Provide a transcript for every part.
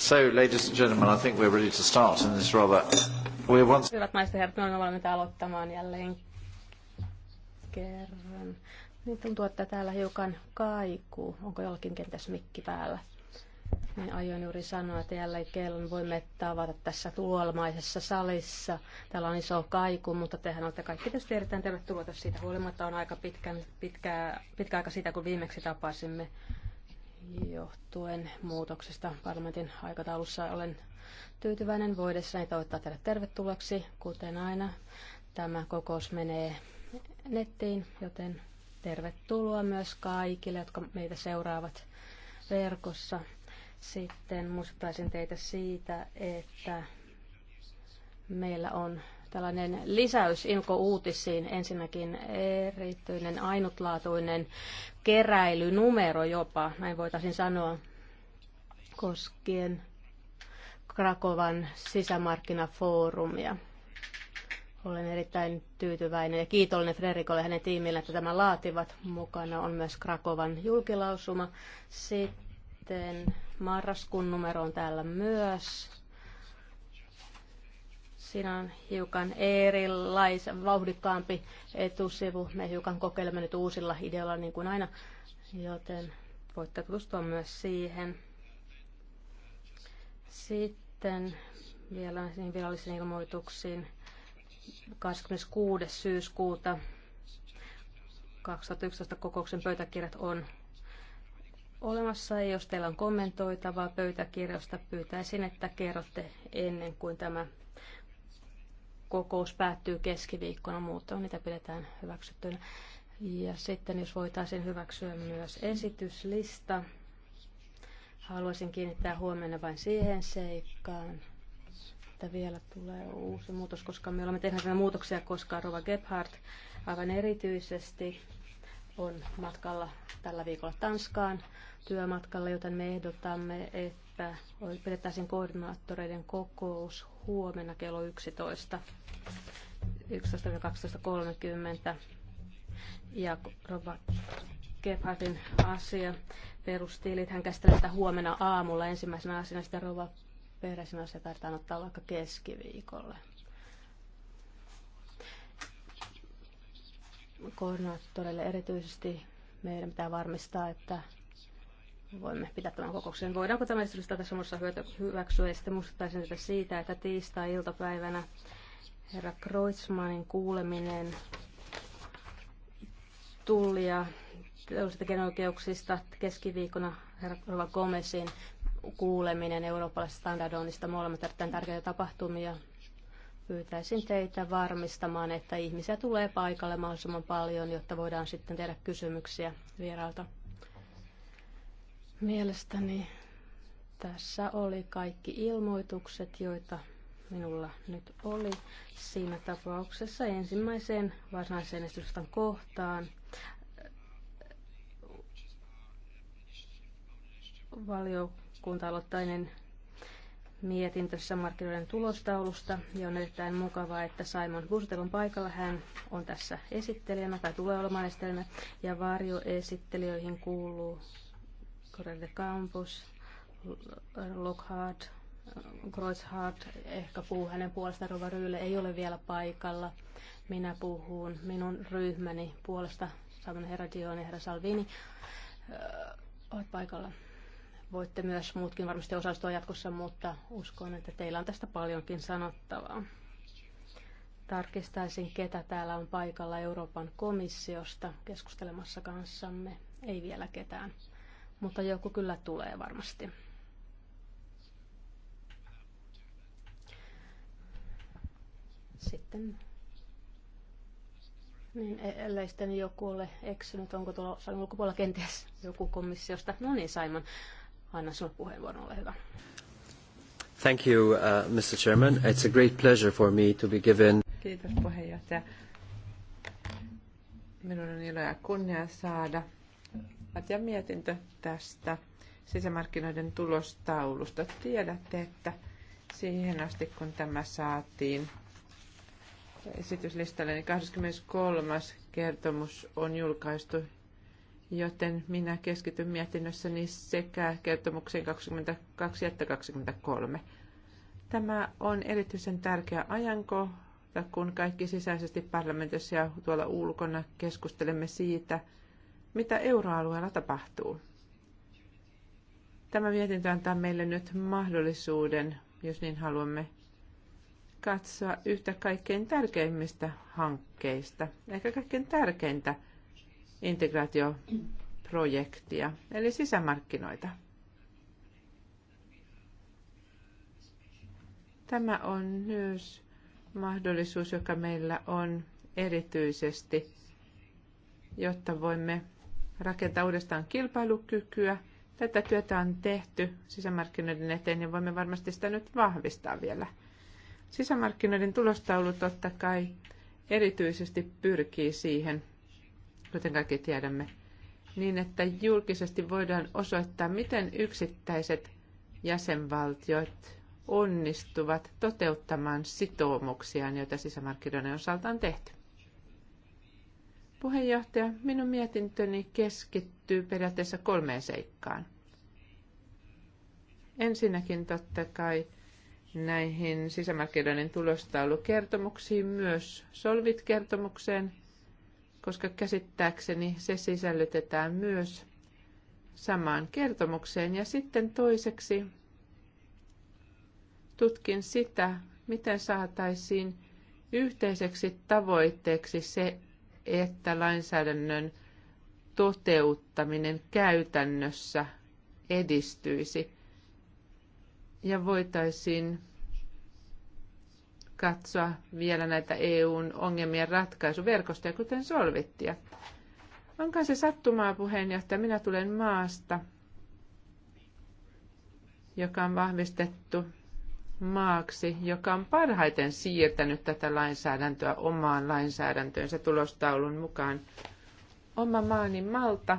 So, ladies and gentlemen, I think we're ready to start in this rather... We want... Hyvät naiset ja herrat, me olemme valmiita aloittamaan jälleen kerran. Nyt niin tuntuu, että täällä hiukan kaikuu. Onko jollakin kenties mikki päällä? Niin aion juuri sanoa, että jälleen kellon voimme tavata tässä tuolmaisessa salissa. Täällä on iso kaiku, mutta tehän olette kaikki tietysti erittäin tervetuloa siitä huolimatta. On aika pitkä, pitkä, pitkä aika siitä, kun viimeksi tapasimme johtuen muutoksesta parlamentin aikataulussa. Olen tyytyväinen voidessani toivottaa teidät tervetulleeksi. Kuten aina, tämä kokous menee nettiin, joten tervetuloa myös kaikille, jotka meitä seuraavat verkossa. Sitten muistuttaisin teitä siitä, että meillä on tällainen lisäys Ilko Uutisiin, ensinnäkin erityinen ainutlaatuinen keräilynumero jopa, näin voitaisiin sanoa, koskien Krakovan sisämarkkinafoorumia. Olen erittäin tyytyväinen ja kiitollinen Frerikolle hänen tiimille, että tämä laativat. Mukana on myös Krakovan julkilausuma. Sitten marraskuun numero on täällä myös. Siinä on hiukan erilaisen, vauhdikkaampi etusivu. Me hiukan kokeilemme nyt uusilla ideoilla niin kuin aina, joten voitte tutustua myös siihen. Sitten vielä niin virallisiin ilmoituksiin 26. syyskuuta 2011 kokouksen pöytäkirjat on olemassa. Jos teillä on kommentoitavaa pöytäkirjasta, pyytäisin, että kerrotte ennen kuin tämä kokous päättyy keskiviikkona, muutoin niitä pidetään hyväksyttynä. Ja sitten jos voitaisiin hyväksyä myös esityslista, haluaisin kiinnittää huomenna vain siihen seikkaan, että vielä tulee uusi muutos, koska me olemme tehneet muutoksia, koska Rova Gebhardt aivan erityisesti on matkalla tällä viikolla Tanskaan työmatkalla, joten me ehdotamme, että pidettäisiin koordinaattoreiden kokous huomenna kello 11. 11.12.30. 1230 ja Robert Gebhardin asia, perustilit. Hän käsittelee tätä huomenna aamulla ensimmäisenä asiana, sitä Rova Peräsin asia taidetaan ottaa vaikka keskiviikolle. Koordinaattoreille erityisesti meidän pitää varmistaa, että voimme pitää tämän kokouksen. Voidaanko tämä esitys tässä muodossa hyväksyä? Ja sitten muistuttaisin siitä, että tiistai-iltapäivänä herra Kreutzmannin kuuleminen tullia, ja oikeuksista keskiviikkona herra Gomesin kuuleminen eurooppalaisesta standardoinnista. Molemmat erittäin tärkeitä tapahtumia. Pyytäisin teitä varmistamaan, että ihmisiä tulee paikalle mahdollisimman paljon, jotta voidaan sitten tehdä kysymyksiä vierailta. Mielestäni tässä oli kaikki ilmoitukset, joita minulla nyt oli. Siinä tapauksessa ensimmäiseen varsinaiseen esitysten kohtaan valiokunta-aloittainen mietintö markkinoiden tulostaulusta ja on erittäin mukavaa, että Simon Bursetel on paikalla. Hän on tässä esittelijänä tai tulee olemaan esittelijänä ja varjoesittelijöihin kuuluu Corel de Campos, Lockhart, Groishard ehkä puhuu hänen puolestaan, Rova Ryyle ei ole vielä paikalla. Minä puhun minun ryhmäni puolesta, samoin herra Dion ja herra Salvini. Öö, olet paikalla. Voitte myös muutkin varmasti osallistua jatkossa, mutta uskon, että teillä on tästä paljonkin sanottavaa. Tarkistaisin, ketä täällä on paikalla Euroopan komissiosta keskustelemassa kanssamme. Ei vielä ketään, mutta joku kyllä tulee varmasti. Sitten niin, e- ellei sitten joku ole eksynyt, onko tuolla Saimon ulkopuolella kenties joku komissiosta. No niin, Saiman, anna sinulle puheenvuoron, ole hyvä. Thank you, uh, Mr. Chairman. It's a great pleasure for me to be given... Kiitos puheenjohtaja. Minun on ilo ja kunnia saada ja mietintö tästä sisämarkkinoiden tulostaulusta. Tiedätte, että siihen asti kun tämä saatiin esityslistalle, niin 23. kertomus on julkaistu, joten minä keskityn mietinnössäni sekä kertomukseen 22 että 23. Tämä on erityisen tärkeä ajankohta, kun kaikki sisäisesti parlamentissa ja tuolla ulkona keskustelemme siitä, mitä euroalueella tapahtuu. Tämä mietintö antaa meille nyt mahdollisuuden, jos niin haluamme, katsoa yhtä kaikkein tärkeimmistä hankkeista, ehkä kaikkein tärkeintä integraatioprojektia, eli sisämarkkinoita. Tämä on myös mahdollisuus, joka meillä on erityisesti, jotta voimme rakentaa uudestaan kilpailukykyä. Tätä työtä on tehty sisämarkkinoiden eteen ja voimme varmasti sitä nyt vahvistaa vielä – Sisämarkkinoiden tulostaulu totta kai erityisesti pyrkii siihen, kuten kaikki tiedämme, niin että julkisesti voidaan osoittaa, miten yksittäiset jäsenvaltiot onnistuvat toteuttamaan sitoumuksiaan, joita sisämarkkinoiden osalta on tehty. Puheenjohtaja, minun mietintöni keskittyy periaatteessa kolmeen seikkaan. Ensinnäkin totta kai näihin sisämarkkinoiden tulostaulukertomuksiin, myös Solvit-kertomukseen, koska käsittääkseni se sisällytetään myös samaan kertomukseen. Ja sitten toiseksi tutkin sitä, miten saataisiin yhteiseksi tavoitteeksi se, että lainsäädännön toteuttaminen käytännössä edistyisi – ja voitaisiin katsoa vielä näitä EUn ongelmien ratkaisuverkostoja, kuten solvittia. Onko se sattumaa, puheenjohtaja. Minä tulen maasta, joka on vahvistettu maaksi, joka on parhaiten siirtänyt tätä lainsäädäntöä omaan lainsäädäntöönsä tulostaulun mukaan. Oma maani Malta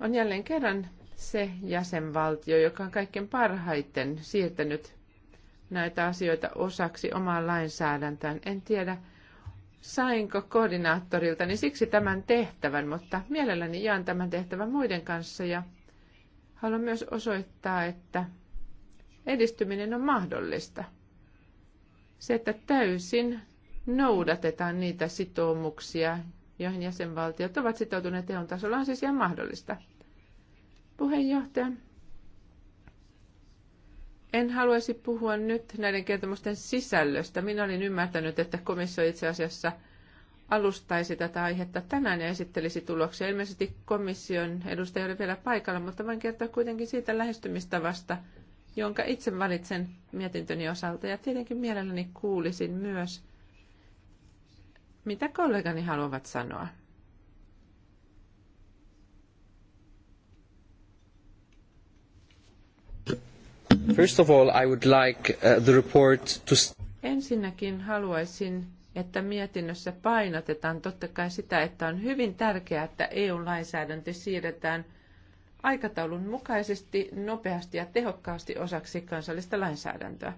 on jälleen kerran se jäsenvaltio, joka on kaikkein parhaiten siirtänyt näitä asioita osaksi omaan lainsäädäntöön. En tiedä, sainko koordinaattorilta, niin siksi tämän tehtävän, mutta mielelläni jaan tämän tehtävän muiden kanssa ja haluan myös osoittaa, että edistyminen on mahdollista. Se, että täysin noudatetaan niitä sitoumuksia, joihin jäsenvaltiot ovat sitoutuneet eu tasolla, on siis ihan mahdollista. Puheenjohtaja. En haluaisi puhua nyt näiden kertomusten sisällöstä. Minä olin ymmärtänyt, että komissio itse asiassa alustaisi tätä aihetta tänään ja esittelisi tuloksia. Ilmeisesti komission edustaja oli vielä paikalla, mutta voin kertoa kuitenkin siitä lähestymistavasta, jonka itse valitsen mietintöni osalta. Ja tietenkin mielelläni kuulisin myös, mitä kollegani haluavat sanoa. First of all, I would like uh, the report to... Ensinnäkin haluaisin, että mietinnössä painotetaan totta kai sitä, että on hyvin tärkeää, että EU-lainsäädäntö siirretään aikataulun mukaisesti, nopeasti ja tehokkaasti osaksi kansallista lainsäädäntöä.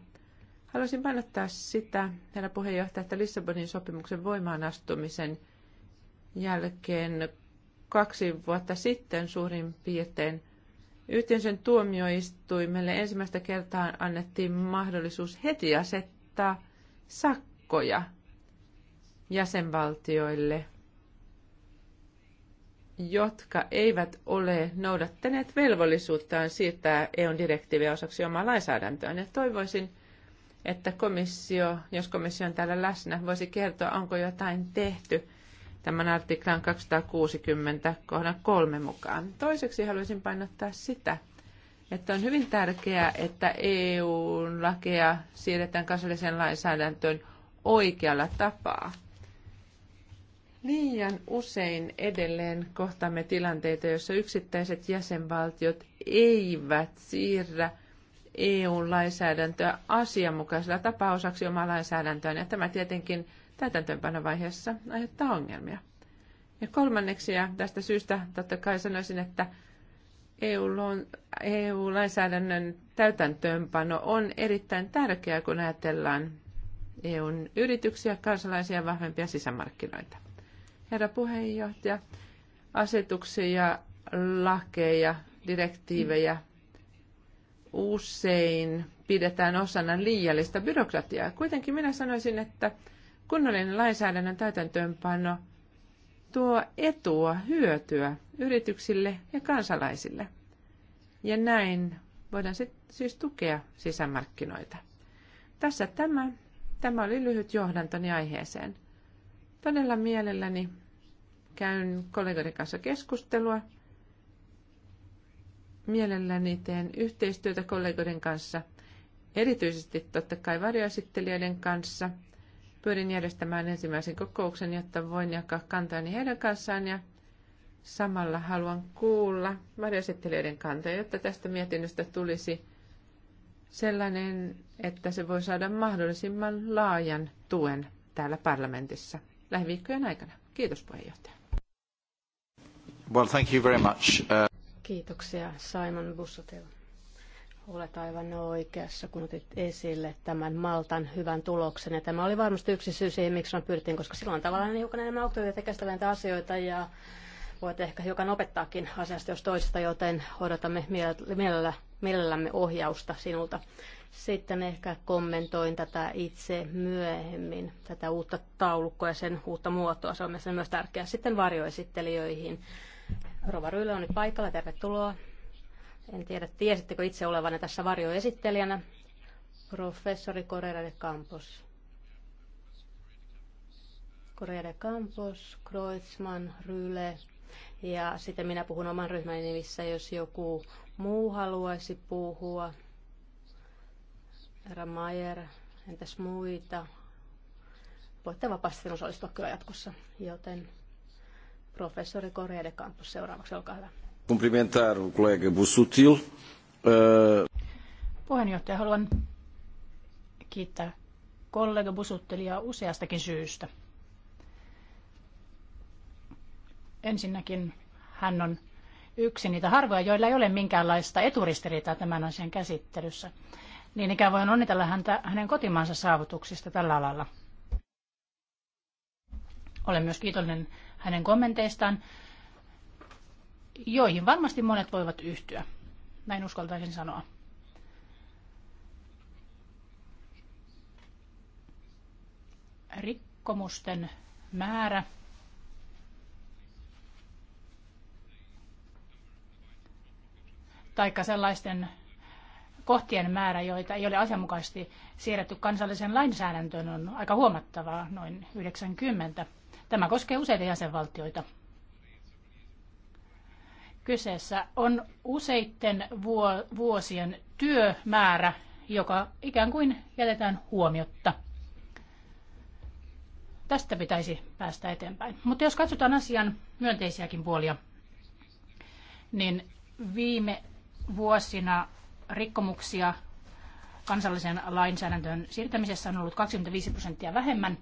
Haluaisin painottaa sitä, herra puheenjohtaja, että Lissabonin sopimuksen voimaan astumisen jälkeen kaksi vuotta sitten suurin piirtein – Yhteisön tuomioistuimelle ensimmäistä kertaa annettiin mahdollisuus heti asettaa sakkoja jäsenvaltioille, jotka eivät ole noudattaneet velvollisuuttaan siirtää EUn direktiiviä osaksi omaa lainsäädäntöään. Ja toivoisin, että komissio, jos komissio on täällä läsnä, voisi kertoa, onko jotain tehty tämän artiklan 260 kohdan kolme mukaan. Toiseksi haluaisin painottaa sitä, että on hyvin tärkeää, että EU-lakeja siirretään kansalliseen lainsäädäntöön oikealla tapaa. Liian usein edelleen kohtaamme tilanteita, joissa yksittäiset jäsenvaltiot eivät siirrä EU-lainsäädäntöä asianmukaisella tapaa osaksi omaa lainsäädäntöään. Ja tämä tietenkin täytäntöönpanovaiheessa aiheuttaa ongelmia. Ja kolmanneksi, ja tästä syystä totta kai sanoisin, että EU-lainsäädännön e täytäntöönpano on erittäin tärkeää, kun ajatellaan EUn yrityksiä, kansalaisia vahvempia sisämarkkinoita. Herra puheenjohtaja, asetuksia, lakeja, direktiivejä usein pidetään osana liiallista byrokratiaa. Kuitenkin minä sanoisin, että kunnollinen lainsäädännön täytäntöönpano tuo etua, hyötyä yrityksille ja kansalaisille. Ja näin voidaan sit, siis tukea sisämarkkinoita. Tässä tämä. Tämä oli lyhyt johdantoni aiheeseen. Todella mielelläni käyn kollegoiden kanssa keskustelua. Mielelläni teen yhteistyötä kollegoiden kanssa, erityisesti totta kai varjoesittelijöiden kanssa – pyrin järjestämään ensimmäisen kokouksen, jotta voin jakaa kantani heidän kanssaan ja samalla haluan kuulla varjoesittelijöiden kantoja, jotta tästä mietinnöstä tulisi sellainen, että se voi saada mahdollisimman laajan tuen täällä parlamentissa lähiviikkojen aikana. Kiitos puheenjohtaja. Well, thank you very much. Uh... Kiitoksia Simon Bussotel. Olet aivan oikeassa, kun otit esille tämän Maltan hyvän tuloksen. Ja tämä oli varmasti yksi syy siihen, miksi on pyrittiin, koska silloin tavallaan hiukan enemmän auktoriteetti käsitellä näitä asioita ja voit ehkä hiukan opettaakin asiasta jos toisesta, joten odotamme mielellä, mielellämme ohjausta sinulta. Sitten ehkä kommentoin tätä itse myöhemmin, tätä uutta taulukkoa ja sen uutta muotoa. Se on myös tärkeää. Sitten varjoesittelijöihin. Rova Ryle on nyt paikalla, tervetuloa. En tiedä, tiesittekö itse olevanne tässä varjoesittelijänä, professori Correa de Campos. Correa de Campos, Kreutzmann, Ryle, ja sitten minä puhun oman ryhmäni nimissä, jos joku muu haluaisi puhua. Herra Mayer, entäs muita? Voitte vapaasti osallistua kyllä jatkossa, joten professori Correa de Campos seuraavaksi, olkaa hyvä. Cumprimentar o eh, Puheenjohtaja, haluan kiittää kollega Busuttilia useastakin syystä. Ensinnäkin hän on yksi niitä harvoja, joilla ei ole minkäänlaista eturistiriitaa tämän asian käsittelyssä. Niin ikään voin onnitella häntä hänen kotimaansa saavutuksista tällä alalla. Olen myös kiitollinen hänen kommenteistaan joihin varmasti monet voivat yhtyä. Näin uskaltaisin sanoa. Rikkomusten määrä taikka sellaisten kohtien määrä, joita ei ole asianmukaisesti siirretty kansalliseen lainsäädäntöön, on aika huomattavaa, noin 90. Tämä koskee useita jäsenvaltioita. Kyseessä on useitten vuosien työmäärä, joka ikään kuin jätetään huomiotta. Tästä pitäisi päästä eteenpäin. Mutta jos katsotaan asian myönteisiäkin puolia, niin viime vuosina rikkomuksia kansallisen lainsäädäntöön siirtämisessä on ollut 25 prosenttia vähemmän.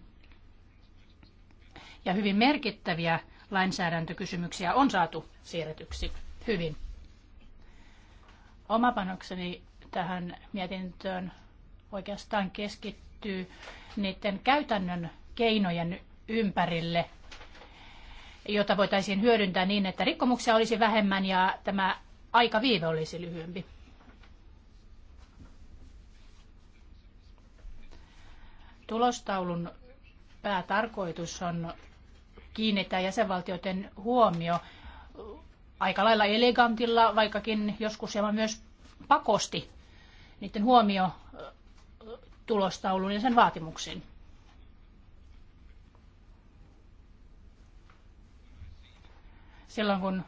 Ja hyvin merkittäviä lainsäädäntökysymyksiä on saatu siirretyksi hyvin. Oma panokseni tähän mietintöön oikeastaan keskittyy niiden käytännön keinojen ympärille, jota voitaisiin hyödyntää niin, että rikkomuksia olisi vähemmän ja tämä aikaviive olisi lyhyempi. Tulostaulun päätarkoitus on kiinnittää jäsenvaltioiden huomio aika lailla elegantilla, vaikkakin joskus hieman myös pakosti niiden huomio tulostaulun ja sen vaatimuksiin. Silloin kun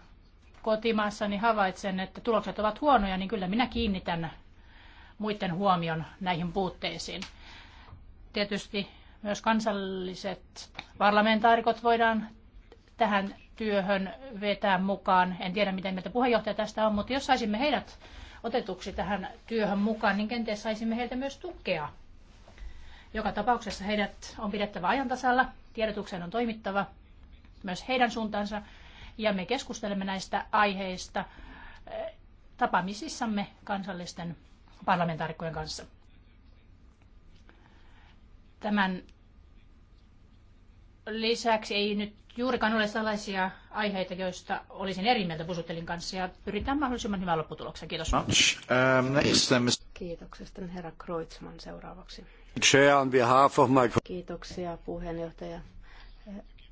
kotimaassani havaitsen, että tulokset ovat huonoja, niin kyllä minä kiinnitän muiden huomion näihin puutteisiin. Tietysti myös kansalliset parlamentaarikot voidaan tähän työhön vetää mukaan. En tiedä, miten meiltä puheenjohtaja tästä on, mutta jos saisimme heidät otetuksi tähän työhön mukaan, niin kenties saisimme heiltä myös tukea. Joka tapauksessa heidät on pidettävä ajantasalla, tiedotukseen on toimittava myös heidän suuntaansa, ja me keskustelemme näistä aiheista eh, tapaamisissamme kansallisten parlamentaarikkojen kanssa. Tämän lisäksi ei nyt juurikaan ole sellaisia aiheita, joista olisin eri mieltä Busuttelin kanssa ja pyritään mahdollisimman hyvään lopputulokseen. Kiitos. Um, um Kiitoksia. herra Kreutzmann seuraavaksi. Chair on behalf of my... Kiitoksia puheenjohtaja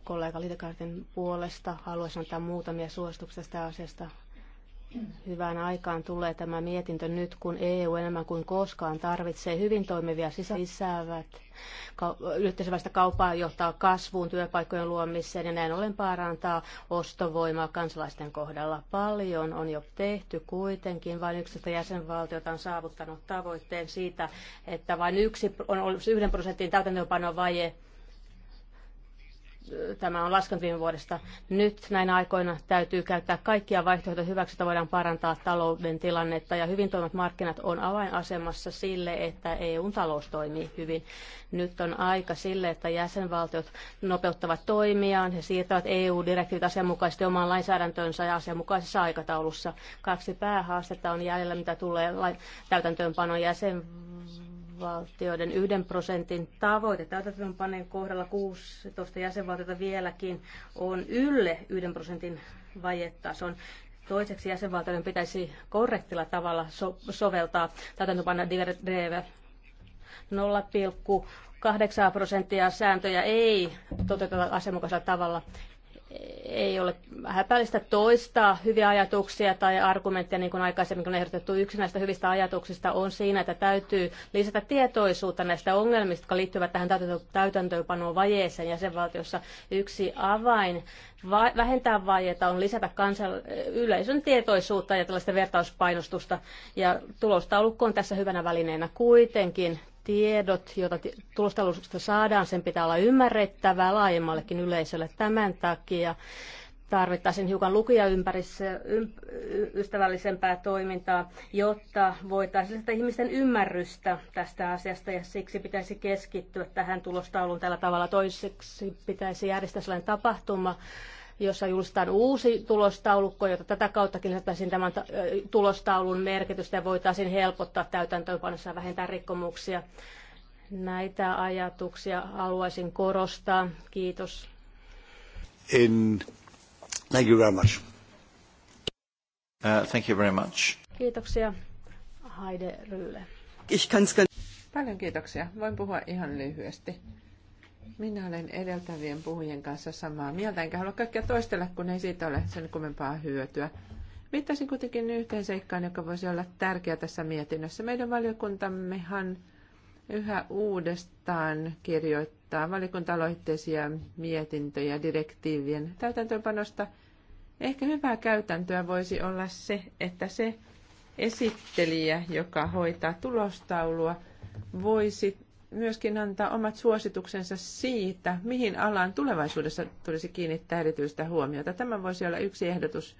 kollega Liitekartin puolesta. Haluaisin antaa muutamia suosituksia tästä asiasta hyvään aikaan tulee tämä mietintö nyt, kun EU enemmän kuin koskaan tarvitsee hyvin toimivia sisäävät yhteisväistä kaupaa johtaa kasvuun, työpaikkojen luomiseen ja näin ollen parantaa ostovoimaa kansalaisten kohdalla. Paljon on jo tehty kuitenkin, vain yksistä jäsenvaltiota on saavuttanut tavoitteen siitä, että vain yksi on ollut yhden prosentin täytäntöönpanovaje vaje tämä on laskenut viime vuodesta. Nyt näin aikoina täytyy käyttää kaikkia vaihtoehtoja hyväksi, että voidaan parantaa talouden tilannetta. Ja hyvin toimivat markkinat on avainasemassa sille, että EUn talous toimii hyvin. Nyt on aika sille, että jäsenvaltiot nopeuttavat toimiaan ja siirtävät EU-direktiivit asianmukaisesti omaan lainsäädäntöönsä ja asianmukaisessa aikataulussa. Kaksi päähaastetta on jäljellä, mitä tulee täytäntöönpanon jäsen jäsenvaltioiden yhden prosentin tavoite täytäntöönpanen kohdalla 16 jäsenvaltiota vieläkin on ylle yhden prosentin vajetason. Toiseksi jäsenvaltioiden pitäisi korrektilla tavalla so- soveltaa täytäntöönpanna direktiivejä 0,8 prosenttia sääntöjä ei toteuteta asianmukaisella tavalla ei ole häpäällistä toistaa hyviä ajatuksia tai argumentteja, niin kuin aikaisemmin on ehdotettu. Yksi näistä hyvistä ajatuksista on siinä, että täytyy lisätä tietoisuutta näistä ongelmista, jotka liittyvät tähän täytäntöönpanoon vajeeseen jäsenvaltiossa. Yksi avain va- vähentää vajeita on lisätä kansan- yleisön tietoisuutta ja tällaista vertauspainostusta. Ja tulostaulukko on tässä hyvänä välineenä kuitenkin tiedot, joita tulostalouksesta saadaan, sen pitää olla ymmärrettävää laajemmallekin yleisölle tämän takia. Tarvittaisiin hiukan ystävällisempää toimintaa, jotta voitaisiin sitä ihmisten ymmärrystä tästä asiasta ja siksi pitäisi keskittyä tähän tulostauluun tällä tavalla. Toiseksi pitäisi järjestää sellainen tapahtuma, jossa julistetaan uusi tulostaulukko, jota tätä kauttakin lisättäisiin tämän tulostaulun merkitystä ja voitaisiin helpottaa täytäntöönpanossa ja vähentää rikkomuksia. Näitä ajatuksia haluaisin korostaa. Kiitos. In... Thank you very much. Uh, thank you very much. Kiitoksia. Heide Rylle. Ich kann's Paljon kiitoksia. Voin puhua ihan lyhyesti. Minä olen edeltävien puhujien kanssa samaa mieltä, enkä halua kaikkia toistella, kun ei siitä ole sen kummempaa hyötyä. Viittasin kuitenkin yhteen seikkaan, joka voisi olla tärkeä tässä mietinnössä. Meidän valiokuntammehan yhä uudestaan kirjoittaa valiokuntaloitteisia mietintöjä direktiivien täytäntöönpanosta. Ehkä hyvää käytäntöä voisi olla se, että se esittelijä, joka hoitaa tulostaulua, voisi myöskin antaa omat suosituksensa siitä, mihin alaan tulevaisuudessa tulisi kiinnittää erityistä huomiota. Tämä voisi olla yksi ehdotus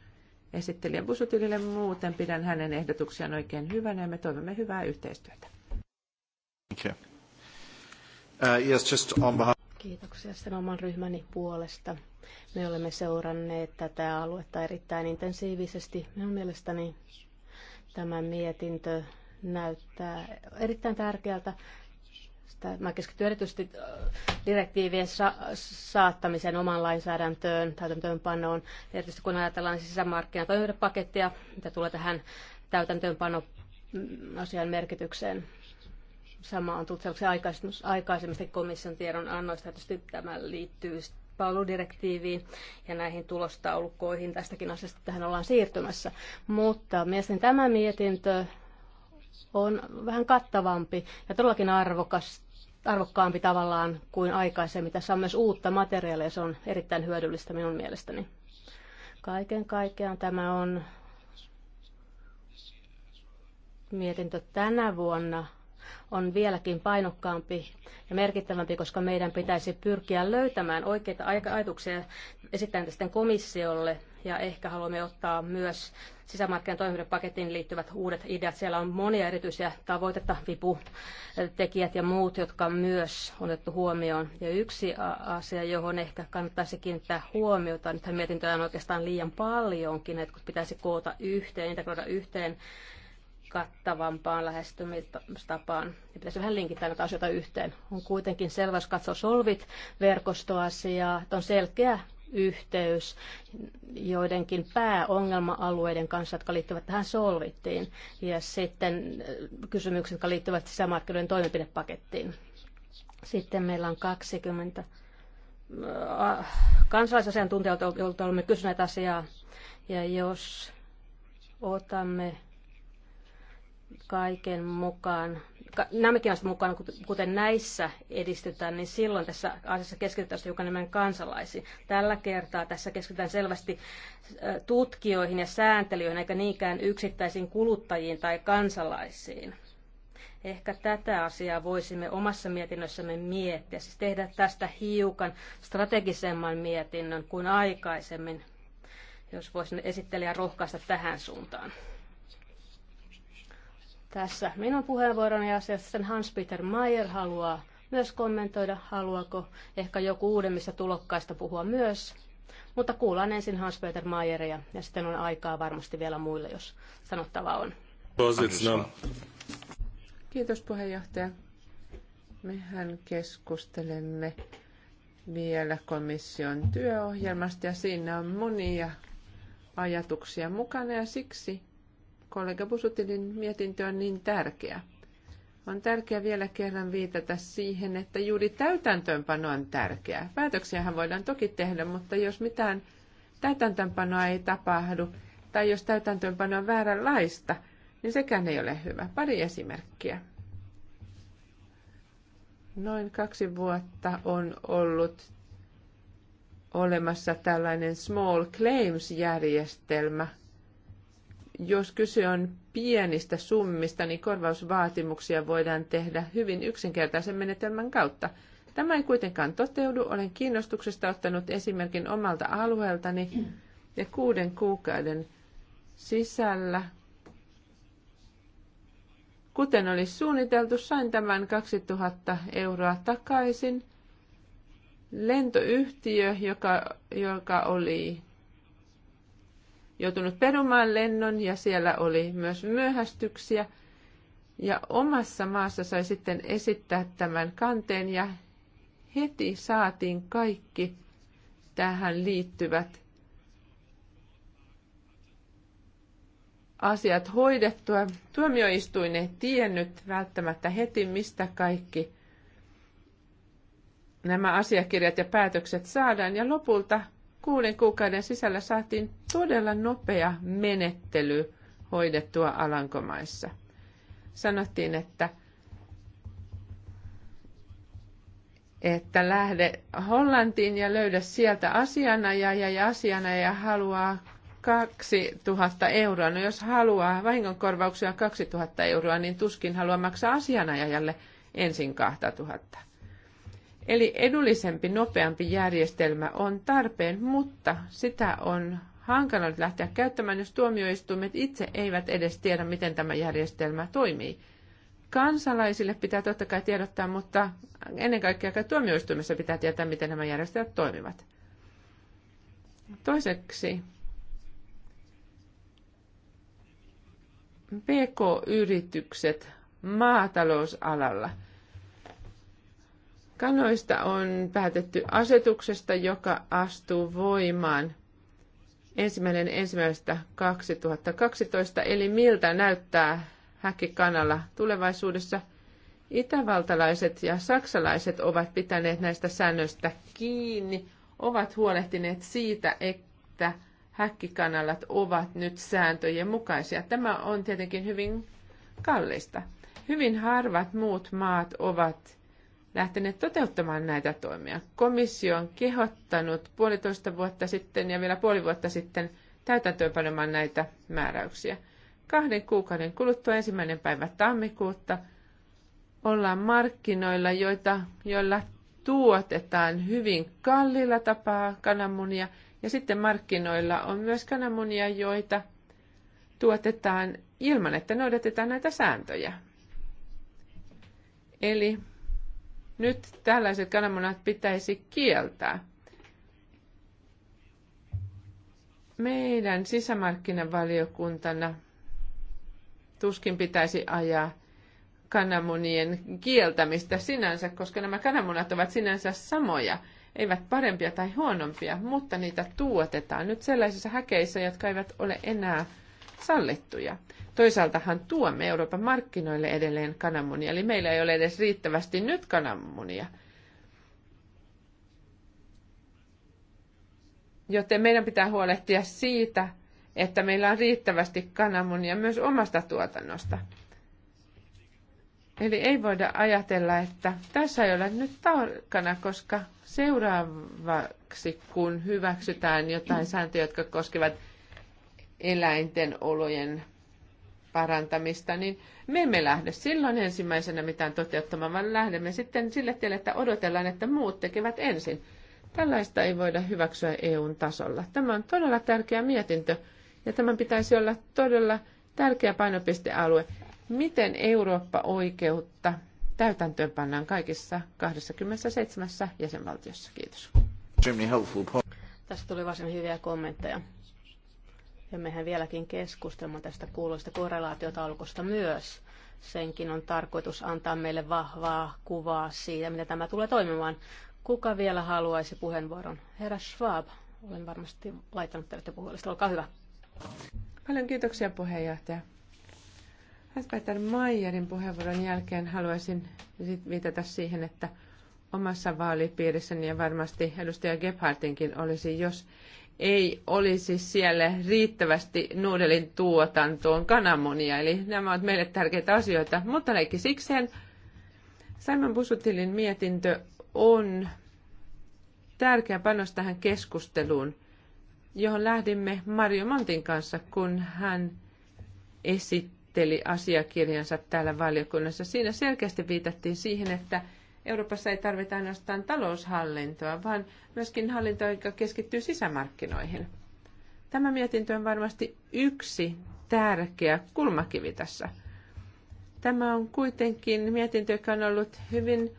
esittelijä Busutilille. Muuten pidän hänen ehdotuksiaan oikein hyvänä ja me toivomme hyvää yhteistyötä. Okay. Uh, yes, just on behalf- Kiitoksia sen oman ryhmäni puolesta. Me olemme seuranneet tätä aluetta erittäin intensiivisesti. Minun mielestäni tämä mietintö näyttää erittäin tärkeältä sitä mä keskityn erityisesti äh, direktiivien sa- saattamiseen oman lainsäädäntöön, täytäntöönpanoon, erityisesti kun ajatellaan siis pakettia, mitä tulee tähän täytäntöönpano mm, asian merkitykseen. Sama on tullut aikaisemmista komission tiedon annoista. Tietysti tämä liittyy palveludirektiiviin ja näihin tulostaulukoihin Tästäkin asiasta tähän ollaan siirtymässä. Mutta mielestäni tämä mietintö on vähän kattavampi ja todellakin arvokas arvokkaampi tavallaan kuin aikaisemmin. Tässä on myös uutta materiaalia, se on erittäin hyödyllistä minun mielestäni. Kaiken kaikkiaan tämä on mietintö tänä vuonna on vieläkin painokkaampi ja merkittävämpi, koska meidän pitäisi pyrkiä löytämään oikeita ajatuksia esittäen sitten komissiolle ja ehkä haluamme ottaa myös sisämarkkinan toimenpidepakettiin liittyvät uudet ideat. Siellä on monia erityisiä tavoitetta, viputekijät ja muut, jotka myös on otettu huomioon. Ja yksi asia, johon ehkä kannattaisi kiinnittää huomiota, nyt mietintöjä on oikeastaan liian paljonkin, että kun pitäisi koota yhteen, integroida yhteen kattavampaan lähestymistapaan. Ja pitäisi vähän linkittää näitä asioita yhteen. On kuitenkin selvä, jos katsoo Solvit-verkostoasiaa, että on selkeä yhteys joidenkin pääongelma-alueiden kanssa, jotka liittyvät tähän solvittiin, ja sitten äh, kysymykset, jotka liittyvät sisämarkkinoiden toimenpidepakettiin. Sitten meillä on 20 äh, kansalaisasiantuntijoilta, joilta olemme kysyneet asiaa, ja jos otamme kaiken mukaan, nämäkin asiat mukana, kuten näissä edistytään, niin silloin tässä asiassa keskitytään jokainen kansalaisiin. Tällä kertaa tässä keskitytään selvästi tutkijoihin ja sääntelijöihin, eikä niinkään yksittäisiin kuluttajiin tai kansalaisiin. Ehkä tätä asiaa voisimme omassa mietinnössämme miettiä, siis tehdä tästä hiukan strategisemman mietinnön kuin aikaisemmin, jos voisin esittelijä rohkaista tähän suuntaan. Tässä minun puheenvuoroni asiassa Hans-Peter Mayer haluaa myös kommentoida, haluaako ehkä joku uudemmista tulokkaista puhua myös. Mutta kuullaan ensin Hans-Peter Mayeria ja sitten on aikaa varmasti vielä muille, jos sanottavaa on. Kiitos puheenjohtaja. Mehän keskustelemme vielä komission työohjelmasta ja siinä on monia ajatuksia mukana ja siksi kollega Busutilin mietintö on niin tärkeä. On tärkeää vielä kerran viitata siihen, että juuri täytäntöönpano on tärkeää. Päätöksiähän voidaan toki tehdä, mutta jos mitään täytäntöönpanoa ei tapahdu, tai jos täytäntöönpano on vääränlaista, niin sekään ei ole hyvä. Pari esimerkkiä. Noin kaksi vuotta on ollut olemassa tällainen small claims-järjestelmä – jos kyse on pienistä summista, niin korvausvaatimuksia voidaan tehdä hyvin yksinkertaisen menetelmän kautta. Tämä ei kuitenkaan toteudu. Olen kiinnostuksesta ottanut esimerkin omalta alueeltani ja kuuden kuukauden sisällä. Kuten oli suunniteltu, sain tämän 2000 euroa takaisin. Lentoyhtiö, joka, joka oli joutunut perumaan lennon ja siellä oli myös myöhästyksiä. Ja omassa maassa sai sitten esittää tämän kanteen ja heti saatiin kaikki tähän liittyvät asiat hoidettua. Tuomioistuin ei tiennyt välttämättä heti, mistä kaikki nämä asiakirjat ja päätökset saadaan. Ja lopulta kuuden kuukauden sisällä saatiin todella nopea menettely hoidettua Alankomaissa. Sanottiin, että, että lähde Hollantiin ja löydä sieltä asianajaja ja asianajaja haluaa 2000 euroa. No jos haluaa vahingonkorvauksia 2000 euroa, niin tuskin haluaa maksaa asianajajalle ensin 2000. Eli edullisempi, nopeampi järjestelmä on tarpeen, mutta sitä on hankala nyt lähteä käyttämään, jos tuomioistuimet itse eivät edes tiedä, miten tämä järjestelmä toimii. Kansalaisille pitää totta kai tiedottaa, mutta ennen kaikkea tuomioistuimessa pitää tietää, miten nämä järjestelmät toimivat. Toiseksi PK-yritykset maatalousalalla – Kanoista on päätetty asetuksesta, joka astuu voimaan ensimmäinen ensimmäistä 2012, eli miltä näyttää häkkikanalla tulevaisuudessa. Itävaltalaiset ja saksalaiset ovat pitäneet näistä säännöistä kiinni, ovat huolehtineet siitä, että häkkikanalat ovat nyt sääntöjen mukaisia. Tämä on tietenkin hyvin kallista. Hyvin harvat muut maat ovat lähteneet toteuttamaan näitä toimia. Komissio on kehottanut puolitoista vuotta sitten ja vielä puoli vuotta sitten täytäntöönpanemaan näitä määräyksiä. Kahden kuukauden kuluttua ensimmäinen päivä tammikuuta ollaan markkinoilla, joita, joilla tuotetaan hyvin kalliilla tapaa kananmunia. Ja sitten markkinoilla on myös kananmunia, joita tuotetaan ilman, että noudatetaan näitä sääntöjä. Eli nyt tällaiset kananmunat pitäisi kieltää. Meidän sisämarkkinavaliokuntana tuskin pitäisi ajaa kananmunien kieltämistä sinänsä, koska nämä kananmunat ovat sinänsä samoja, eivät parempia tai huonompia, mutta niitä tuotetaan nyt sellaisissa häkeissä, jotka eivät ole enää sallittuja. Toisaaltahan tuomme Euroopan markkinoille edelleen kananmunia, eli meillä ei ole edes riittävästi nyt kananmunia. Joten meidän pitää huolehtia siitä, että meillä on riittävästi kananmunia myös omasta tuotannosta. Eli ei voida ajatella, että tässä ei ole nyt tarkana, koska seuraavaksi kun hyväksytään jotain sääntöjä, jotka koskevat eläinten olojen parantamista, niin me emme lähde silloin ensimmäisenä mitään toteuttamaan, vaan lähdemme sitten sille tielle, että odotellaan, että muut tekevät ensin. Tällaista ei voida hyväksyä EUn tasolla. Tämä on todella tärkeä mietintö ja tämän pitäisi olla todella tärkeä painopistealue. Miten Eurooppa-oikeutta täytäntöön pannaan kaikissa 27 jäsenvaltiossa? Kiitos. Tässä tuli varsin hyviä kommentteja. Ja mehän vieläkin keskustelemme tästä kuuluista korrelaatiotaulukosta myös. Senkin on tarkoitus antaa meille vahvaa kuvaa siitä, miten tämä tulee toimimaan. Kuka vielä haluaisi puheenvuoron? Herra Schwab, olen varmasti laittanut teille puhujalista. Olkaa hyvä. Paljon kiitoksia puheenjohtaja. Hans-Peter Mayerin puheenvuoron jälkeen haluaisin viitata siihen, että omassa vaalipiirissäni ja varmasti edustaja Gebhardtinkin olisi, jos ei olisi siellä riittävästi nuudelin tuotantoon kananmunia. Eli nämä ovat meille tärkeitä asioita, mutta leikki sikseen. Simon Busutilin mietintö on tärkeä panos tähän keskusteluun, johon lähdimme Mario Montin kanssa, kun hän esitteli asiakirjansa täällä valiokunnassa. Siinä selkeästi viitattiin siihen, että Euroopassa ei tarvita ainoastaan taloushallintoa, vaan myöskin hallintoa, joka keskittyy sisämarkkinoihin. Tämä mietintö on varmasti yksi tärkeä kulmakivi tässä. Tämä on kuitenkin mietintö, joka on ollut hyvin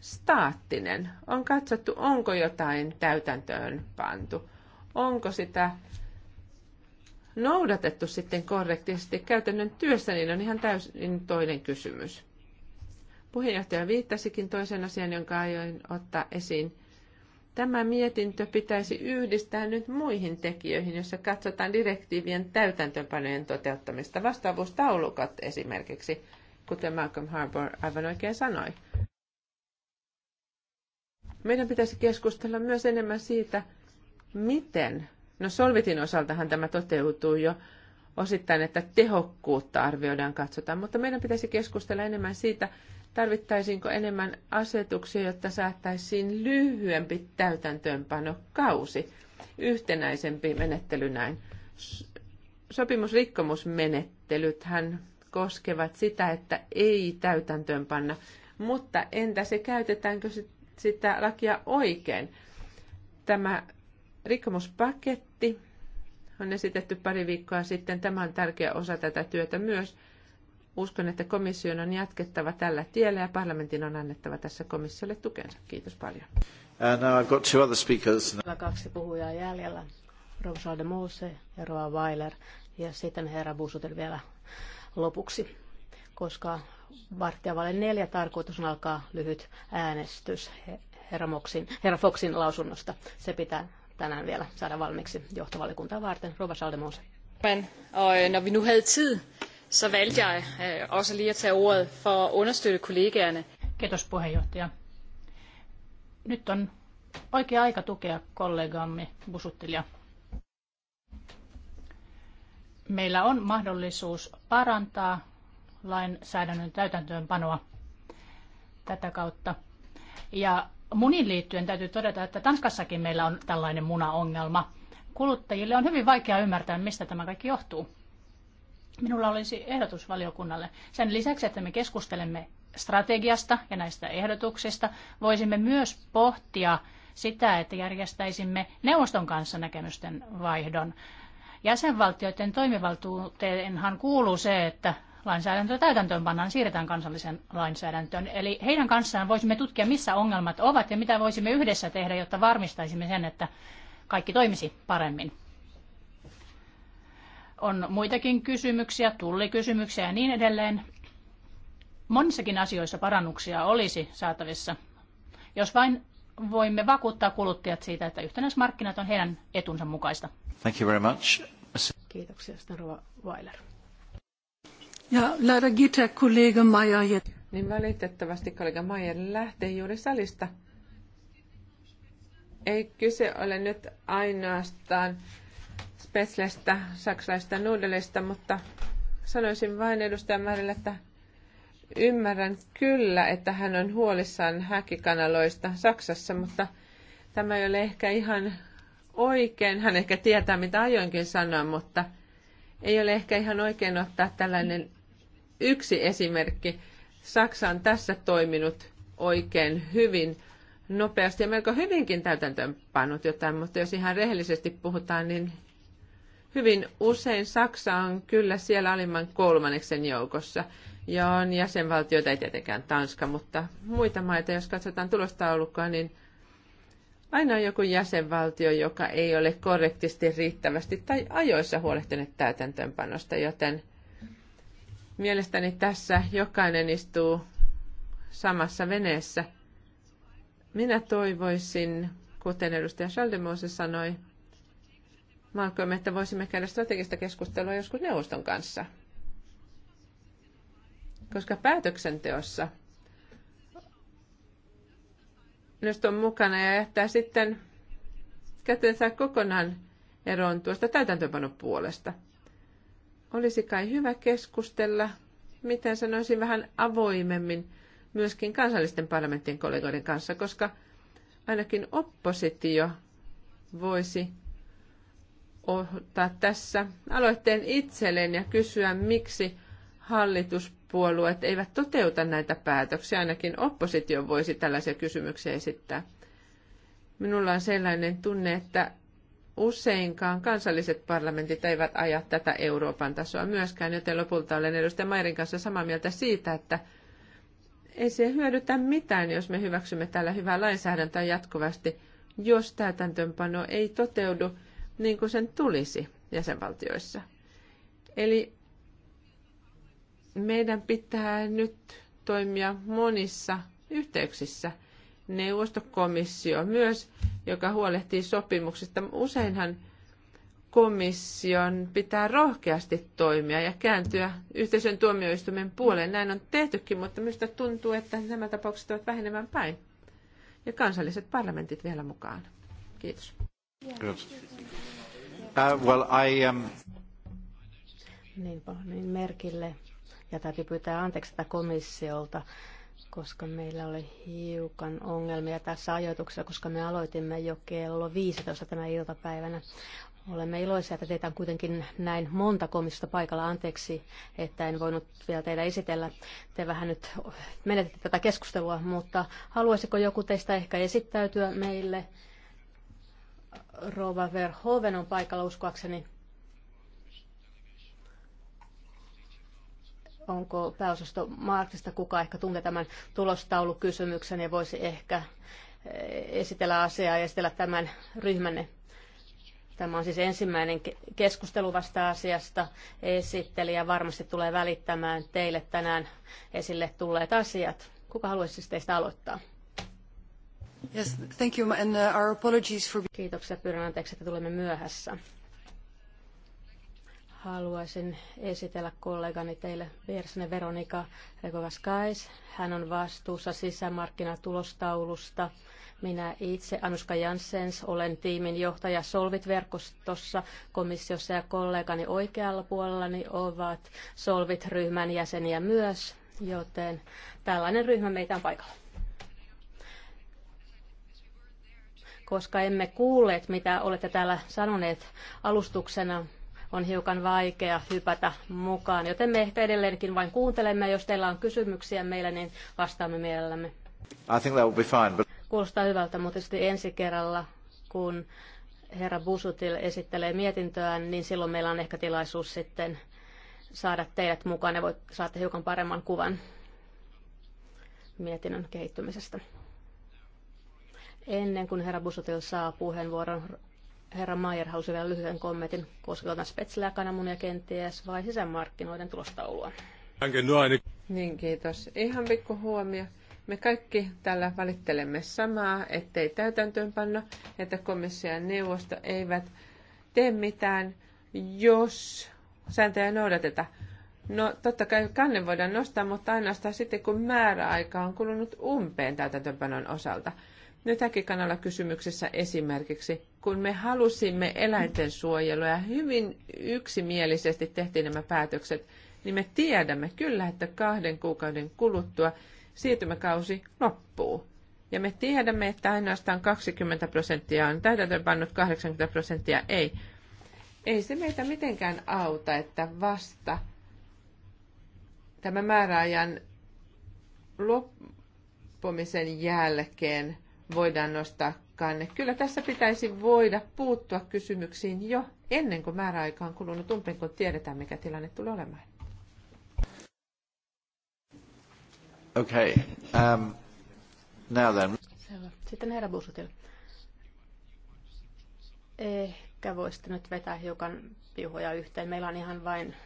staattinen. On katsottu, onko jotain täytäntöön pantu, onko sitä noudatettu sitten korrektisti. Käytännön työssä niin on ihan täysin toinen kysymys. Puheenjohtaja viittasikin toisen asian, jonka aioin ottaa esiin. Tämä mietintö pitäisi yhdistää nyt muihin tekijöihin, joissa katsotaan direktiivien täytäntöönpanojen toteuttamista. Vastaavuustaulukot esimerkiksi, kuten Malcolm Harbour aivan oikein sanoi. Meidän pitäisi keskustella myös enemmän siitä, miten, no Solvitin osaltahan tämä toteutuu jo osittain, että tehokkuutta arvioidaan, katsotaan, mutta meidän pitäisi keskustella enemmän siitä, Tarvittaisiinko enemmän asetuksia, jotta saattaisiin lyhyempi täytäntöönpanokausi, yhtenäisempi menettely näin? Sopimusrikkomusmenettelythän koskevat sitä, että ei täytäntöönpanna, mutta entä se käytetäänkö sitä lakia oikein? Tämä rikkomuspaketti on esitetty pari viikkoa sitten. Tämä on tärkeä osa tätä työtä myös. Uskon, että komission on jatkettava tällä tiellä ja parlamentin on annettava tässä komissiolle tukensa. Kiitos paljon. And now I've got two other speakers. Kaksi puhujaa jäljellä. Rob Mose ja Roa Weiler ja sitten herra Busutel vielä lopuksi, koska vartijavalle neljä tarkoitus on alkaa lyhyt äänestys herra, Moksin, herra Foxin lausunnosta. Se pitää tänään vielä saada valmiiksi johtovalikuntaa varten. Rova Saldemose. Men, og øh, når vi nu havde tid, så valgte jeg øh, også lige at tage ordet for at understøtte kollegaerne. Kiitos puheenjohtaja. Nyt on oikea aika tukea kollegaamme Busuttilia. Meillä on mahdollisuus parantaa lainsäädännön täytäntöönpanoa tätä kautta. Ja munin liittyen täytyy todeta, että Tanskassakin meillä on tällainen munaongelma. Kuluttajille on hyvin vaikea ymmärtää, mistä tämä kaikki johtuu. Minulla olisi ehdotus valiokunnalle. Sen lisäksi, että me keskustelemme strategiasta ja näistä ehdotuksista, voisimme myös pohtia sitä, että järjestäisimme neuvoston kanssa näkemysten vaihdon. Jäsenvaltioiden toimivaltuuteenhan kuuluu se, että lainsäädäntö täytäntöönpannaan siirretään kansalliseen lainsäädäntöön. Eli heidän kanssaan voisimme tutkia, missä ongelmat ovat ja mitä voisimme yhdessä tehdä, jotta varmistaisimme sen, että kaikki toimisi paremmin. On muitakin kysymyksiä, tullikysymyksiä ja niin edelleen. Monissakin asioissa parannuksia olisi saatavissa, jos vain voimme vakuuttaa kuluttajat siitä, että yhtenäismarkkinat on heidän etunsa mukaista. Thank you very much. Kiitoksia, Stanrova Weiler. Ja lähdä gitter kollega Maja. Niin valitettavasti kollega Maja lähtee juuri salista. Ei kyse ole nyt ainoastaan Spetslestä, saksalaisesta nuudelista, mutta sanoisin vain edustaja Märille, että ymmärrän kyllä, että hän on huolissaan häkikanaloista Saksassa, mutta tämä ei ole ehkä ihan oikein. Hän ehkä tietää, mitä ajoinkin sanoa, mutta ei ole ehkä ihan oikein ottaa tällainen yksi esimerkki. Saksa on tässä toiminut oikein hyvin nopeasti ja melko hyvinkin pannut jotain, mutta jos ihan rehellisesti puhutaan, niin Hyvin usein Saksa on kyllä siellä alimman kolmanneksen joukossa. Ja on jäsenvaltioita, ei tietenkään Tanska, mutta muita maita, jos katsotaan tulostaulukkoa, niin aina on joku jäsenvaltio, joka ei ole korrektisti riittävästi tai ajoissa huolehtinut täytäntöönpanosta, joten mielestäni tässä jokainen istuu samassa veneessä. Minä toivoisin, kuten edustaja Schaldemose sanoi, Malcolm, että voisimme käydä strategista keskustelua joskus neuvoston kanssa. Koska päätöksenteossa nyt on mukana ja jättää sitten kätensä kokonaan eroon tuosta puolesta Olisi kai hyvä keskustella, miten sanoisin vähän avoimemmin, myöskin kansallisten parlamenttien kollegoiden kanssa, koska ainakin oppositio voisi ottaa tässä aloitteen itselleen ja kysyä, miksi hallituspuolueet eivät toteuta näitä päätöksiä. Ainakin oppositio voisi tällaisia kysymyksiä esittää. Minulla on sellainen tunne, että useinkaan kansalliset parlamentit eivät aja tätä Euroopan tasoa myöskään, joten lopulta olen edustaja Mairin kanssa samaa mieltä siitä, että ei se hyödytä mitään, jos me hyväksymme täällä hyvää lainsäädäntöä jatkuvasti, jos täytäntöönpano ei toteudu niin kuin sen tulisi jäsenvaltioissa. Eli meidän pitää nyt toimia monissa yhteyksissä. Neuvostokomissio myös, joka huolehtii sopimuksista. Useinhan komission pitää rohkeasti toimia ja kääntyä yhteisön tuomioistuimen puoleen. Näin on tehtykin, mutta minusta tuntuu, että nämä tapaukset ovat vähenemään päin. Ja kansalliset parlamentit vielä mukaan. Kiitos. Kiitos. Uh, well, I, um... Niin, niin merkille. Ja täytyy pyytää anteeksi tätä komissiolta, koska meillä oli hiukan ongelmia tässä ajoituksessa, koska me aloitimme jo kello 15 tänä iltapäivänä. Olemme iloisia, että teitä on kuitenkin näin monta komissiosta paikalla. Anteeksi, että en voinut vielä teitä esitellä. Te vähän nyt menetitte tätä keskustelua, mutta haluaisiko joku teistä ehkä esittäytyä meille? Rova Verhoven on paikalla uskoakseni. Onko pääosasto Marksista kuka ehkä tuntee tämän tulostaulukysymyksen ja voisi ehkä eh, esitellä asiaa ja esitellä tämän ryhmänne? Tämä on siis ensimmäinen keskustelu vasta asiasta. ja varmasti tulee välittämään teille tänään esille tulleet asiat. Kuka haluaisi siis teistä aloittaa? Yes, thank you, and uh, our apologies for... Kiitoksia, pyydän anteeksi, että tulemme myöhässä. Haluaisin esitellä kollegani teille vieressäni Veronika Rekovaskais. Hän on vastuussa sisämarkkinatulostaulusta. Minä itse, Anuska Janssens, olen tiimin johtaja Solvit-verkostossa komissiossa ja kollegani oikealla puolellani ovat Solvit-ryhmän jäseniä myös, joten tällainen ryhmä meitä on paikalla. Koska emme kuulleet, mitä olette täällä sanoneet alustuksena, on hiukan vaikea hypätä mukaan, joten me ehkä edelleenkin vain kuuntelemme. Jos teillä on kysymyksiä meillä, niin vastaamme mielellämme. I think that will be fine, but... Kuulostaa hyvältä, mutta tietysti ensi kerralla, kun herra Busutil esittelee mietintöään, niin silloin meillä on ehkä tilaisuus sitten saada teidät mukaan ja voit, saatte hiukan paremman kuvan mietinnön kehittymisestä. Ennen kuin herra Busotil saa puheenvuoron, herra Mayer halusi vielä lyhyen kommentin koskevan spetsillä kananmunia kenties vai sisämarkkinoiden tulostaulua. Niin, kiitos. Ihan pikku huomio. Me kaikki täällä valittelemme samaa, ettei täytäntöönpanna, että komissio ja neuvosto eivät tee mitään, jos sääntöjä noudateta. No totta kai kanne voidaan nostaa, mutta ainoastaan sitten kun määräaika on kulunut umpeen täytäntöönpanon osalta. Nytkin kannalla kysymyksessä esimerkiksi, kun me halusimme eläinten suojelua ja hyvin yksimielisesti tehtiin nämä päätökset, niin me tiedämme kyllä, että kahden kuukauden kuluttua siirtymäkausi loppuu. Ja me tiedämme, että ainoastaan 20 prosenttia on pannut, 80 prosenttia ei. Ei se meitä mitenkään auta, että vasta tämä määräajan loppumisen jälkeen – voidaan nostaa kanne. Kyllä tässä pitäisi voida puuttua kysymyksiin jo ennen kuin määräaika on kulunut umpeen, kun tiedetään, mikä tilanne tulee olemaan. Okay. Um, now then. Sitten herra Busutil. Ehkä voisitte nyt vetää hiukan piuhoja yhteen. Meillä on ihan vain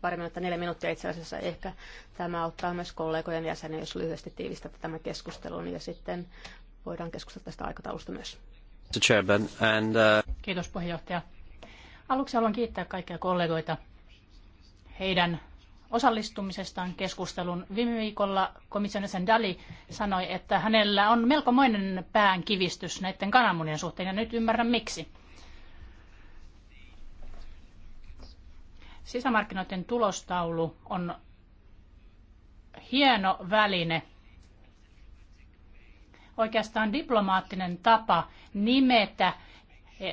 pari minuuttia, neljä minuuttia itse asiassa. Ehkä tämä auttaa myös kollegojen jäseniä, jos lyhyesti tiivistätte tämän keskustelun. Ja sitten voidaan keskustella tästä aikataulusta myös. Uh, Kiitos puheenjohtaja. Aluksi haluan kiittää kaikkia kollegoita heidän osallistumisestaan keskustelun. Viime viikolla komission jäsen Dali sanoi, että hänellä on melkomoinen pään kivistys näiden kananmunien suhteen, ja nyt ymmärrän miksi. Sisämarkkinoiden tulostaulu on hieno väline oikeastaan diplomaattinen tapa nimetä e,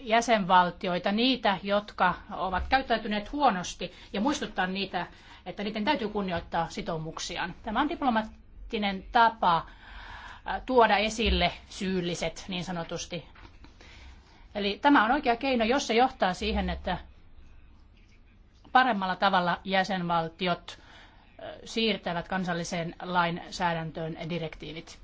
jäsenvaltioita, niitä, jotka ovat käyttäytyneet huonosti, ja muistuttaa niitä, että niiden täytyy kunnioittaa sitoumuksiaan. Tämä on diplomaattinen tapa tuoda esille syylliset niin sanotusti. Eli tämä on oikea keino, jos se johtaa siihen, että paremmalla tavalla jäsenvaltiot siirtävät kansalliseen lainsäädäntöön direktiivit.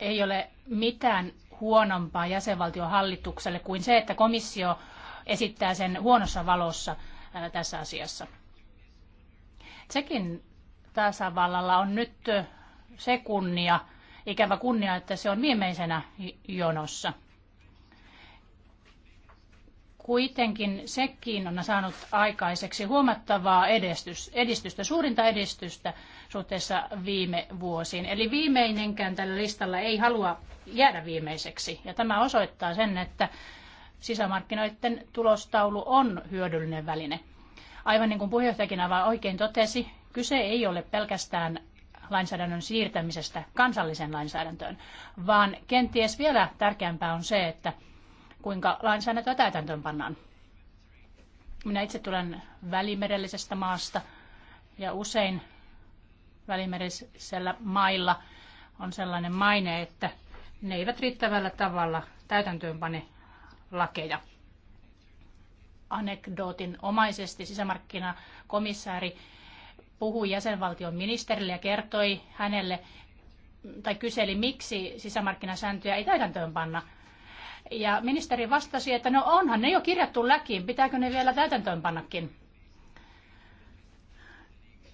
ei ole mitään huonompaa jäsenvaltion hallitukselle kuin se, että komissio esittää sen huonossa valossa tässä asiassa. Tsekin tasavallalla on nyt se kunnia, ikävä kunnia, että se on viimeisenä jonossa – kuitenkin sekin on saanut aikaiseksi huomattavaa edistystä, suurinta edistystä suhteessa viime vuosiin. Eli viimeinenkään tällä listalla ei halua jäädä viimeiseksi. Ja tämä osoittaa sen, että sisämarkkinoiden tulostaulu on hyödyllinen väline. Aivan niin kuin puheenjohtajakin aivan oikein totesi, kyse ei ole pelkästään lainsäädännön siirtämisestä kansalliseen lainsäädäntöön, vaan kenties vielä tärkeämpää on se, että – kuinka lainsäädäntöä täytäntöön pannaan. Minä itse tulen välimerellisestä maasta ja usein välimerisellä mailla on sellainen maine, että ne eivät riittävällä tavalla täytäntöönpane lakeja. Anekdootin omaisesti sisämarkkinakomissaari puhui jäsenvaltion ministerille ja kertoi hänelle tai kyseli, miksi sisämarkkinasääntöjä ei täytäntöönpanna. Ja ministeri vastasi, että no onhan ne jo kirjattu läkiin, pitääkö ne vielä täytäntöönpannakin?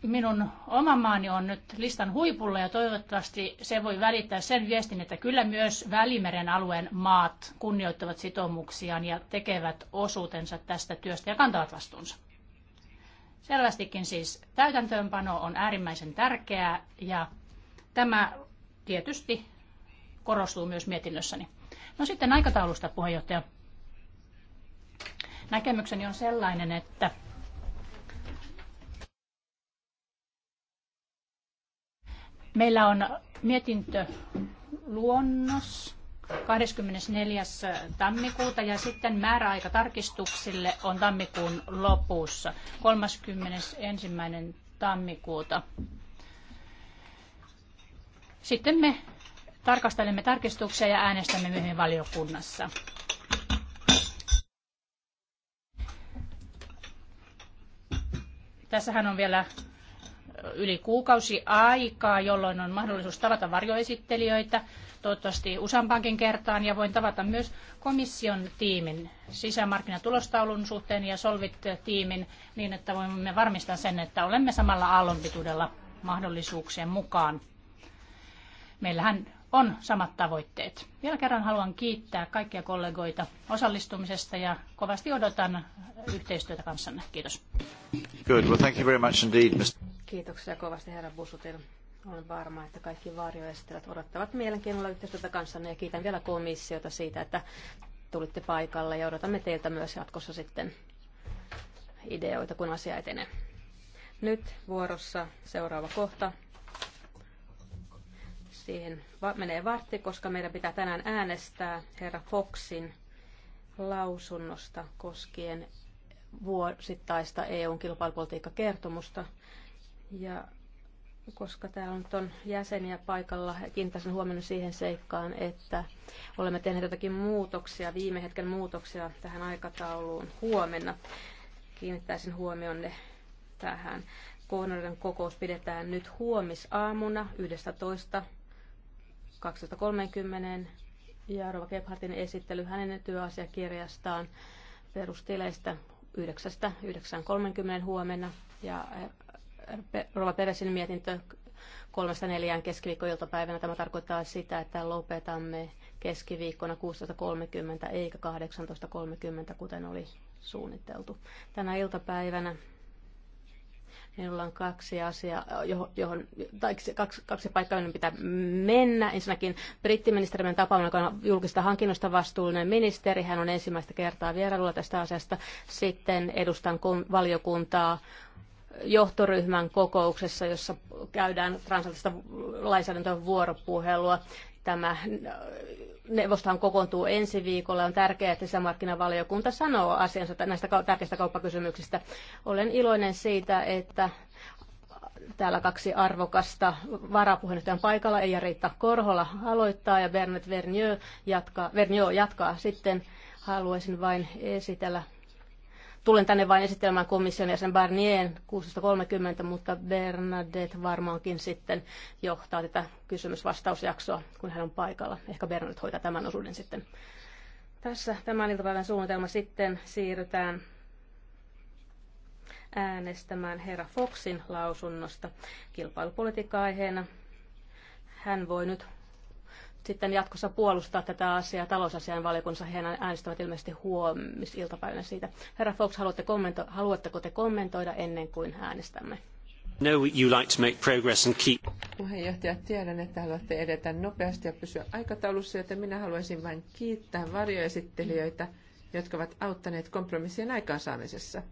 Minun oma maani on nyt listan huipulla ja toivottavasti se voi välittää sen viestin, että kyllä myös Välimeren alueen maat kunnioittavat sitoumuksiaan ja tekevät osuutensa tästä työstä ja kantavat vastuunsa. Selvästikin siis täytäntöönpano on äärimmäisen tärkeää ja tämä tietysti korostuu myös mietinnössäni. No sitten aikataulusta, puheenjohtaja. Näkemykseni on sellainen, että meillä on mietintö luonnos 24. tammikuuta ja sitten määräaika tarkistuksille on tammikuun lopussa 31. tammikuuta. Sitten me tarkastelemme tarkistuksia ja äänestämme myöhemmin valiokunnassa. Tässähän on vielä yli kuukausi aikaa, jolloin on mahdollisuus tavata varjoesittelijöitä, toivottavasti useampaankin kertaan, ja voin tavata myös komission tiimin sisämarkkinatulostaulun suhteen ja Solvit-tiimin niin, että voimme varmistaa sen, että olemme samalla aallonpituudella mahdollisuuksien mukaan. Meillähän on samat tavoitteet. Vielä kerran haluan kiittää kaikkia kollegoita osallistumisesta ja kovasti odotan yhteistyötä kanssanne. Kiitos. Good. Well, thank you very much indeed, Mr. Kiitoksia kovasti herra Busutil. Olen varma, että kaikki varjoesittelijät odottavat mielenkiinnolla yhteistyötä kanssanne ja kiitän vielä komissiota siitä, että tulitte paikalle ja odotamme teiltä myös jatkossa sitten ideoita, kun asia etenee. Nyt vuorossa seuraava kohta, Siihen menee vartti, koska meidän pitää tänään äänestää herra Foxin lausunnosta koskien vuosittaista EUn kilpailupolitiikkakertomusta. Ja koska täällä nyt on jäseniä paikalla, kiinnittäisin huomioon siihen seikkaan, että olemme tehneet jotakin muutoksia, viime hetken muutoksia tähän aikatauluun huomenna. Kiinnittäisin huomionne tähän. Koordinoiden kokous pidetään nyt huomisaamuna 11 2030 ja Rova Gebhardin esittely hänen työasiakirjastaan perustileistä 9.9.30 huomenna ja Rova Peresin mietintö kolmesta neljään keskiviikkoiltapäivänä. Tämä tarkoittaa sitä, että lopetamme keskiviikkona 16.30 eikä 18.30, kuten oli suunniteltu. Tänä iltapäivänä Minulla on kaksi asiaa, johon, tai kaksi, kaksi paikkaa, joihin pitää mennä. Ensinnäkin brittiministerimen tapaaminen, joka on julkista hankinnosta vastuullinen ministeri. Hän on ensimmäistä kertaa vierailulla tästä asiasta. Sitten edustan valiokuntaa johtoryhmän kokouksessa, jossa käydään transatlantista lainsäädäntöön vuoropuhelua. Tämä neuvostohan kokoontuu ensi viikolla. On tärkeää, että sisämarkkinavaliokunta sanoo asiansa näistä tärkeistä kauppakysymyksistä. Olen iloinen siitä, että täällä kaksi arvokasta varapuheenjohtajan paikalla, Eija Riitta Korhola aloittaa ja Bernet Vernieu jatkaa, Vernieu jatkaa sitten. Haluaisin vain esitellä Tulen tänne vain esittelemään komission jäsen Barnier 16.30, mutta Bernadette varmaankin sitten johtaa tätä kysymysvastausjaksoa, kun hän on paikalla. Ehkä Bernadette hoitaa tämän osuuden sitten. Tässä tämän iltapäivän suunnitelma sitten siirrytään äänestämään herra Foxin lausunnosta kilpailupolitiikka-aiheena. Hän voi nyt sitten jatkossa puolustaa tätä asiaa talousasian valiokunnassa. He äänestävät ilmeisesti huomisiltapäivänä siitä. Herra Fox, haluatte kommento- haluatteko te kommentoida ennen kuin äänestämme? No, you like to make progress and keep... Puheenjohtaja, tiedän, että haluatte edetä nopeasti ja pysyä aikataulussa, joten minä haluaisin vain kiittää varjoesittelijöitä, jotka ovat auttaneet kompromissien aikaansaamisessa.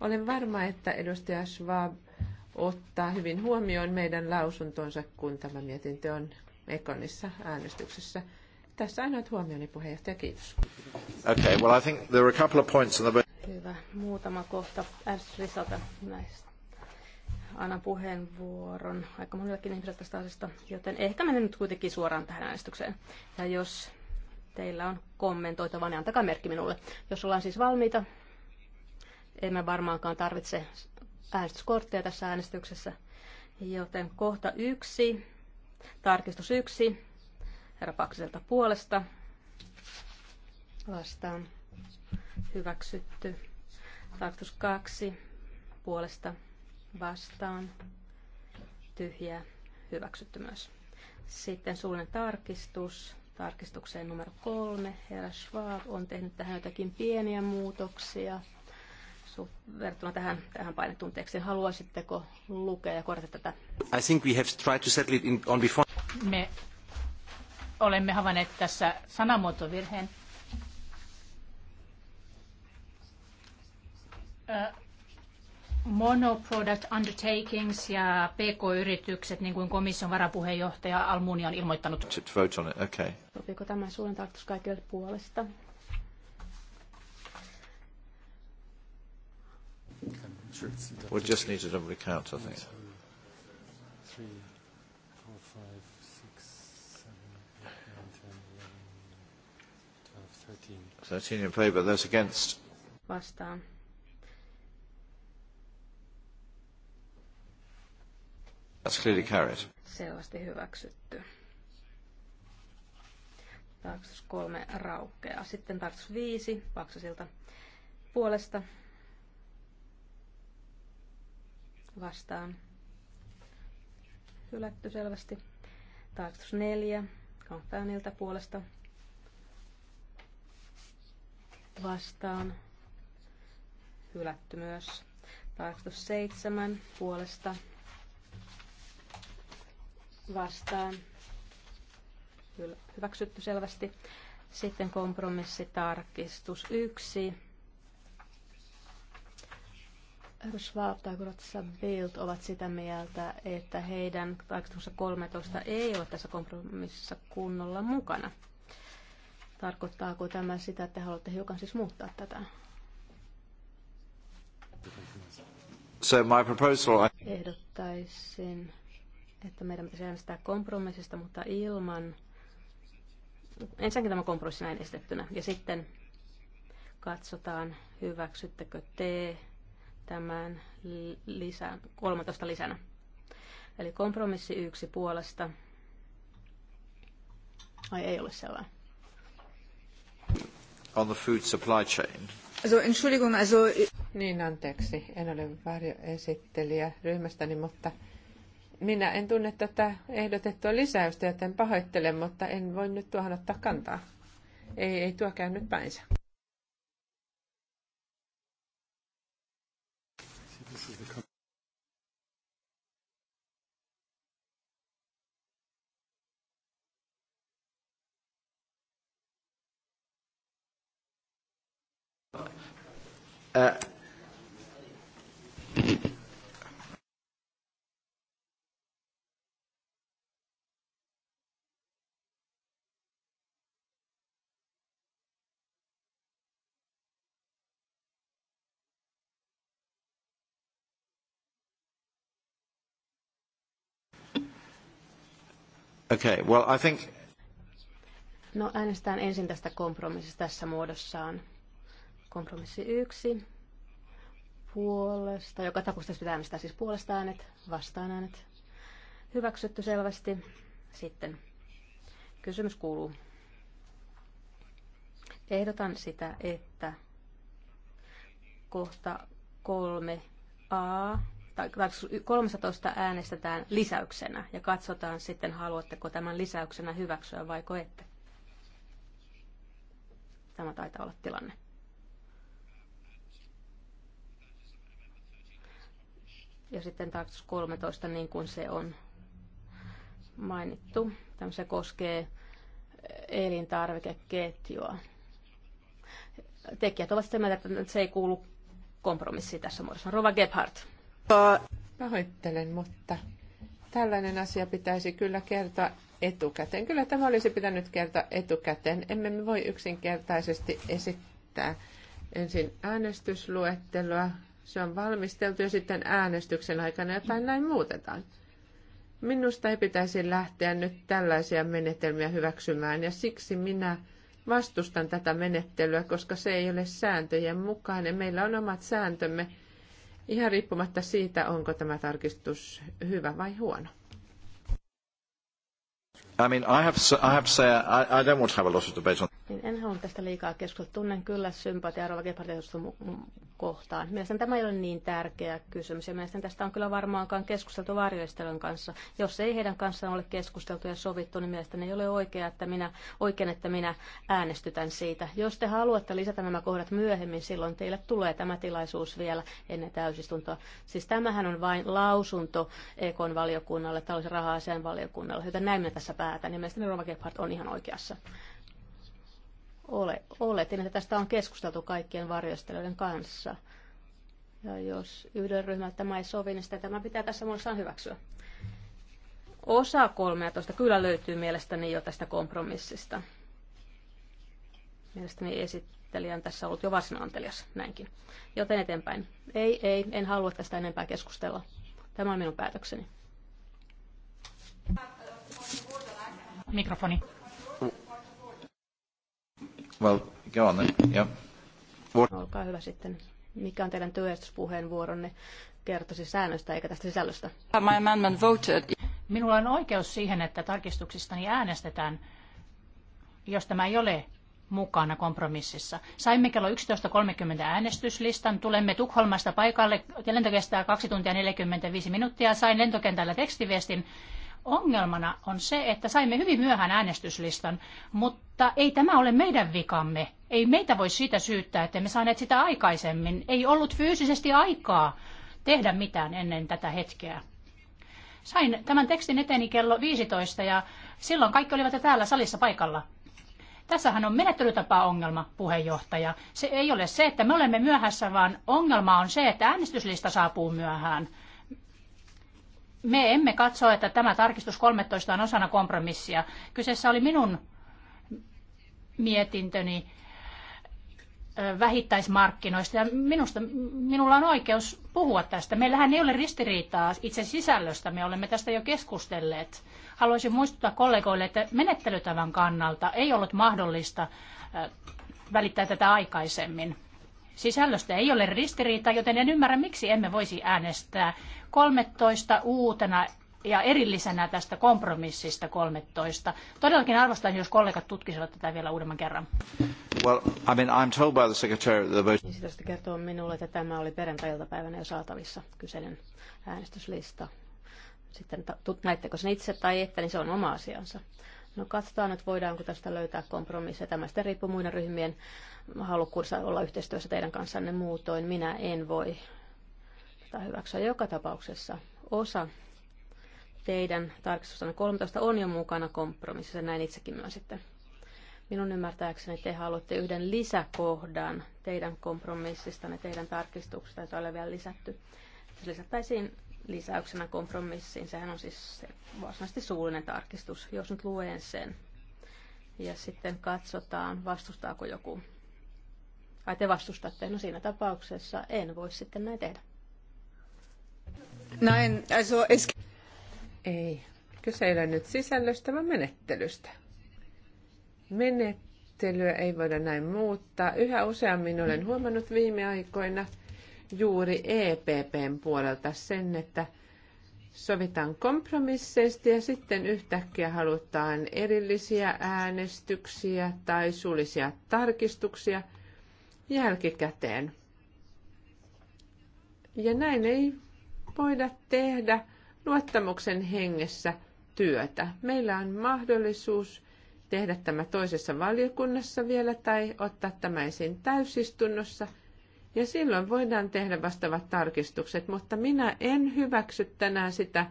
Olen varma, että edustaja Schwab ottaa hyvin huomioon meidän lausuntonsa, kun tämä mietintö on Ekonissa äänestyksessä. Tässä ainoat huomioni puheenjohtaja, kiitos. Okay, well I think there are a couple of points on the... Hyvä, muutama kohta äänestyslistalta näistä. Annan puheenvuoron aika monellekin ihmiselle tästä asiasta, joten ehkä menen nyt kuitenkin suoraan tähän äänestykseen. Ja jos teillä on kommentoitava, niin antakaa merkki minulle. Jos ollaan siis valmiita, emme varmaankaan tarvitse äänestyskortteja tässä äänestyksessä. Joten kohta yksi Tarkistus 1. Herra Paksiselta puolesta. Vastaan. Hyväksytty. Tarkistus 2. Puolesta. Vastaan. tyhjä, Hyväksytty myös. Sitten suullinen tarkistus. Tarkistukseen numero kolme. Herra Schwab on tehnyt tähän jotakin pieniä muutoksia verrattuna tähän, tähän painettuun tekstiin. Haluaisitteko lukea ja korjata tätä? I think we have tried to settle it in, on before. Me olemme havainneet tässä sanamuotovirheen. Monoproduct undertakings ja PK-yritykset, niin kuin komission varapuheenjohtaja Almunia on ilmoittanut. Vote on it. Okay. Sopiiko tämä suunnan tarkoitus kaikille puolesta? Sure we just needed a recount, I think. 13 thirteen. in favour. Those against. Vastaan. That's clearly carried. Selvästi hyväksytty. Tarkastus kolme raukeaa. Sitten tarkastus viisi Paksasilta puolesta vastaan hylätty selvästi. Tarkistus 4 Kankaanilta puolesta vastaan hylätty myös. Tarkistus 7 puolesta vastaan hyväksytty selvästi. Sitten kompromissitarkistus 1 Schwab tai Grotsa Bild ovat sitä mieltä, että heidän 2013 ei ole tässä kompromississa kunnolla mukana. Tarkoittaako tämä sitä, että haluatte hiukan siis muuttaa tätä? So my proposal... Ehdottaisin, että meidän pitäisi äänestää kompromissista, mutta ilman... Ensinnäkin tämä kompromissi näin esitettynä, ja sitten katsotaan, hyväksyttekö te tämän lisän, 13 lisänä. Eli kompromissi yksi puolesta. Ai ei ole sellainen. On the food supply chain. Also, Entschuldigung, also... Niin, anteeksi. En ole varjoesittelijä ryhmästäni, mutta minä en tunne tätä ehdotettua lisäystä, joten pahoittelen, mutta en voi nyt tuohon ottaa kantaa. Ei, ei tuo käynyt päinsä. Okei, Okay, well, I think... No äänestetään ensin tästä kompromissista tässä muodossaan. Kompromissi yksi puolesta, joka tapauksessa pitää äänestää siis puolesta äänet, vastaan äänet. Hyväksytty selvästi. Sitten kysymys kuuluu. Ehdotan sitä, että kohta 3a tai 13 äänestetään lisäyksenä ja katsotaan sitten, haluatteko tämän lisäyksenä hyväksyä vai ette. Tämä taitaa olla tilanne. ja sitten tarkoitus 13 niin kuin se on mainittu. Tämä se koskee elintarvikeketjua. Tekijät ovat sitä mieltä, että se ei kuulu kompromissi tässä muodossa. Rova Gebhardt. Pahoittelen, mutta tällainen asia pitäisi kyllä kertoa etukäteen. Kyllä tämä olisi pitänyt kertoa etukäteen. Emme me voi yksinkertaisesti esittää ensin äänestysluetteloa, se on valmisteltu jo sitten äänestyksen aikana tai näin muutetaan. Minusta ei pitäisi lähteä nyt tällaisia menetelmiä hyväksymään ja siksi minä vastustan tätä menettelyä, koska se ei ole sääntöjen mukainen. Meillä on omat sääntömme ihan riippumatta siitä, onko tämä tarkistus hyvä vai huono. I mean, I have, I have say, I, I don't want to have a lot of debate on niin en halua tästä liikaa keskustella. Tunnen kyllä sympatiaa Rova kohtaan. Mielestäni tämä ei ole niin tärkeä kysymys ja mielestäni tästä on kyllä varmaankaan keskusteltu varjoistelun kanssa. Jos ei heidän kanssaan ole keskusteltu ja sovittu, niin mielestäni ei ole oikea, että minä, oikein, että minä äänestytän siitä. Jos te haluatte lisätä nämä kohdat myöhemmin, silloin teille tulee tämä tilaisuus vielä ennen täysistuntoa. Siis tämähän on vain lausunto ekon valiokunnalle, talous- ja raha valiokunnalle, joten näin minä tässä päätän. Ja mielestäni Rova Gebhardt on ihan oikeassa ole. Oletin, että tästä on keskusteltu kaikkien varjostelijoiden kanssa. Ja jos yhden ryhmän tämä ei sovi, niin sitä tämä pitää tässä muodossaan hyväksyä. Osa 13 kyllä löytyy mielestäni jo tästä kompromissista. Mielestäni esittelijä on tässä ollut jo varsin antelias, näinkin. Joten eteenpäin. Ei, ei, en halua tästä enempää keskustella. Tämä on minun päätökseni. Mikrofoni. Well, go on then. Yeah. What... Olkaa hyvä sitten. Mikä on teidän työjärjestyspuheenvuoronne? Kertoisi säännöstä eikä tästä sisällöstä. My amendment voted. Minulla on oikeus siihen, että tarkistuksistani äänestetään, jos tämä ei ole mukana kompromississa. Saimme kello 11.30 äänestyslistan. Tulemme Tukholmasta paikalle. Lento kestää 2 tuntia 45 minuuttia. Sain lentokentällä tekstiviestin ongelmana on se, että saimme hyvin myöhään äänestyslistan, mutta ei tämä ole meidän vikamme. Ei meitä voi siitä syyttää, että me saaneet sitä aikaisemmin. Ei ollut fyysisesti aikaa tehdä mitään ennen tätä hetkeä. Sain tämän tekstin eteni kello 15 ja silloin kaikki olivat jo täällä salissa paikalla. Tässähän on menettelytapa-ongelma, puheenjohtaja. Se ei ole se, että me olemme myöhässä, vaan ongelma on se, että äänestyslista saapuu myöhään – me emme katso, että tämä tarkistus 13 on osana kompromissia. Kyseessä oli minun mietintöni vähittäismarkkinoista ja minusta, minulla on oikeus puhua tästä. Meillähän ei ole ristiriitaa itse sisällöstä, me olemme tästä jo keskustelleet. Haluaisin muistuttaa kollegoille, että menettelytavan kannalta ei ollut mahdollista välittää tätä aikaisemmin sisällöstä ei ole ristiriitaa, joten en ymmärrä, miksi emme voisi äänestää 13 uutena ja erillisenä tästä kompromissista 13. Todellakin arvostan, jos kollegat tutkisivat tätä vielä uudemman kerran. Well, I mean, I'm told by the secretary that the vote... Niin kertoo minulle, että tämä oli perjantai-iltapäivänä jo saatavissa kyseinen äänestyslista. Sitten näittekö sen itse tai että niin se on oma asiansa. No katsotaan että voidaanko tästä löytää kompromisseja. Tämä sitten riippuu muiden ryhmien halukkuudesta olla yhteistyössä teidän kanssanne muutoin. Minä en voi tätä hyväksyä joka tapauksessa. Osa teidän tarkistustanne 13 on jo mukana kompromississa, näin itsekin myös sitten. Minun ymmärtääkseni te haluatte yhden lisäkohdan teidän kompromissistanne, teidän tarkistuksista, jota ole vielä lisätty. Se lisättäisiin lisäyksenä kompromissiin. Sehän on siis se varsinaisesti suullinen tarkistus, jos nyt luen sen. Ja sitten katsotaan, vastustaako joku. Ai te vastustatte, no siinä tapauksessa en voi sitten näin tehdä. Näin, es... Ei, kyseillä nyt sisällöstä, vaan menettelystä. Menettelyä ei voida näin muuttaa. Yhä useammin olen huomannut viime aikoina – juuri EPPn puolelta sen, että sovitaan kompromisseista ja sitten yhtäkkiä halutaan erillisiä äänestyksiä tai sulisia tarkistuksia jälkikäteen. Ja näin ei voida tehdä luottamuksen hengessä työtä. Meillä on mahdollisuus tehdä tämä toisessa valiokunnassa vielä tai ottaa tämä esiin täysistunnossa – ja silloin voidaan tehdä vastaavat tarkistukset, mutta minä en hyväksy tänään sitä,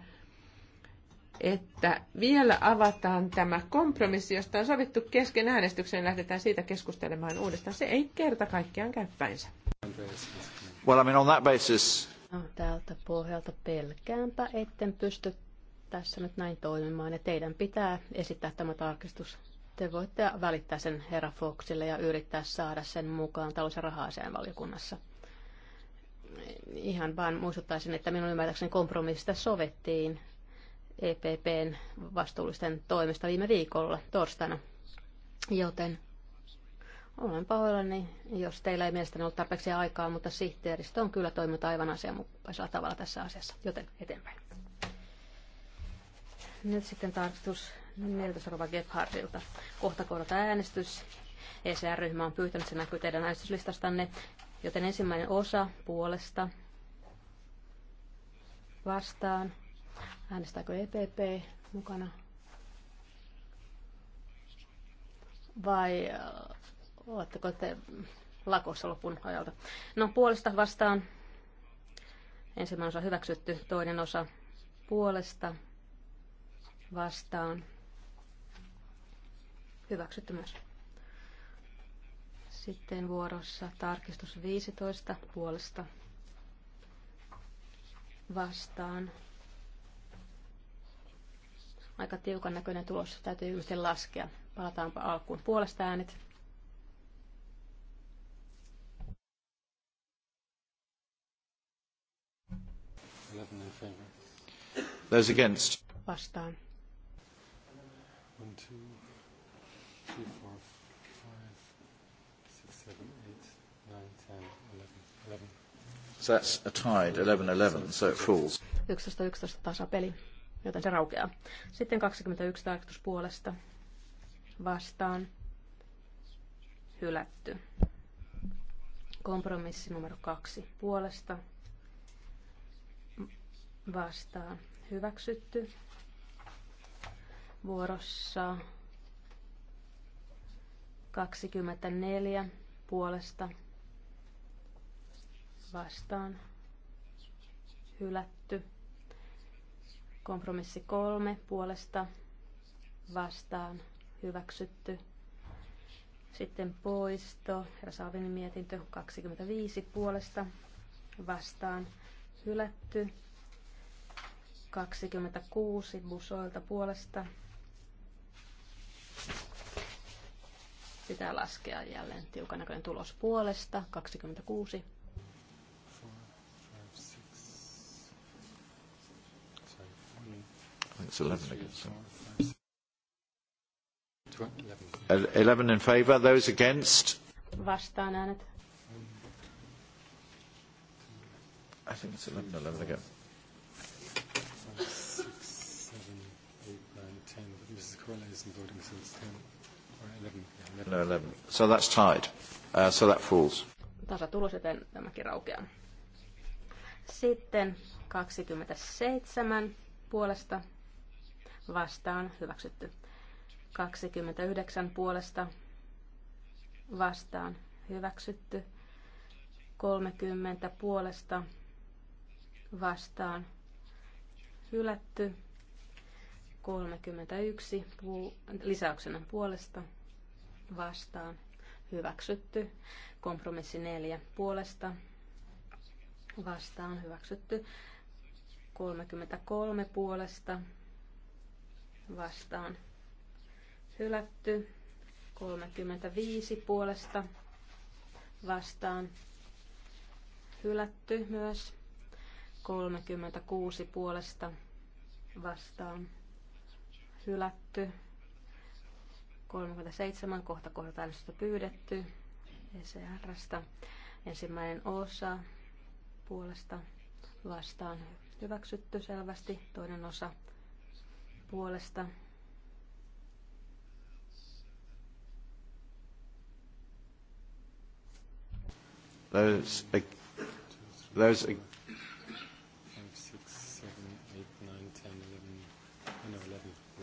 että vielä avataan tämä kompromissi, josta on sovittu kesken äänestyksen ja lähdetään siitä keskustelemaan uudestaan. Se ei kerta kaikkiaan käy päinsä. Well, I mean on that basis... No, tältä pohjalta pelkäänpä etten pysty tässä nyt näin toimimaan ja teidän pitää esittää tämä tarkistus te voitte välittää sen herra Foxille ja yrittää saada sen mukaan talous- ja rahaaseen valiokunnassa. Ihan vaan muistuttaisin, että minun ymmärtääkseni kompromissista sovittiin EPPn vastuullisten toimesta viime viikolla torstaina. Joten olen pahoillani, jos teillä ei mielestäni ollut tarpeeksi aikaa, mutta sihteeristö on kyllä toiminut aivan asianmukaisella tavalla tässä asiassa, joten eteenpäin. Nyt sitten tarkistus 14 Rova Gebhardilta. Kohta kohdata äänestys. ECR-ryhmä on pyytänyt, se näkyy teidän äänestyslistastanne. Joten ensimmäinen osa puolesta vastaan. Äänestääkö EPP mukana? Vai äh, oletteko te lakossa lopun ajalta? No puolesta vastaan. Ensimmäinen osa hyväksytty, toinen osa puolesta vastaan Hyväksytty myös. Sitten vuorossa tarkistus 15 puolesta vastaan. Aika tiukan näköinen tulos, täytyy ilmeisesti laskea. Palataanpa alkuun puolesta äänet. Those against. Vastaan. One, two, three, four, five, six, seven, eight, nine, ten, eleven, eleven. So that's a tied, 11-11, so it falls. 11-11 tasapeli, joten se raukeaa. Sitten 21 tarkoitus puolesta vastaan hylätty. Kompromissi numero kaksi puolesta vastaan hyväksytty. Vuorossa 24 puolesta vastaan hylätty. Kompromissi 3 puolesta vastaan hyväksytty. Sitten poisto, herra Saavinin mietintö 25 puolesta vastaan hylätty. 26 busoilta puolesta Pitää laskea jälleen tiukan näköinen tulos puolesta, 26. It's 11 against. 11 in favour, those against? Vastaan äänet. I think it's 11, 11 again. six, seven, eight, nine, ten. Mrs. Corley isn't voting since ten. So that's tied. Uh, so that falls. Tasatulos, joten tämäkin raukeaa. Sitten 27 puolesta vastaan hyväksytty. 29 puolesta vastaan hyväksytty. 30 puolesta vastaan hylätty. 31 lisäyksenä puolesta vastaan hyväksytty. Kompromissi 4 puolesta vastaan hyväksytty. 33 puolesta vastaan hylätty. 35 puolesta vastaan hylätty myös. 36 puolesta vastaan hylätty. 37 kohta kohdalta äänestystä pyydetty ECRstä. Ensimmäinen osa puolesta vastaan hyväksytty selvästi, toinen osa puolesta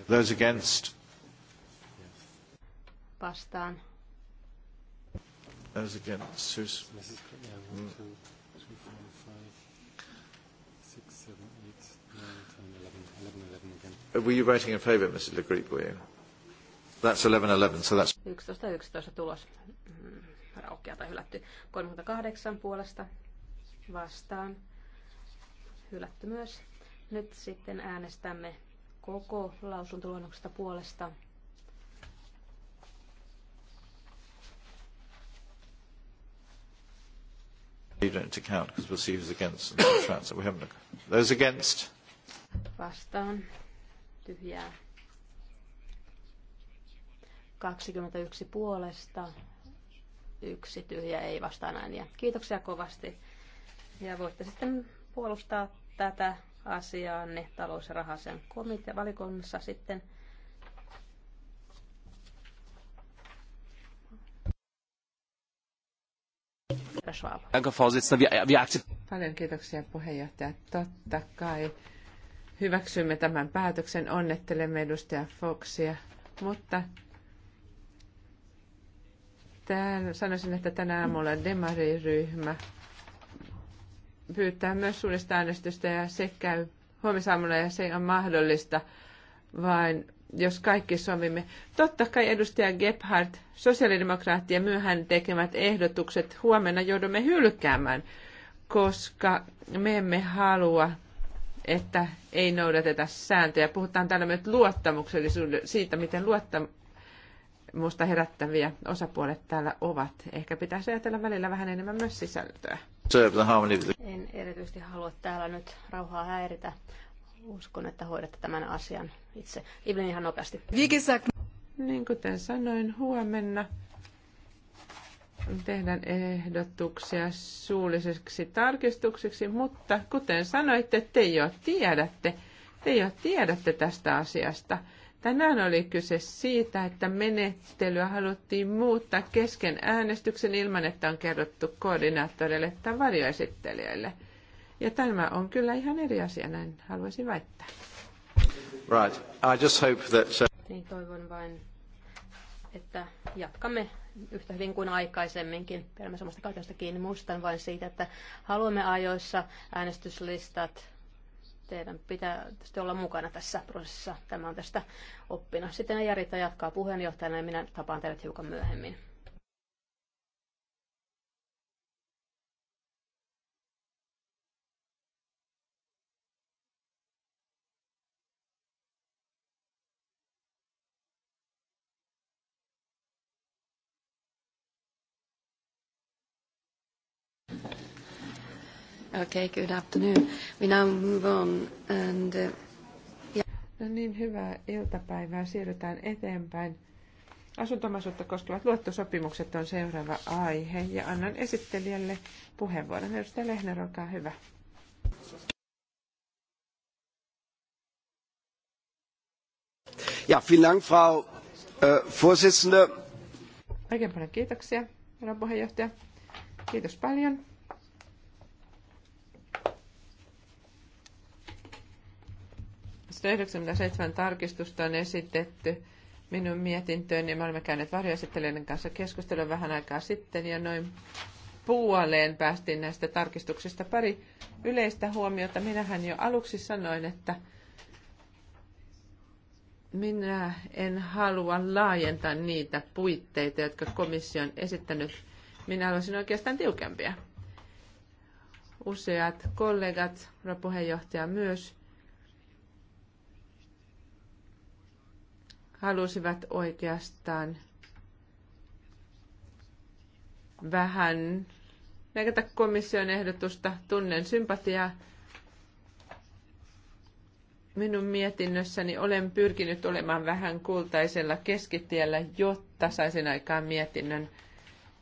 those against vastaan. As again, Sus. Mm. Uh, were you writing in favour, Mrs. Le Grip, were you? That's 11-11, so that's... 11-11 tulos. Mm, Raukea tai hylätty. 38 puolesta vastaan. Hylätty myös. Nyt sitten äänestämme koko lausuntoluonnoksesta puolesta You don't because we'll see who's against and So we haven't. Those against? Vastaan. Tyhjää. 21 puolesta. Yksi tyhjä ei vastaan ääniä. Kiitoksia kovasti. Ja voitte sitten puolustaa tätä asiaa, niin talous- ja rahasen sitten Schwab. Paljon kiitoksia puheenjohtaja. Totta kai hyväksymme tämän päätöksen, onnettelemme edustaja Foxia, mutta tämän, sanoisin, että tänä aamulla demariryhmä pyytää myös suuresta äänestystä ja se käy huomisaamulla ja se on mahdollista vain jos kaikki sovimme. Totta kai edustaja Gebhardt, sosiaalidemokraattien myöhään tekemät ehdotukset huomenna joudumme hylkäämään, koska me emme halua, että ei noudateta sääntöjä. Puhutaan täällä myös luottamuksellisuudesta, siitä miten luottamusta herättäviä osapuolet täällä ovat. Ehkä pitäisi ajatella välillä vähän enemmän myös sisältöä. En erityisesti halua täällä nyt rauhaa häiritä, uskon, että hoidatte tämän asian itse. Iblin ihan nopeasti. Niin kuten sanoin, huomenna tehdään ehdotuksia suulliseksi tarkistuksiksi, mutta kuten sanoitte, te jo tiedätte, te jo tiedätte tästä asiasta. Tänään oli kyse siitä, että menettelyä haluttiin muuttaa kesken äänestyksen ilman, että on kerrottu koordinaattoreille tai varjoesittelijöille – ja tämä on kyllä ihan eri asia, näin haluaisin väittää. Right. I just hope that... Uh, niin toivon vain, että jatkamme yhtä hyvin kuin aikaisemminkin. Pidämme samasta kaikesta kiinni. Muistan vain siitä, että haluamme ajoissa äänestyslistat. Teidän pitää olla mukana tässä prosessissa. Tämä on tästä oppina. Sitten Jarita jatkaa puheenjohtajana ja minä tapaan teidät hiukan myöhemmin. Okay, good afternoon. We now move on and... Uh, eh, yeah. No niin, hyvää iltapäivää. Siirrytään eteenpäin. Asuntomaisuutta koskevat luottosopimukset on seuraava aihe ja annan esittelijälle puheenvuoron. Edustaja Lehner, olkaa hyvä. Ja, vielen Dank, Frau äh, Vorsitzende. Oikein paljon kiitoksia, herra puheenjohtaja. Kiitos paljon. 1997 tarkistusta on esitetty minun mietintöön, ja me olemme käyneet varjoesittelijöiden kanssa keskustelua vähän aikaa sitten, ja noin puoleen päästiin näistä tarkistuksista. Pari yleistä huomiota. Minähän jo aluksi sanoin, että minä en halua laajentaa niitä puitteita, jotka komissio on esittänyt. Minä haluaisin oikeastaan tiukempia. Useat kollegat, puheenjohtaja myös, halusivat oikeastaan vähän leikata komission ehdotusta. Tunnen sympatiaa. Minun mietinnössäni olen pyrkinyt olemaan vähän kultaisella keskitiellä, jotta saisin aikaan mietinnön,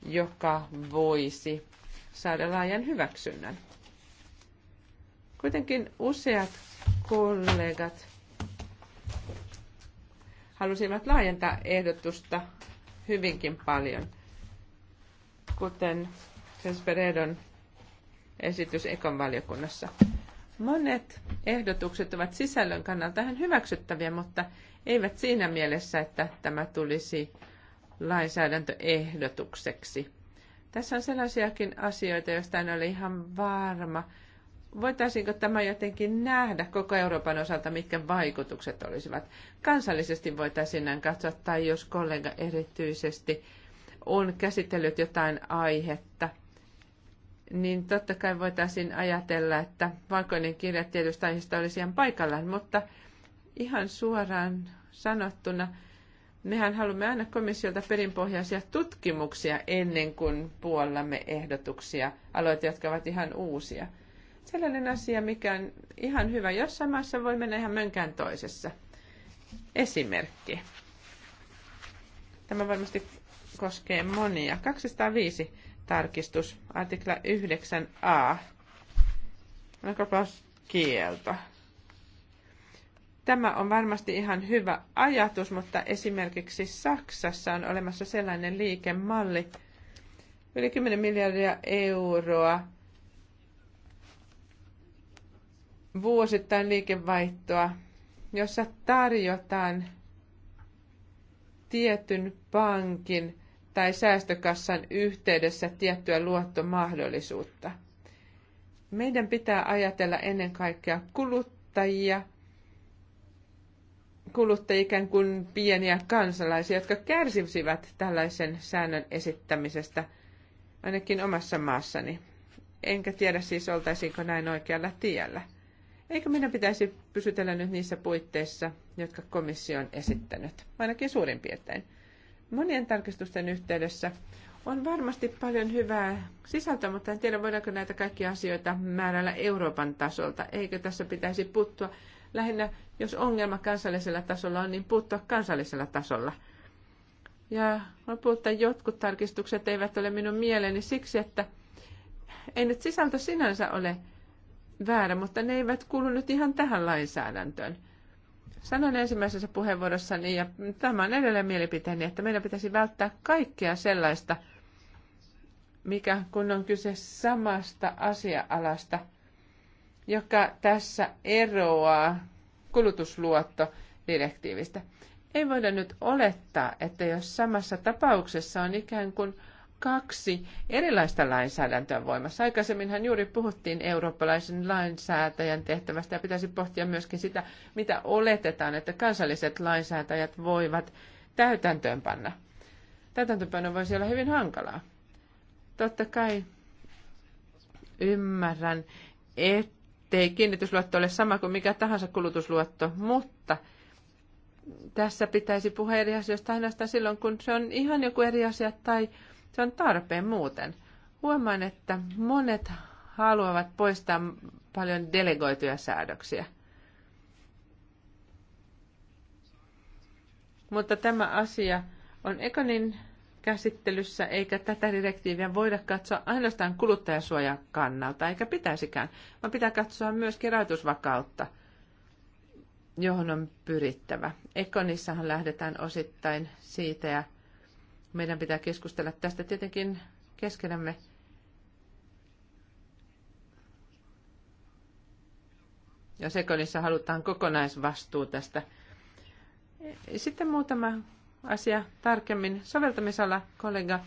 joka voisi saada laajan hyväksynnän. Kuitenkin useat kollegat halusivat laajentaa ehdotusta hyvinkin paljon, kuten Sesperedon esitys Ekon valiokunnassa. Monet ehdotukset ovat sisällön kannalta ihan hyväksyttäviä, mutta eivät siinä mielessä, että tämä tulisi lainsäädäntöehdotukseksi. Tässä on sellaisiakin asioita, joista en ole ihan varma, voitaisiinko tämä jotenkin nähdä koko Euroopan osalta, mitkä vaikutukset olisivat? Kansallisesti voitaisiin näin katsoa, tai jos kollega erityisesti on käsitellyt jotain aihetta, niin totta kai voitaisiin ajatella, että valkoinen kirja tietystä aiheesta olisi ihan paikallaan, mutta ihan suoraan sanottuna, mehän haluamme aina komissiolta perinpohjaisia tutkimuksia ennen kuin puollamme ehdotuksia, aloita, jotka ovat ihan uusia – sellainen asia, mikä on ihan hyvä jossain maassa, voi mennä ihan mönkään toisessa. Esimerkki. Tämä varmasti koskee monia. 205 tarkistus, artikla 9a. Alkopaus kielto. Tämä on varmasti ihan hyvä ajatus, mutta esimerkiksi Saksassa on olemassa sellainen liikemalli, yli 10 miljardia euroa vuosittain liikevaihtoa, jossa tarjotaan tietyn pankin tai säästökassan yhteydessä tiettyä luottomahdollisuutta. Meidän pitää ajatella ennen kaikkea kuluttajia, kuluttajia ikään kuin pieniä kansalaisia, jotka kärsisivät tällaisen säännön esittämisestä, ainakin omassa maassani. Enkä tiedä siis, oltaisiinko näin oikealla tiellä. Eikö meidän pitäisi pysytellä nyt niissä puitteissa, jotka komissio on esittänyt, ainakin suurin piirtein? Monien tarkistusten yhteydessä on varmasti paljon hyvää sisältöä, mutta en tiedä voidaanko näitä kaikkia asioita määrällä Euroopan tasolta. Eikö tässä pitäisi puuttua lähinnä, jos ongelma kansallisella tasolla on, niin puuttua kansallisella tasolla. Ja lopulta jotkut tarkistukset eivät ole minun mieleeni siksi, että ei nyt sisältö sinänsä ole väärä, mutta ne eivät kuulu nyt ihan tähän lainsäädäntöön. Sanoin ensimmäisessä puheenvuorossani, ja tämä on edelleen mielipiteeni, että meidän pitäisi välttää kaikkea sellaista, mikä kun on kyse samasta asiaalasta, joka tässä eroaa kulutusluottodirektiivistä. Ei voida nyt olettaa, että jos samassa tapauksessa on ikään kuin kaksi erilaista lainsäädäntöä voimassa. Aikaisemminhan juuri puhuttiin eurooppalaisen lainsäätäjän tehtävästä ja pitäisi pohtia myöskin sitä, mitä oletetaan, että kansalliset lainsäätäjät voivat täytäntöönpanna. Täytäntöönpano voisi olla hyvin hankalaa. Totta kai ymmärrän, ettei kiinnitysluotto ole sama kuin mikä tahansa kulutusluotto, mutta tässä pitäisi puhua eri asioista ainoastaan silloin, kun se on ihan joku eri asia tai se on tarpeen muuten. Huomaan, että monet haluavat poistaa paljon delegoituja säädöksiä. Mutta tämä asia on Ekonin käsittelyssä, eikä tätä direktiiviä voida katsoa ainoastaan kuluttajasuojan kannalta, eikä pitäisikään, vaan pitää katsoa myös keräytysvakautta, johon on pyrittävä. Ekonissahan lähdetään osittain siitä ja meidän pitää keskustella tästä tietenkin keskenämme. ja Ekonissa halutaan kokonaisvastuu tästä. Sitten muutama asia tarkemmin. Soveltamisala kollega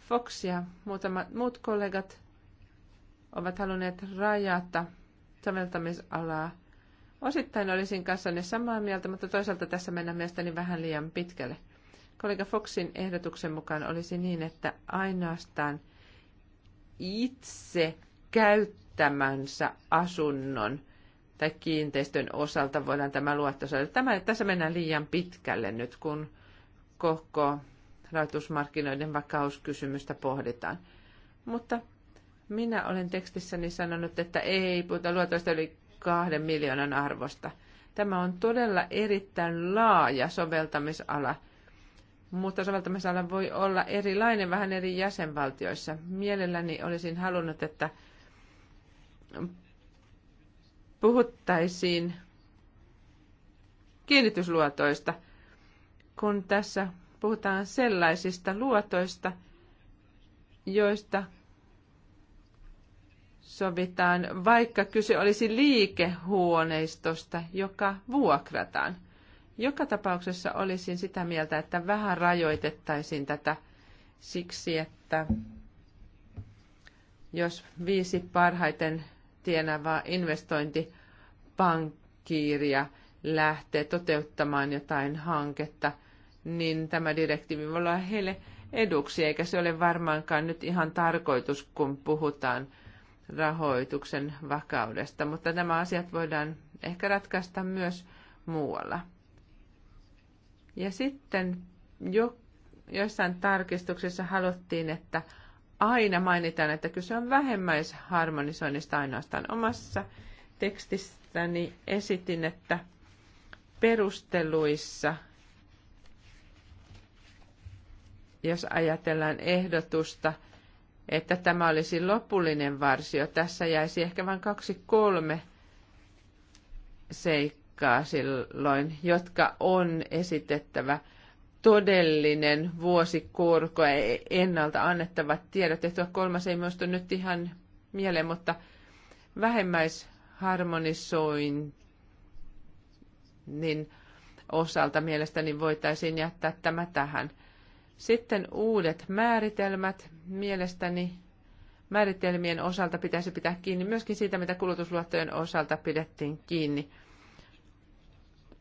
Fox ja muutamat muut kollegat ovat halunneet rajata soveltamisalaa. Osittain olisin kanssanne samaa mieltä, mutta toisaalta tässä mennään mielestäni vähän liian pitkälle. Kollega Foxin ehdotuksen mukaan olisi niin, että ainoastaan itse käyttämänsä asunnon tai kiinteistön osalta voidaan tämä luotto saada. Tämä, tässä mennään liian pitkälle nyt, kun koko rahoitusmarkkinoiden vakauskysymystä pohditaan. Mutta minä olen tekstissäni sanonut, että ei puhuta luotoista yli kahden miljoonan arvosta. Tämä on todella erittäin laaja soveltamisala – mutta soveltamisala voi olla erilainen vähän eri jäsenvaltioissa. Mielelläni olisin halunnut, että puhuttaisiin kiinnitysluotoista, kun tässä puhutaan sellaisista luotoista, joista sovitaan, vaikka kyse olisi liikehuoneistosta, joka vuokrataan. Joka tapauksessa olisin sitä mieltä, että vähän rajoitettaisiin tätä siksi, että jos viisi parhaiten tienavaa investointipankkiiria lähtee toteuttamaan jotain hanketta, niin tämä direktiivi voi olla heille eduksi, eikä se ole varmaankaan nyt ihan tarkoitus, kun puhutaan rahoituksen vakaudesta, mutta nämä asiat voidaan ehkä ratkaista myös muualla. Ja sitten jo, jossain tarkistuksessa haluttiin, että aina mainitaan, että kyse on vähemmäisharmonisoinnista ainoastaan omassa tekstissäni esitin, että perusteluissa, jos ajatellaan ehdotusta, että tämä olisi lopullinen varsio, tässä jäisi ehkä vain kaksi kolme seikkaa paikkaa silloin, jotka on esitettävä todellinen vuosikorko ja e- ennalta annettavat tiedot. Ja tuo kolmas ei muistu nyt ihan mieleen, mutta vähemmäisharmonisoin niin osalta mielestäni voitaisiin jättää tämä tähän. Sitten uudet määritelmät. Mielestäni määritelmien osalta pitäisi pitää kiinni myöskin siitä, mitä kulutusluottojen osalta pidettiin kiinni.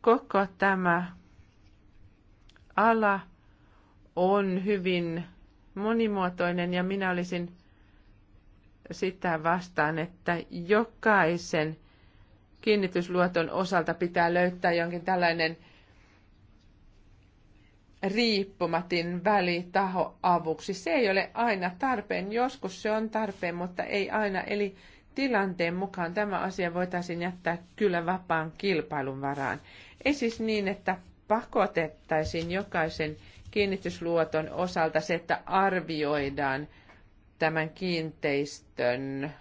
Koko tämä ala on hyvin monimuotoinen ja minä olisin sitä vastaan, että jokaisen kiinnitysluoton osalta pitää löytää jonkin tällainen riippumatin välitaho avuksi. Se ei ole aina tarpeen, joskus se on tarpeen, mutta ei aina. Eli tilanteen mukaan tämä asia voitaisiin jättää kyllä vapaan kilpailun varaan. Ei siis niin, että pakotettaisiin jokaisen kiinnitysluoton osalta se, että arvioidaan tämän kiinteistön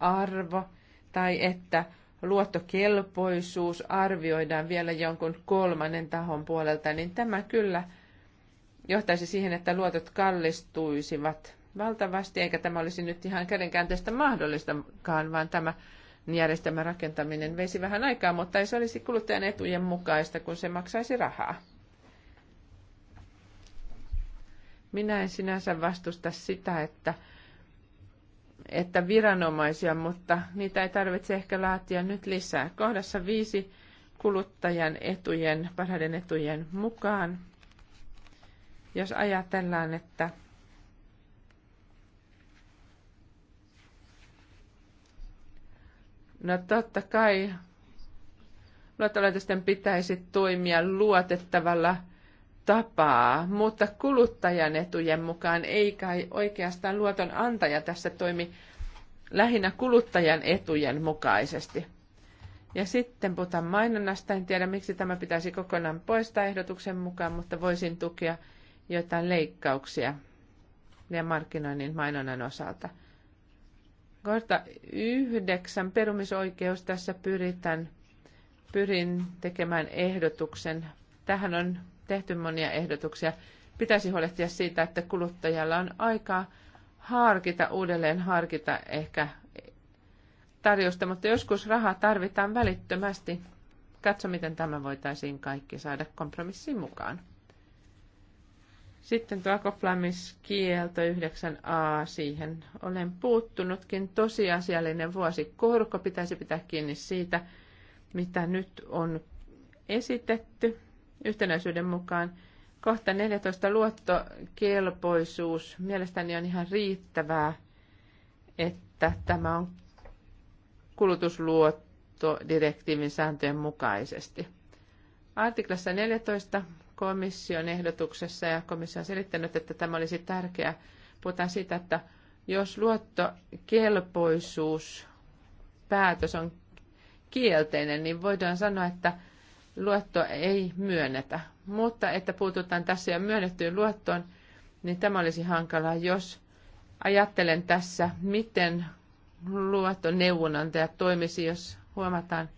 arvo tai että luottokelpoisuus arvioidaan vielä jonkun kolmannen tahon puolelta, niin tämä kyllä johtaisi siihen, että luotot kallistuisivat valtavasti, eikä tämä olisi nyt ihan kädenkäänteistä mahdollistakaan, vaan tämä niin järjestelmän rakentaminen veisi vähän aikaa, mutta ei se olisi kuluttajan etujen mukaista, kun se maksaisi rahaa. Minä en sinänsä vastusta sitä, että, että viranomaisia, mutta niitä ei tarvitse ehkä laatia nyt lisää. Kohdassa viisi kuluttajan etujen, parhaiden etujen mukaan. Jos ajatellaan, että No totta kai luottolaitosten pitäisi toimia luotettavalla tapaa, mutta kuluttajan etujen mukaan ei kai oikeastaan luoton antaja tässä toimi lähinnä kuluttajan etujen mukaisesti. Ja sitten puhutaan mainonnasta, en tiedä miksi tämä pitäisi kokonaan poistaa ehdotuksen mukaan, mutta voisin tukea jotain leikkauksia ja markkinoinnin mainonnan osalta – Kohta yhdeksän perumisoikeus. Tässä pyritän, pyrin tekemään ehdotuksen. Tähän on tehty monia ehdotuksia. Pitäisi huolehtia siitä, että kuluttajalla on aikaa harkita uudelleen, harkita ehkä tarjousta, mutta joskus rahaa tarvitaan välittömästi. Katso, miten tämä voitaisiin kaikki saada kompromissiin mukaan. Sitten tuo koplaamiskielto 9a, siihen olen puuttunutkin. Tosiasiallinen vuosikorko pitäisi pitää kiinni siitä, mitä nyt on esitetty yhtenäisyyden mukaan. Kohta 14 luottokelpoisuus. Mielestäni on ihan riittävää, että tämä on kulutusluottodirektiivin sääntöjen mukaisesti. Artiklassa 14 komission ehdotuksessa ja komissio on selittänyt, että tämä olisi tärkeää. Puhutaan siitä, että jos luottokelpoisuuspäätös on kielteinen, niin voidaan sanoa, että luotto ei myönnetä. Mutta että puututaan tässä jo myönnettyyn luottoon, niin tämä olisi hankalaa, jos ajattelen tässä, miten luottoneuvonantaja toimisi, jos huomataan,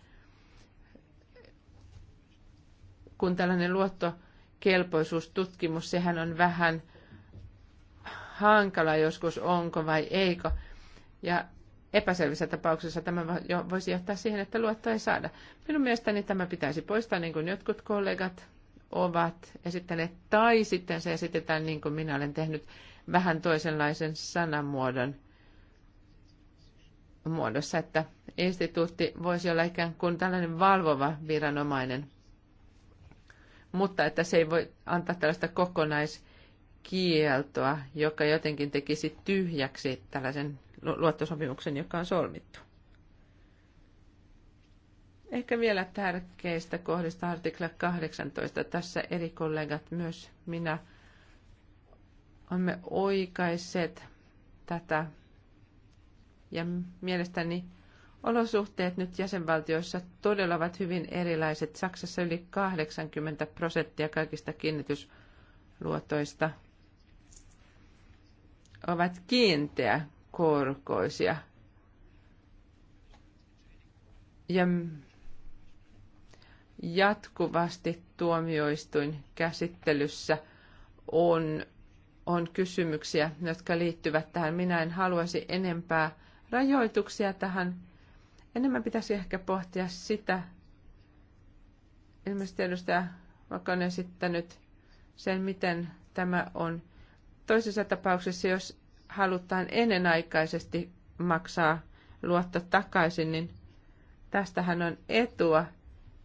kun tällainen luotto kelpoisuustutkimus, sehän on vähän hankala joskus, onko vai eikö. Ja epäselvissä tapauksissa tämä voisi johtaa siihen, että luottoa ei saada. Minun mielestäni tämä pitäisi poistaa, niin kuin jotkut kollegat ovat esittäneet, tai sitten se esitetään niin kuin minä olen tehnyt vähän toisenlaisen sanamuodon muodossa, että instituutti voisi olla ikään kuin tällainen valvova viranomainen mutta että se ei voi antaa tällaista kokonaiskieltoa, joka jotenkin tekisi tyhjäksi tällaisen luottosopimuksen, joka on solmittu. Ehkä vielä tärkeistä kohdista artikla 18. Tässä eri kollegat, myös minä, olemme oikaiset tätä. Ja mielestäni Olosuhteet nyt jäsenvaltioissa todella ovat hyvin erilaiset. Saksassa yli 80 prosenttia kaikista kiinnitysluotoista ovat kiinteäkorkoisia. Ja jatkuvasti tuomioistuin käsittelyssä on, on kysymyksiä, jotka liittyvät tähän. Minä en haluaisi enempää rajoituksia tähän Enemmän pitäisi ehkä pohtia sitä, ilmeisesti edustaja vaikka on esittänyt sen, miten tämä on. Toisessa tapauksessa, jos halutaan ennenaikaisesti maksaa luotto takaisin, niin tästähän on etua,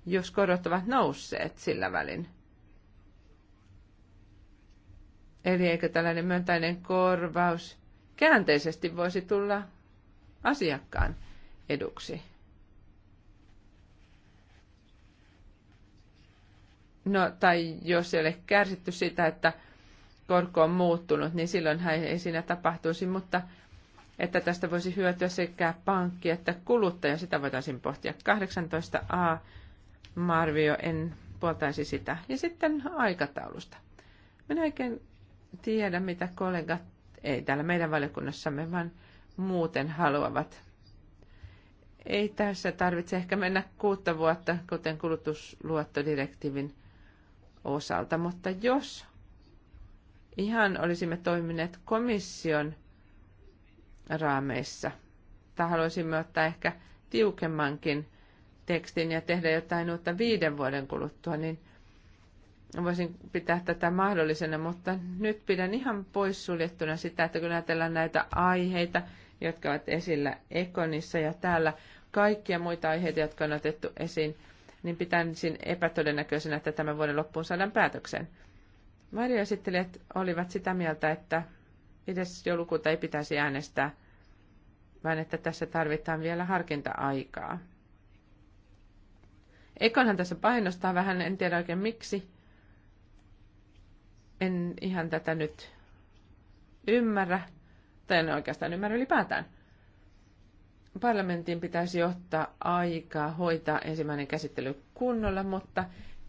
jos korot ovat nousseet sillä välin. Eli eikö tällainen myöntäinen korvaus käänteisesti voisi tulla asiakkaan eduksi. No, tai jos ei ole kärsitty sitä, että korko on muuttunut, niin silloin ei siinä tapahtuisi, mutta että tästä voisi hyötyä sekä pankki että kuluttaja, sitä voitaisiin pohtia. 18a, Marvio, en puoltaisi sitä. Ja sitten aikataulusta. Minä oikein tiedä, mitä kollegat, ei täällä meidän valiokunnassamme, vaan muuten haluavat ei tässä tarvitse ehkä mennä kuutta vuotta, kuten kulutusluottodirektiivin osalta, mutta jos ihan olisimme toimineet komission raameissa, tai haluaisimme ottaa ehkä tiukemmankin tekstin ja tehdä jotain uutta viiden vuoden kuluttua, niin voisin pitää tätä mahdollisena, mutta nyt pidän ihan poissuljettuna sitä, että kun ajatellaan näitä aiheita, jotka ovat esillä Ekonissa ja täällä kaikkia muita aiheita, jotka on otettu esiin, niin pitäisin epätodennäköisenä, että tämän vuoden loppuun saadaan päätöksen. Varjoesittelijät olivat sitä mieltä, että edes joulukuuta ei pitäisi äänestää, vaan että tässä tarvitaan vielä harkinta-aikaa. Ekonhan tässä painostaa vähän, en tiedä oikein miksi. En ihan tätä nyt ymmärrä sitä en oikeastaan ymmärrä ylipäätään. Parlamentin pitäisi ottaa aikaa hoitaa ensimmäinen käsittely kunnolla, mutta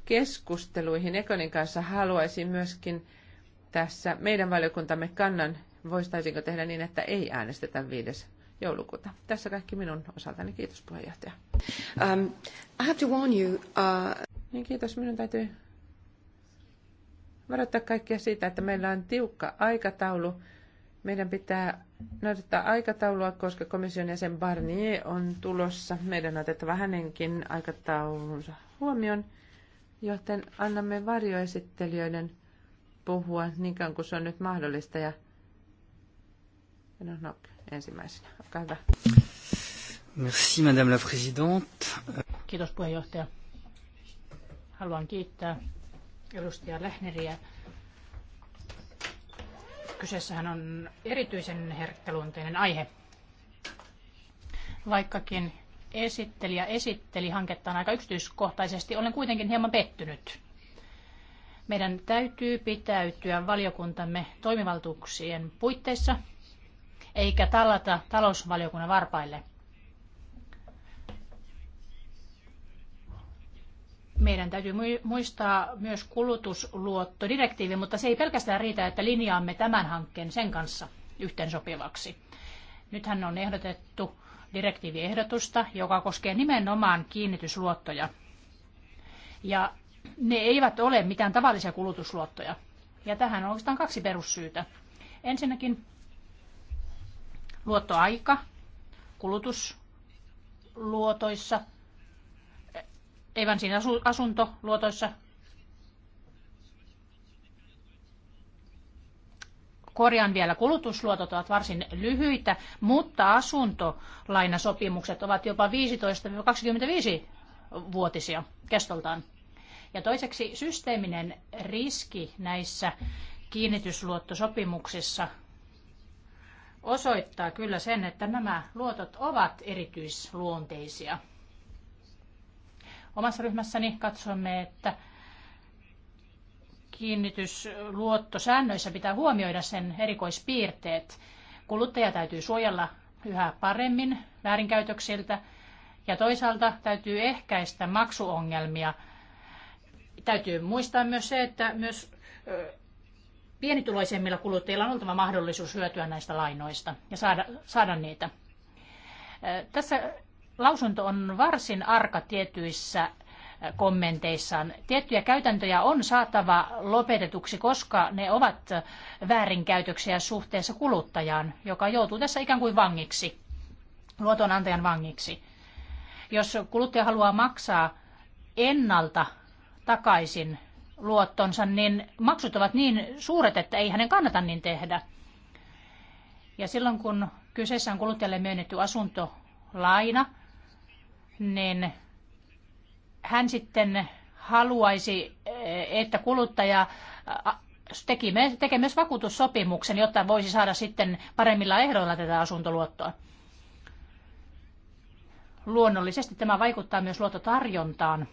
keskusteluihin Ekonin kanssa haluaisin myöskin tässä meidän valiokuntamme kannan, voistaisinko tehdä niin, että ei äänestetä viides joulukuuta. Tässä kaikki minun osaltani. Kiitos puheenjohtaja. Um, I have to warn you, uh... niin, kiitos. Minun täytyy varoittaa kaikkia siitä, että meillä on tiukka aikataulu. Meidän pitää noudattaa aikataulua, koska komission jäsen Barnier on tulossa. Meidän on otettava hänenkin aikataulunsa huomioon, joten annamme varjoesittelijöiden puhua niin kauan kuin se on nyt mahdollista. Ja no, no, ensimmäisenä, olkaa hyvä. Merci, Madame la Présidente. Kiitos puheenjohtaja. Haluan kiittää edustaja Lähneriä Kyseessähän on erityisen herkkäluonteinen aihe. Vaikkakin esittelijä esitteli hankettaan aika yksityiskohtaisesti, olen kuitenkin hieman pettynyt. Meidän täytyy pitäytyä valiokuntamme toimivaltuuksien puitteissa, eikä tallata talousvaliokunnan varpaille. meidän täytyy muistaa myös kulutusluottodirektiivi, mutta se ei pelkästään riitä, että linjaamme tämän hankkeen sen kanssa yhteensopivaksi. Nythän on ehdotettu direktiiviehdotusta, joka koskee nimenomaan kiinnitysluottoja. Ja ne eivät ole mitään tavallisia kulutusluottoja. Ja tähän on oikeastaan kaksi perussyytä. Ensinnäkin luottoaika kulutusluotoissa – asunto luotoissa. korjaan vielä, kulutusluotot ovat varsin lyhyitä, mutta asuntolainasopimukset ovat jopa 15-25-vuotisia kestoltaan. Ja toiseksi systeeminen riski näissä kiinnitysluottosopimuksissa osoittaa kyllä sen, että nämä luotot ovat erityisluonteisia – Omassa ryhmässäni katsomme, että kiinnitysluottosäännöissä pitää huomioida sen erikoispiirteet. Kuluttaja täytyy suojella yhä paremmin väärinkäytöksiltä ja toisaalta täytyy ehkäistä maksuongelmia. Täytyy muistaa myös se, että myös pienituloisemmilla kuluttajilla on oltava mahdollisuus hyötyä näistä lainoista ja saada, saada niitä. Tässä lausunto on varsin arka tietyissä äh, kommenteissaan. Tiettyjä käytäntöjä on saatava lopetetuksi, koska ne ovat äh, väärinkäytöksiä suhteessa kuluttajaan, joka joutuu tässä ikään kuin vangiksi, luotonantajan vangiksi. Jos kuluttaja haluaa maksaa ennalta takaisin luottonsa, niin maksut ovat niin suuret, että ei hänen kannata niin tehdä. Ja silloin kun kyseessä on kuluttajalle myönnetty asuntolaina, niin hän sitten haluaisi, eh, että kuluttaja eh, teki, tekee myös vakuutussopimuksen, jotta voisi saada sitten paremmilla ehdoilla tätä asuntoluottoa. Luonnollisesti tämä vaikuttaa myös luottotarjontaan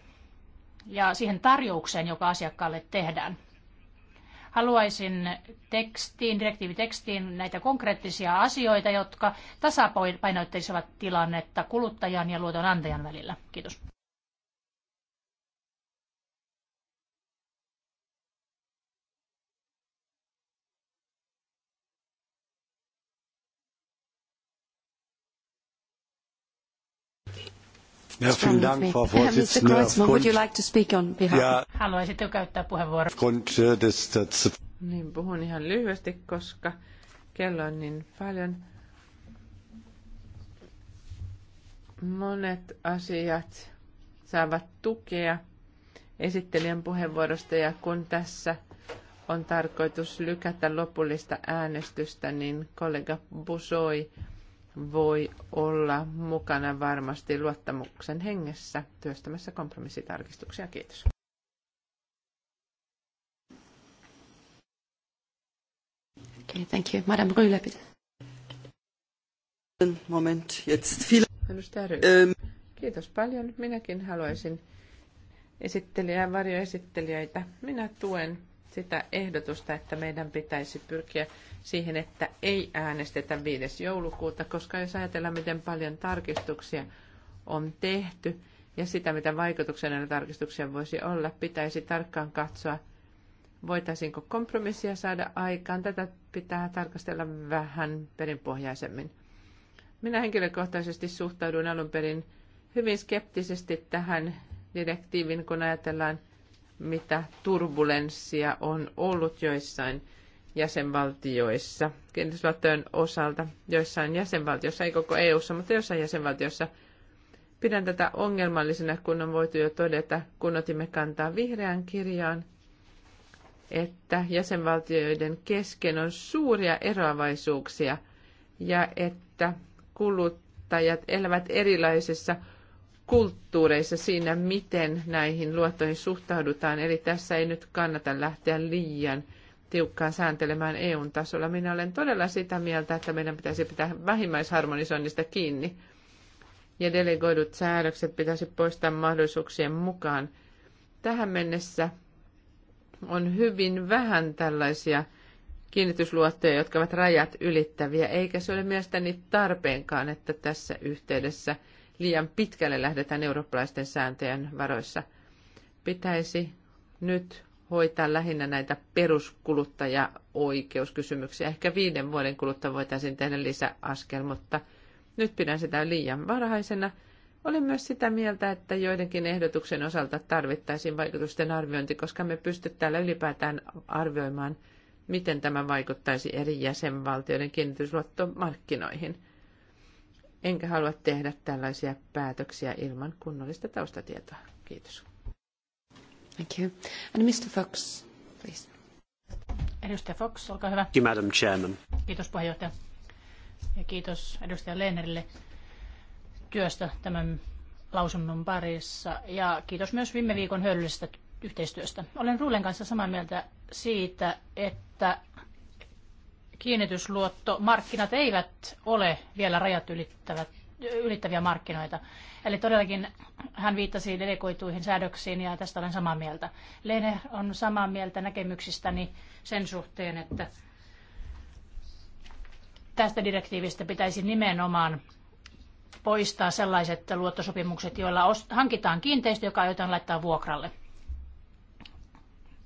ja siihen tarjoukseen, joka asiakkaalle tehdään. Haluaisin tekstiin, direktiivitekstiin näitä konkreettisia asioita, jotka tasapainotteisivat tilannetta kuluttajan ja luotonantajan välillä. Kiitos. Ja, vielen Dank, Frau Vorsitzende. Mr. Kreutzmann, would you like to speak on behalf? Ja, Haluaisitte käyttää puheenvuoron? Äh, niin, puhun ihan lyhyesti, koska kello on niin paljon. Monet asiat saavat tukea esittelijän puheenvuorosta ja kun tässä on tarkoitus lykätä lopullista äänestystä, niin kollega Busoi voi olla mukana varmasti luottamuksen hengessä työstämässä kompromissitarkistuksia. Kiitos. Okay, thank you. Madame Rühle, bitte. Moment, jetzt viel... Ähm. Kiitos paljon. Minäkin haluaisin esittelijää, varjoesittelijöitä. Minä tuen sitä ehdotusta, että meidän pitäisi pyrkiä siihen, että ei äänestetä 5. joulukuuta, koska jos ajatellaan, miten paljon tarkistuksia on tehty ja sitä, mitä vaikutuksena näitä tarkistuksia voisi olla, pitäisi tarkkaan katsoa, voitaisiinko kompromissia saada aikaan. Tätä pitää tarkastella vähän perinpohjaisemmin. Minä henkilökohtaisesti suhtaudun alun perin hyvin skeptisesti tähän direktiivin, kun ajatellaan – mitä turbulenssia on ollut joissain jäsenvaltioissa. Kehitysvaltojen osalta joissain jäsenvaltioissa, ei koko EU:ssa, mutta joissain jäsenvaltioissa pidän tätä ongelmallisena, kun on voitu jo todeta, kun otimme kantaa vihreään kirjaan, että jäsenvaltioiden kesken on suuria eroavaisuuksia ja että kuluttajat elävät erilaisissa kulttuureissa siinä, miten näihin luottoihin suhtaudutaan. Eli tässä ei nyt kannata lähteä liian tiukkaan sääntelemään EUn tasolla. Minä olen todella sitä mieltä, että meidän pitäisi pitää vähimmäisharmonisoinnista kiinni. Ja delegoidut säädökset pitäisi poistaa mahdollisuuksien mukaan. Tähän mennessä on hyvin vähän tällaisia kiinnitysluottoja, jotka ovat rajat ylittäviä, eikä se ole mielestäni tarpeenkaan, että tässä yhteydessä – liian pitkälle lähdetään eurooppalaisten sääntöjen varoissa. Pitäisi nyt hoitaa lähinnä näitä peruskuluttajaoikeuskysymyksiä. Ehkä viiden vuoden kuluttua voitaisiin tehdä lisäaskel, mutta nyt pidän sitä liian varhaisena. Olen myös sitä mieltä, että joidenkin ehdotuksen osalta tarvittaisiin vaikutusten arviointi, koska me pystyt täällä ylipäätään arvioimaan, miten tämä vaikuttaisi eri jäsenvaltioiden kiinnitysluottomarkkinoihin enkä halua tehdä tällaisia päätöksiä ilman kunnollista taustatietoa. Kiitos. Thank you. And Mr. Fox, please. Edustaja Fox, olkaa hyvä. Thank you, Madam Chairman. Kiitos puheenjohtaja. Ja kiitos edustaja Lehnerille työstä tämän lausunnon parissa. Ja kiitos myös viime viikon hyödyllisestä yhteistyöstä. Olen Ruulen kanssa samaa mieltä siitä, että kiinnitysluottomarkkinat eivät ole vielä rajat ylittävät, ylittäviä markkinoita. Eli todellakin hän viittasi delegoituihin säädöksiin ja tästä olen samaa mieltä. Lene on samaa mieltä näkemyksistäni sen suhteen, että tästä direktiivistä pitäisi nimenomaan poistaa sellaiset luottosopimukset, joilla hankitaan kiinteistö, joka aiotaan laittaa vuokralle.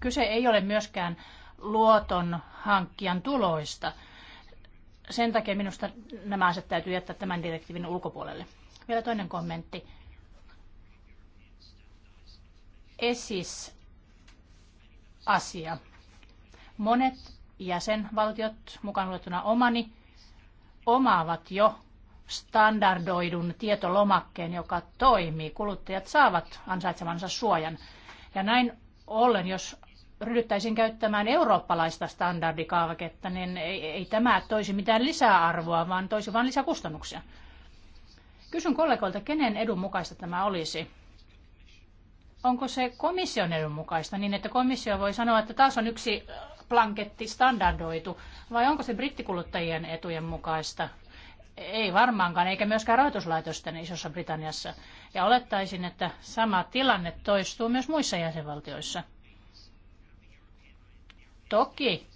Kyse ei ole myöskään luoton hankkijan tuloista. Sen takia minusta nämä asiat täytyy jättää tämän direktiivin ulkopuolelle. Vielä toinen kommentti. ESIS-asia. Monet jäsenvaltiot, mukaan luettuna omani, omaavat jo standardoidun tietolomakkeen, joka toimii. Kuluttajat saavat ansaitsemansa suojan. Ja näin ollen, jos ryhdyttäisiin käyttämään eurooppalaista standardikaavaketta, niin ei, ei tämä toisi mitään lisäarvoa, vaan toisi vain lisäkustannuksia. Kysyn kollegoilta, kenen edun mukaista tämä olisi? Onko se komission edun mukaista niin, että komissio voi sanoa, että taas on yksi planketti standardoitu, vai onko se brittikuluttajien etujen mukaista? Ei varmaankaan, eikä myöskään rahoituslaitosten Isossa Britanniassa. Ja olettaisin, että sama tilanne toistuu myös muissa jäsenvaltioissa. Toki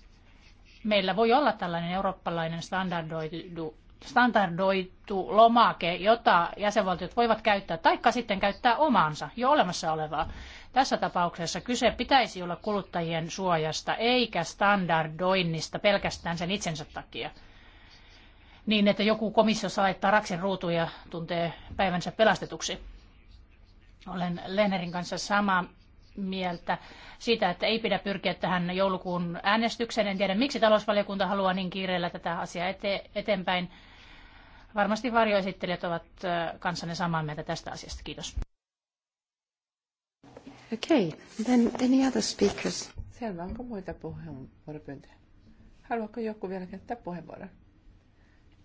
meillä voi olla tällainen eurooppalainen standardoitu, standardoitu lomake, jota jäsenvaltiot voivat käyttää, taikka sitten käyttää omaansa jo olemassa olevaa. Tässä tapauksessa kyse pitäisi olla kuluttajien suojasta, eikä standardoinnista pelkästään sen itsensä takia. Niin, että joku komissio laittaa raksin ruutuja ja tuntee päivänsä pelastetuksi. Olen Lennerin kanssa samaa mieltä siitä, että ei pidä pyrkiä tähän joulukuun äänestykseen. En tiedä, miksi talousvaliokunta haluaa niin kiireellä tätä asiaa ete- eteenpäin. Varmasti varjoesittelijät ovat kanssanne samaa mieltä tästä asiasta. Kiitos. Okei, okay. then any other speakers? Selvä, onko muita puheenvuoropyyntöjä? Haluatko joku vielä käyttää puheenvuoron?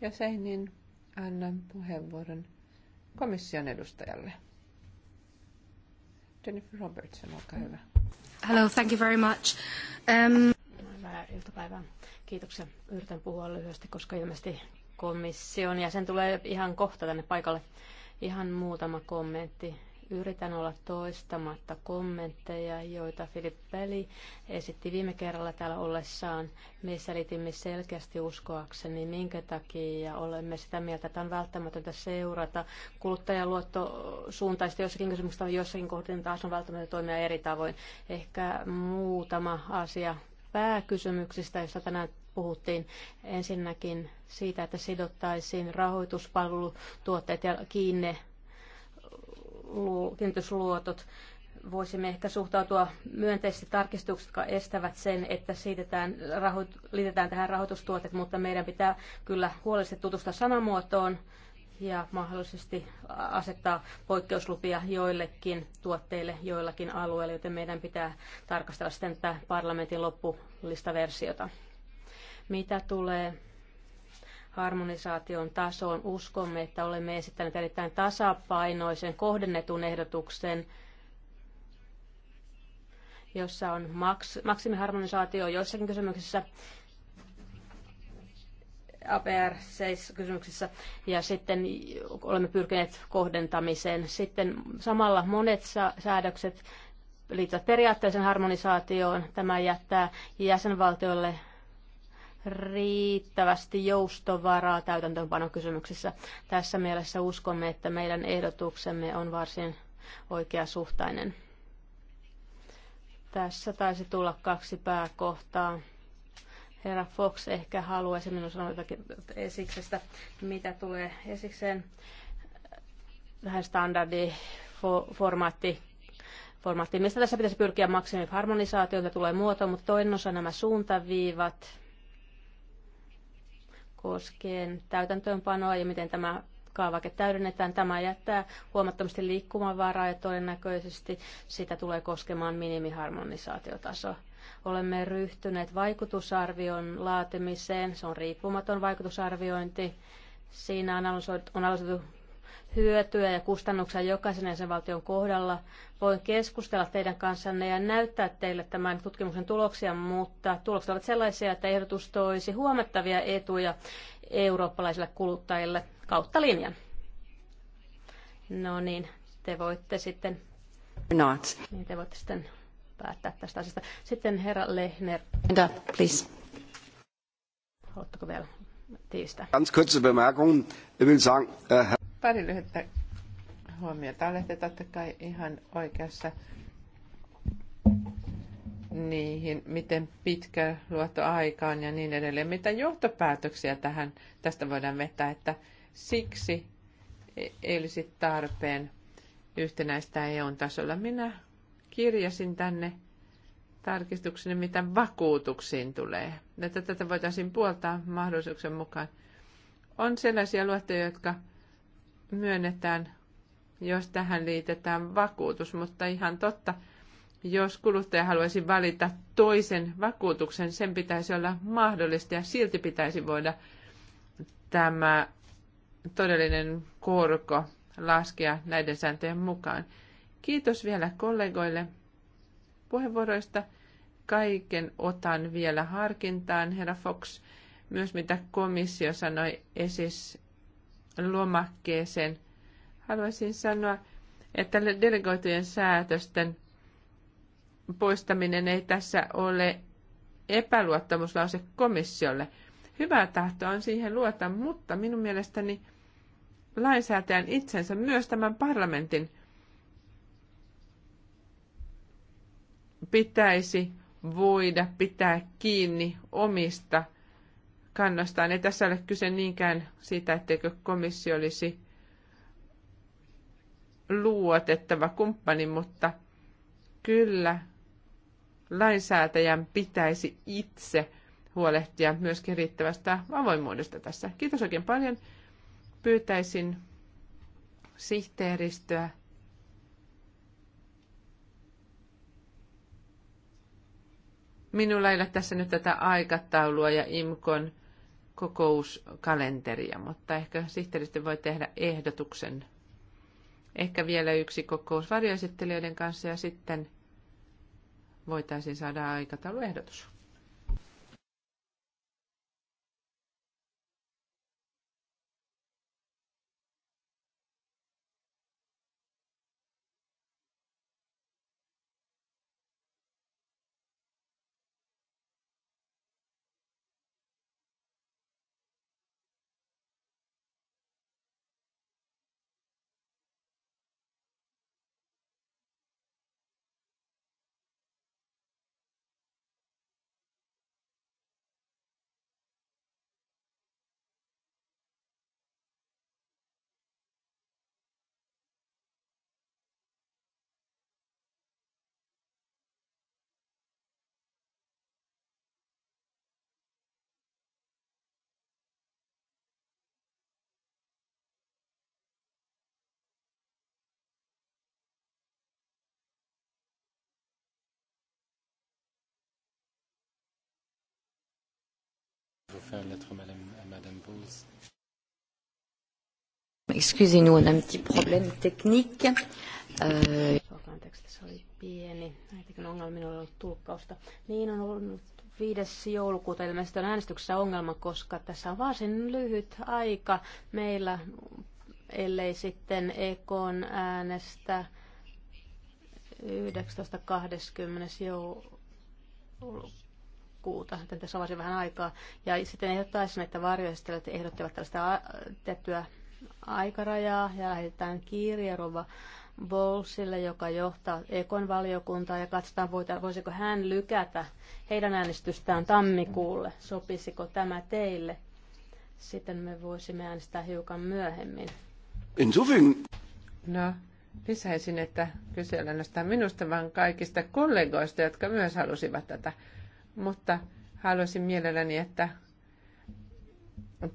Jos ei, niin annan puheenvuoron komission edustajalle. Jennifer Robertson, olkaa hyvä. Hello, thank you very much. Um... Hyvää iltapäivää. Kiitoksia. Yritän puhua lyhyesti, koska ilmeisesti komission jäsen tulee ihan kohta tänne paikalle. Ihan muutama kommentti Yritän olla toistamatta kommentteja, joita Filip Peli esitti viime kerralla täällä ollessaan. Me selitimme selkeästi uskoakseni, minkä takia ja olemme sitä mieltä, että on välttämätöntä seurata suuntaista jossakin kysymyksessä jossakin kohdin taas on välttämätöntä toimia eri tavoin. Ehkä muutama asia pääkysymyksistä, joista tänään puhuttiin ensinnäkin siitä, että sidottaisiin rahoituspalvelutuotteet ja kiinne kehitysluotot. Voisimme ehkä suhtautua myönteisesti tarkistuksiin, jotka estävät sen, että siitetään, rahoit, liitetään tähän rahoitustuotet, mutta meidän pitää kyllä huolellisesti tutustua sanamuotoon ja mahdollisesti asettaa poikkeuslupia joillekin tuotteille, joillakin alueille, joten meidän pitää tarkastella sitten tätä parlamentin loppulistaversiota. Mitä tulee harmonisaation tasoon. Uskomme, että olemme esittäneet erittäin tasapainoisen kohdennetun ehdotuksen, jossa on maks- maksimiharmonisaatio joissakin kysymyksissä, APR 7 kysymyksissä ja sitten olemme pyrkineet kohdentamiseen. Sitten samalla monet säädökset liittyvät periaatteelliseen harmonisaatioon. Tämä jättää jäsenvaltioille riittävästi joustovaraa täytäntöönpanokysymyksissä. Tässä mielessä uskomme, että meidän ehdotuksemme on varsin oikeasuhtainen. Tässä taisi tulla kaksi pääkohtaa. Herra Fox ehkä haluaisi minun sanoa jotakin esiksestä, mitä tulee esikseen. Tähän standardi formaatti formaattiin. Mistä tässä pitäisi pyrkiä maksimiharmonisaatioon, tulee muoto, mutta toinen osa nämä suuntaviivat, koskien täytäntöönpanoa ja miten tämä kaavake täydennetään. Tämä jättää huomattavasti liikkumavaraa ja todennäköisesti sitä tulee koskemaan minimiharmonisaatiotaso. Olemme ryhtyneet vaikutusarvion laatimiseen. Se on riippumaton vaikutusarviointi. Siinä on analysoitu hyötyä ja kustannuksia jokaisen jäsenvaltion kohdalla. Voin keskustella teidän kanssanne ja näyttää teille tämän tutkimuksen tuloksia, mutta tulokset ovat sellaisia, että ehdotus toisi huomattavia etuja eurooppalaisille kuluttajille kautta linjan. No niin, te voitte sitten... Not. Niin, te voitte sitten päättää tästä asiasta. Sitten herra Lehner. Da, please. Haluatteko vielä tiistää? Ganz kurze Bemerkung. Ich will sagen, äh, Pari lyhyttä huomiota. Olette totta kai ihan oikeassa niihin, miten pitkä luottoaika on ja niin edelleen. Mitä johtopäätöksiä tähän, tästä voidaan vetää, että siksi ei olisi tarpeen yhtenäistä eu tasolla. Minä kirjasin tänne tarkistukseni, mitä vakuutuksiin tulee. tätä voitaisiin puoltaa mahdollisuuksien mukaan. On sellaisia luottoja, jotka myönnetään, jos tähän liitetään vakuutus, mutta ihan totta, jos kuluttaja haluaisi valita toisen vakuutuksen, sen pitäisi olla mahdollista ja silti pitäisi voida tämä todellinen korko laskea näiden sääntöjen mukaan. Kiitos vielä kollegoille puheenvuoroista. Kaiken otan vielä harkintaan, herra Fox, myös mitä komissio sanoi esis lomakkeeseen. Haluaisin sanoa, että delegoitujen säätösten poistaminen ei tässä ole epäluottamuslause komissiolle. Hyvää tahtoa on siihen luota, mutta minun mielestäni lainsäätäjän itsensä, myös tämän parlamentin, pitäisi voida pitää kiinni omista kannastaan. Ei tässä ole kyse niinkään siitä, etteikö komissio olisi luotettava kumppani, mutta kyllä lainsäätäjän pitäisi itse huolehtia myöskin riittävästä avoimuudesta tässä. Kiitos oikein paljon. Pyytäisin sihteeristöä Minulla ei ole tässä nyt tätä aikataulua ja IMKON kokouskalenteria, mutta ehkä sihteeristö voi tehdä ehdotuksen. Ehkä vielä yksi kokous varjoesittelijöiden kanssa ja sitten voitaisiin saada aikatauluehdotus. faire lettre à Madame, à Madame Bose. Excusez-nous, on a un petit problème technique. Euh... pieni, tulkkausta. Niin on ollut 5. joulukuuta ilmeisesti on äänestyksessä ongelma, koska tässä on varsin lyhyt aika meillä, ellei sitten Ekon äänestä 19.20. joulukuuta Kuuta, joten tässä on vähän aikaa. Ja sitten ehdottaisin, että varjoistelijat ehdottivat tällaista tiettyä aikarajaa ja lähetetään kirjerova Bolsille, joka johtaa Ekon valiokuntaa, ja katsotaan, voisiko hän lykätä heidän äänestystään tammikuulle. Sopisiko tämä teille? Sitten me voisimme äänestää hiukan myöhemmin. Insofin. No, lisäisin, että kyse minusta, vaan kaikista kollegoista, jotka myös halusivat tätä mutta haluaisin mielelläni, että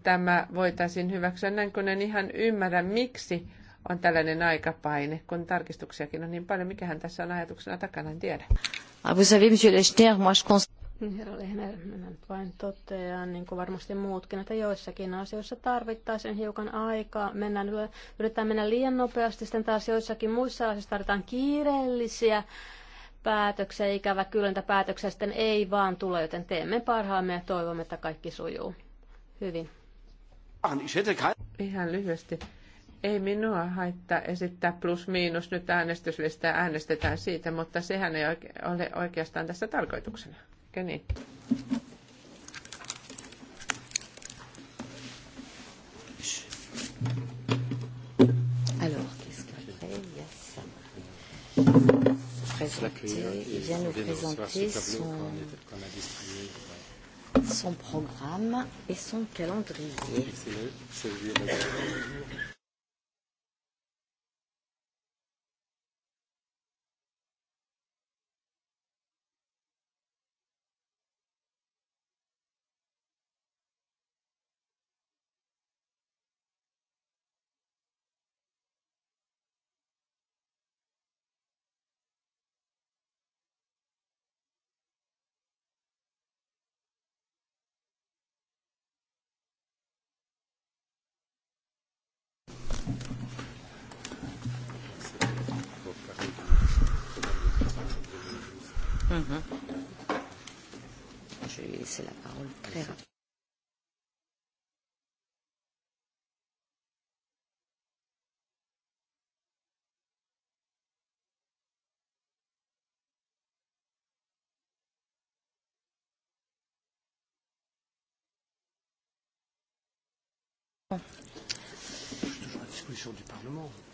tämä voitaisiin hyväksyä näin, kun en ihan ymmärrä, miksi on tällainen aikapaine, kun tarkistuksiakin on niin paljon. Mikähän tässä on ajatuksena takana, en tiedä. Ah, Herra Lehner, minä vain totean, niin kuin varmasti muutkin, että joissakin asioissa tarvittaisiin hiukan aikaa. Mennään, yritetään mennä liian nopeasti, sitten taas joissakin muissa asioissa tarvitaan kiireellisiä päätöksiä. Ikävä kyllä niitä päätöksiä sitten ei vaan tule, joten teemme parhaamme ja toivomme, että kaikki sujuu hyvin. Ihan lyhyesti. Ei minua haittaa esittää plus miinus nyt äänestyslistaa äänestetään siitä, mutta sehän ei ole oikeastaan tässä tarkoituksena. Eikö niin? présenter, il vient nous présenter son, son programme et son calendrier. Mm -hmm. Je vais laisser la parole très rapidement.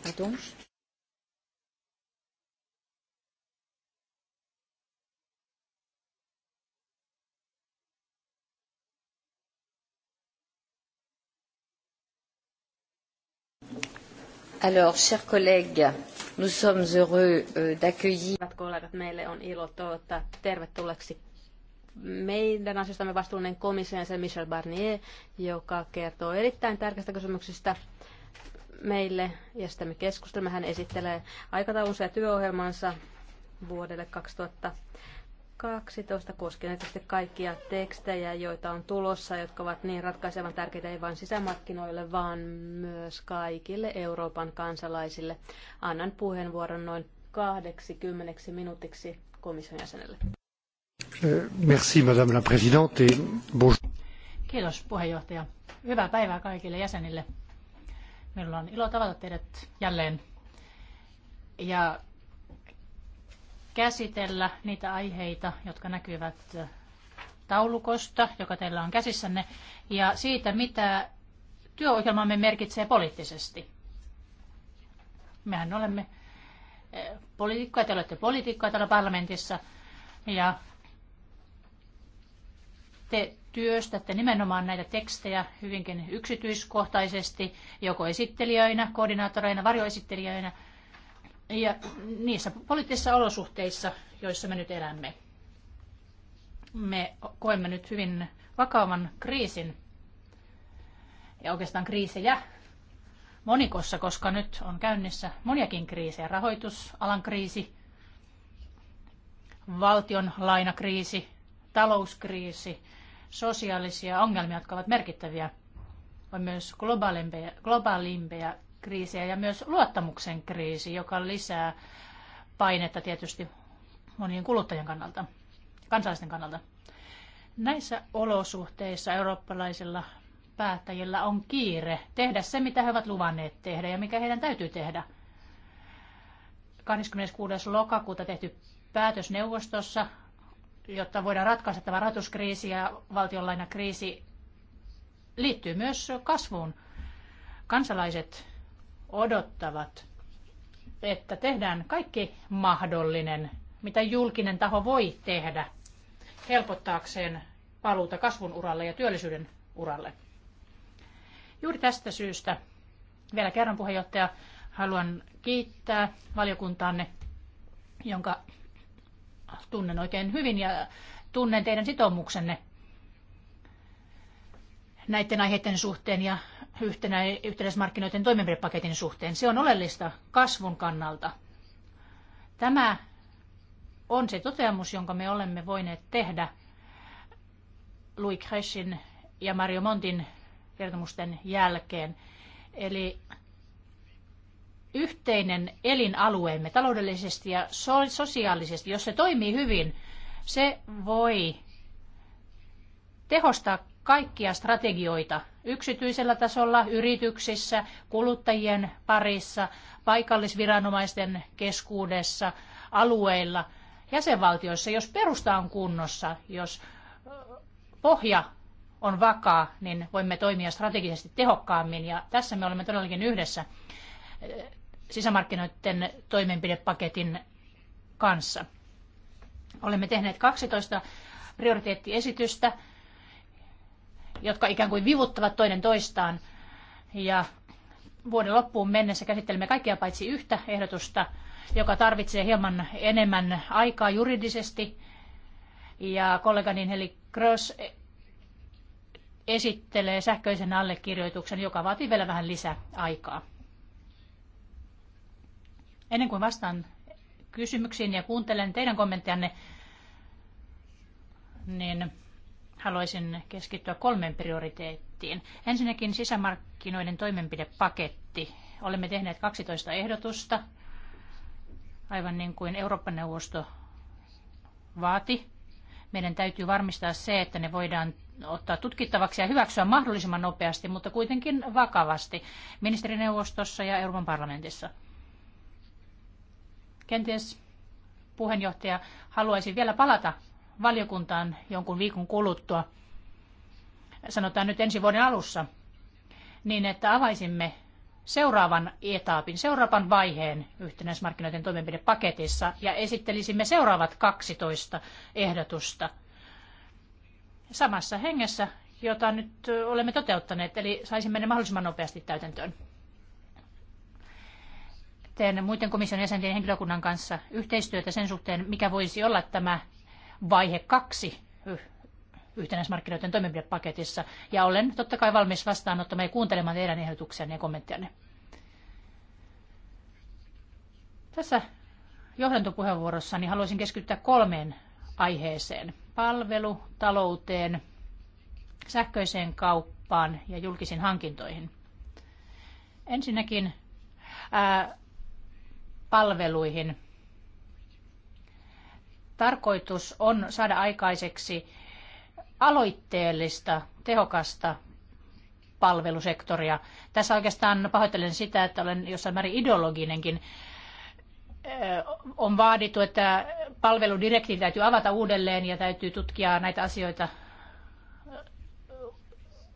Pardon Alors, chers collègues, nous sommes heureux euh, d'accueillir. Hyvät kollegat, meille on ilo toivottaa tervetulleeksi meidän asioistamme vastuullinen komission se Michel Barnier, joka kertoo erittäin tärkeistä kysymyksistä meille ja sitten me keskustelemme. Hän esittelee aikataulunsa ja työohjelmansa vuodelle 2000. 12 koskien tietysti kaikkia tekstejä, joita on tulossa, jotka ovat niin ratkaisevan tärkeitä ei vain sisämarkkinoille, vaan myös kaikille Euroopan kansalaisille. Annan puheenvuoron noin 80 minuutiksi komission jäsenelle. Eh, merci, Madame la Présidente. Kiitos puheenjohtaja. Hyvää päivää kaikille jäsenille. Minulla on ilo tavata teidät jälleen. Ja käsitellä niitä aiheita, jotka näkyvät taulukosta, joka teillä on käsissänne, ja siitä, mitä työohjelmamme merkitsee poliittisesti. Mehän olemme eh, poliitikkoja, te olette poliitikkoja täällä parlamentissa, ja te työstätte nimenomaan näitä tekstejä hyvinkin yksityiskohtaisesti, joko esittelijöinä, koordinaattoreina, varjoesittelijöinä – ja niissä poliittisissa olosuhteissa, joissa me nyt elämme. Me koemme nyt hyvin vakavan kriisin ja oikeastaan kriisejä monikossa, koska nyt on käynnissä moniakin kriisejä. Rahoitusalan kriisi, valtion lainakriisi, talouskriisi, sosiaalisia ongelmia, jotka ovat merkittäviä. On myös globaalimpia, globaalimpia kriisiä ja myös luottamuksen kriisi, joka lisää painetta tietysti monien kuluttajien kannalta, kansalaisten kannalta. Näissä olosuhteissa eurooppalaisilla päättäjillä on kiire tehdä se, mitä he ovat luvanneet tehdä ja mikä heidän täytyy tehdä. 26. lokakuuta tehty päätös neuvostossa, jotta voidaan ratkaista tämä rahoituskriisi ja valtionlainakriisi, liittyy myös kasvuun. Kansalaiset odottavat, että tehdään kaikki mahdollinen, mitä julkinen taho voi tehdä helpottaakseen paluuta kasvun uralle ja työllisyyden uralle. Juuri tästä syystä vielä kerran puheenjohtaja haluan kiittää valiokuntaanne, jonka tunnen oikein hyvin ja tunnen teidän sitoumuksenne näiden aiheiden suhteen ja yhtenä, yhtenäismarkkinoiden toimenpidepaketin suhteen. Se on oleellista kasvun kannalta. Tämä on se toteamus, jonka me olemme voineet tehdä Louis Cressin ja Mario Montin kertomusten jälkeen. Eli yhteinen elinalueemme taloudellisesti ja sosiaalisesti, jos se toimii hyvin, se voi tehostaa kaikkia strategioita yksityisellä tasolla, yrityksissä, kuluttajien parissa, paikallisviranomaisten keskuudessa, alueilla, jäsenvaltioissa, jos perusta on kunnossa, jos pohja on vakaa, niin voimme toimia strategisesti tehokkaammin. Ja tässä me olemme todellakin yhdessä sisämarkkinoiden toimenpidepaketin kanssa. Olemme tehneet 12 prioriteettiesitystä jotka ikään kuin vivuttavat toinen toistaan. Ja vuoden loppuun mennessä käsittelemme kaikkia paitsi yhtä ehdotusta, joka tarvitsee hieman enemmän aikaa juridisesti. Ja kollegani Heli Gross esittelee sähköisen allekirjoituksen, joka vaatii vielä vähän lisää aikaa. Ennen kuin vastaan kysymyksiin ja kuuntelen teidän kommenttianne, niin haluaisin keskittyä kolmeen prioriteettiin. Ensinnäkin sisämarkkinoiden toimenpidepaketti. Olemme tehneet 12 ehdotusta, aivan niin kuin Euroopan neuvosto vaati. Meidän täytyy varmistaa se, että ne voidaan ottaa tutkittavaksi ja hyväksyä mahdollisimman nopeasti, mutta kuitenkin vakavasti ministerineuvostossa ja Euroopan parlamentissa. Kenties puheenjohtaja haluaisi vielä palata valiokuntaan jonkun viikon kuluttua, sanotaan nyt ensi vuoden alussa, niin että avaisimme seuraavan etapin, seuraavan vaiheen yhtenäismarkkinoiden toimenpidepaketissa ja esittelisimme seuraavat 12 ehdotusta samassa hengessä, jota nyt olemme toteuttaneet, eli saisimme ne mahdollisimman nopeasti täytäntöön. Teen muiden komission jäsenten henkilökunnan kanssa yhteistyötä sen suhteen, mikä voisi olla tämä vaihe kaksi yhtenäismarkkinoiden toimenpidepaketissa. Ja olen totta kai valmis vastaanottamaan ja kuuntelemaan teidän ehdotuksianne ja kommenttianne. Tässä johdantopuheenvuorossani haluaisin keskittyä kolmeen aiheeseen. Palvelu, talouteen, sähköiseen kauppaan ja julkisiin hankintoihin. Ensinnäkin ää, palveluihin tarkoitus on saada aikaiseksi aloitteellista, tehokasta palvelusektoria. Tässä oikeastaan pahoittelen sitä, että olen jossain määrin ideologinenkin. On vaadittu, että palveludirektiivi täytyy avata uudelleen ja täytyy tutkia näitä asioita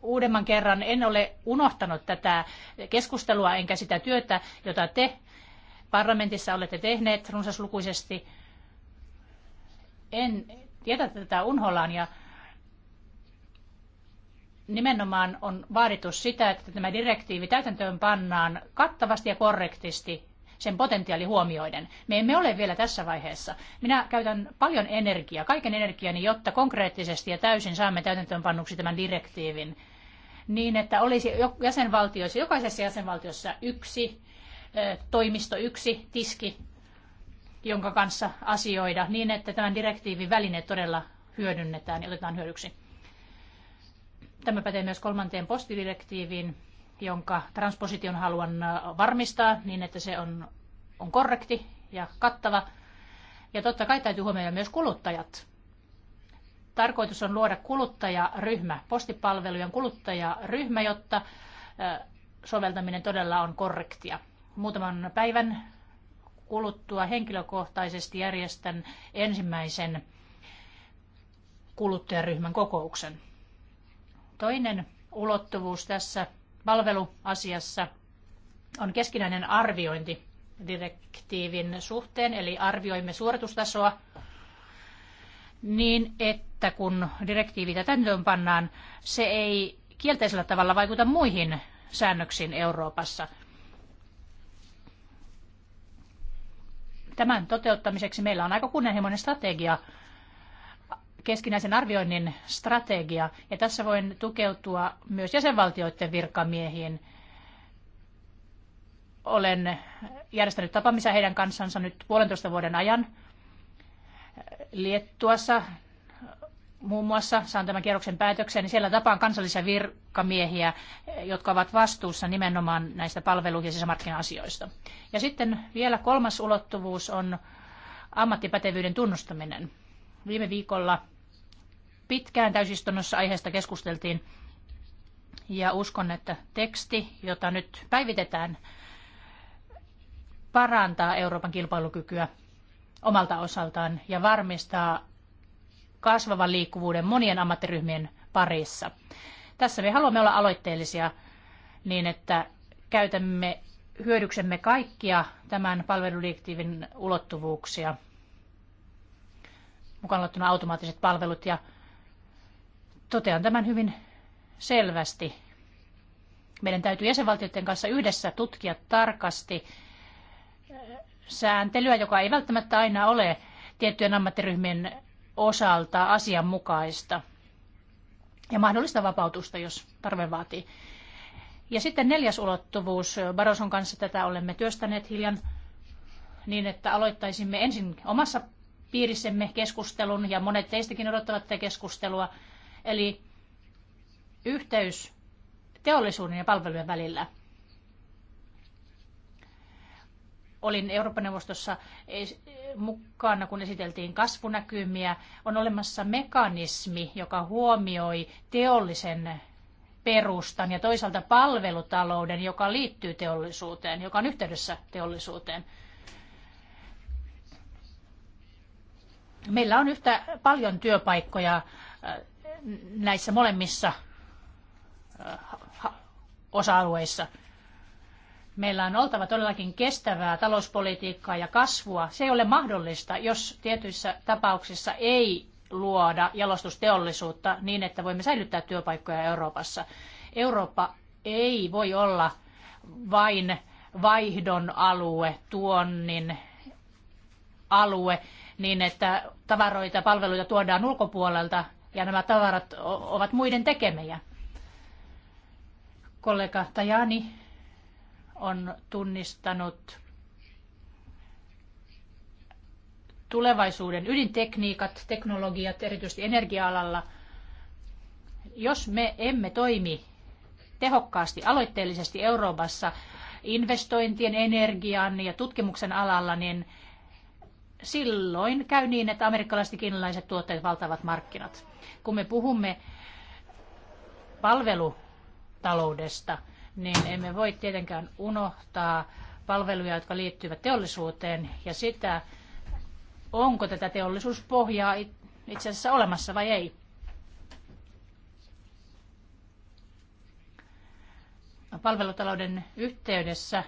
uudemman kerran. En ole unohtanut tätä keskustelua enkä sitä työtä, jota te parlamentissa olette tehneet runsaslukuisesti en jätä tätä unholaan ja nimenomaan on vaadittu sitä, että tämä direktiivi täytäntöön pannaan kattavasti ja korrektisti sen potentiaali huomioiden. Me emme ole vielä tässä vaiheessa. Minä käytän paljon energiaa, kaiken energiani, jotta konkreettisesti ja täysin saamme täytäntöönpannuksi tämän direktiivin niin, että olisi jäsenvaltioissa, jokaisessa jäsenvaltiossa yksi toimisto, yksi tiski, jonka kanssa asioida niin, että tämän direktiivin välineet todella hyödynnetään ja otetaan hyödyksi. Tämä pätee myös kolmanteen postidirektiiviin, jonka transposition haluan äh, varmistaa niin, että se on, on korrekti ja kattava. Ja totta kai täytyy huomioida myös kuluttajat. Tarkoitus on luoda kuluttajaryhmä, postipalvelujen kuluttajaryhmä, jotta äh, soveltaminen todella on korrektia. Muutaman päivän kuluttua henkilökohtaisesti järjestän ensimmäisen kuluttajaryhmän kokouksen. Toinen ulottuvuus tässä palveluasiassa on keskinäinen arviointi direktiivin suhteen, eli arvioimme suoritustasoa niin, että kun direktiivi täytäntöön pannaan, se ei kielteisellä tavalla vaikuta muihin säännöksiin Euroopassa. Tämän toteuttamiseksi meillä on aika kunnianhimoinen strategia, keskinäisen arvioinnin strategia, ja tässä voin tukeutua myös jäsenvaltioiden virkamiehiin. Olen järjestänyt tapaamisen heidän kanssansa nyt puolentoista vuoden ajan Liettuassa, muun muassa saan tämän kierroksen päätöksen, niin siellä tapaan kansallisia virkamiehiä, jotka ovat vastuussa nimenomaan näistä palvelu- ja sisämarkkina-asioista. Ja sitten vielä kolmas ulottuvuus on ammattipätevyyden tunnustaminen. Viime viikolla pitkään täysistunnossa aiheesta keskusteltiin ja uskon, että teksti, jota nyt päivitetään, parantaa Euroopan kilpailukykyä omalta osaltaan ja varmistaa kasvavan liikkuvuuden monien ammattiryhmien parissa. Tässä me haluamme olla aloitteellisia niin, että käytämme hyödyksemme kaikkia tämän palveludirektiivin ulottuvuuksia, mukaan luettuna automaattiset palvelut, ja totean tämän hyvin selvästi. Meidän täytyy jäsenvaltioiden kanssa yhdessä tutkia tarkasti sääntelyä, joka ei välttämättä aina ole tiettyjen ammattiryhmien osalta asianmukaista ja mahdollista vapautusta, jos tarve vaatii. Ja sitten neljäs ulottuvuus. Baroson kanssa tätä olemme työstäneet hiljan niin, että aloittaisimme ensin omassa piirissämme keskustelun, ja monet teistäkin odottavat tätä keskustelua, eli yhteys teollisuuden ja palvelujen välillä – olin Euroopan neuvostossa mukana, kun esiteltiin kasvunäkymiä, on olemassa mekanismi, joka huomioi teollisen perustan ja toisaalta palvelutalouden, joka liittyy teollisuuteen, joka on yhteydessä teollisuuteen. Meillä on yhtä paljon työpaikkoja äh, näissä molemmissa äh, osa-alueissa – Meillä on oltava todellakin kestävää talouspolitiikkaa ja kasvua. Se ei ole mahdollista, jos tietyissä tapauksissa ei luoda jalostusteollisuutta niin, että voimme säilyttää työpaikkoja Euroopassa. Eurooppa ei voi olla vain vaihdon alue, tuonnin alue, niin että tavaroita ja palveluita tuodaan ulkopuolelta ja nämä tavarat ovat muiden tekemejä. Kollega Tajani on tunnistanut tulevaisuuden ydintekniikat, teknologiat, erityisesti energia-alalla. Jos me emme toimi tehokkaasti, aloitteellisesti Euroopassa investointien, energian ja tutkimuksen alalla, niin silloin käy niin, että amerikkalaiset ja kiinalaiset tuotteet valtavat markkinat. Kun me puhumme palvelutaloudesta, niin emme voi tietenkään unohtaa palveluja, jotka liittyvät teollisuuteen ja sitä, onko tätä teollisuuspohjaa itse asiassa olemassa vai ei. Palvelutalouden yhteydessä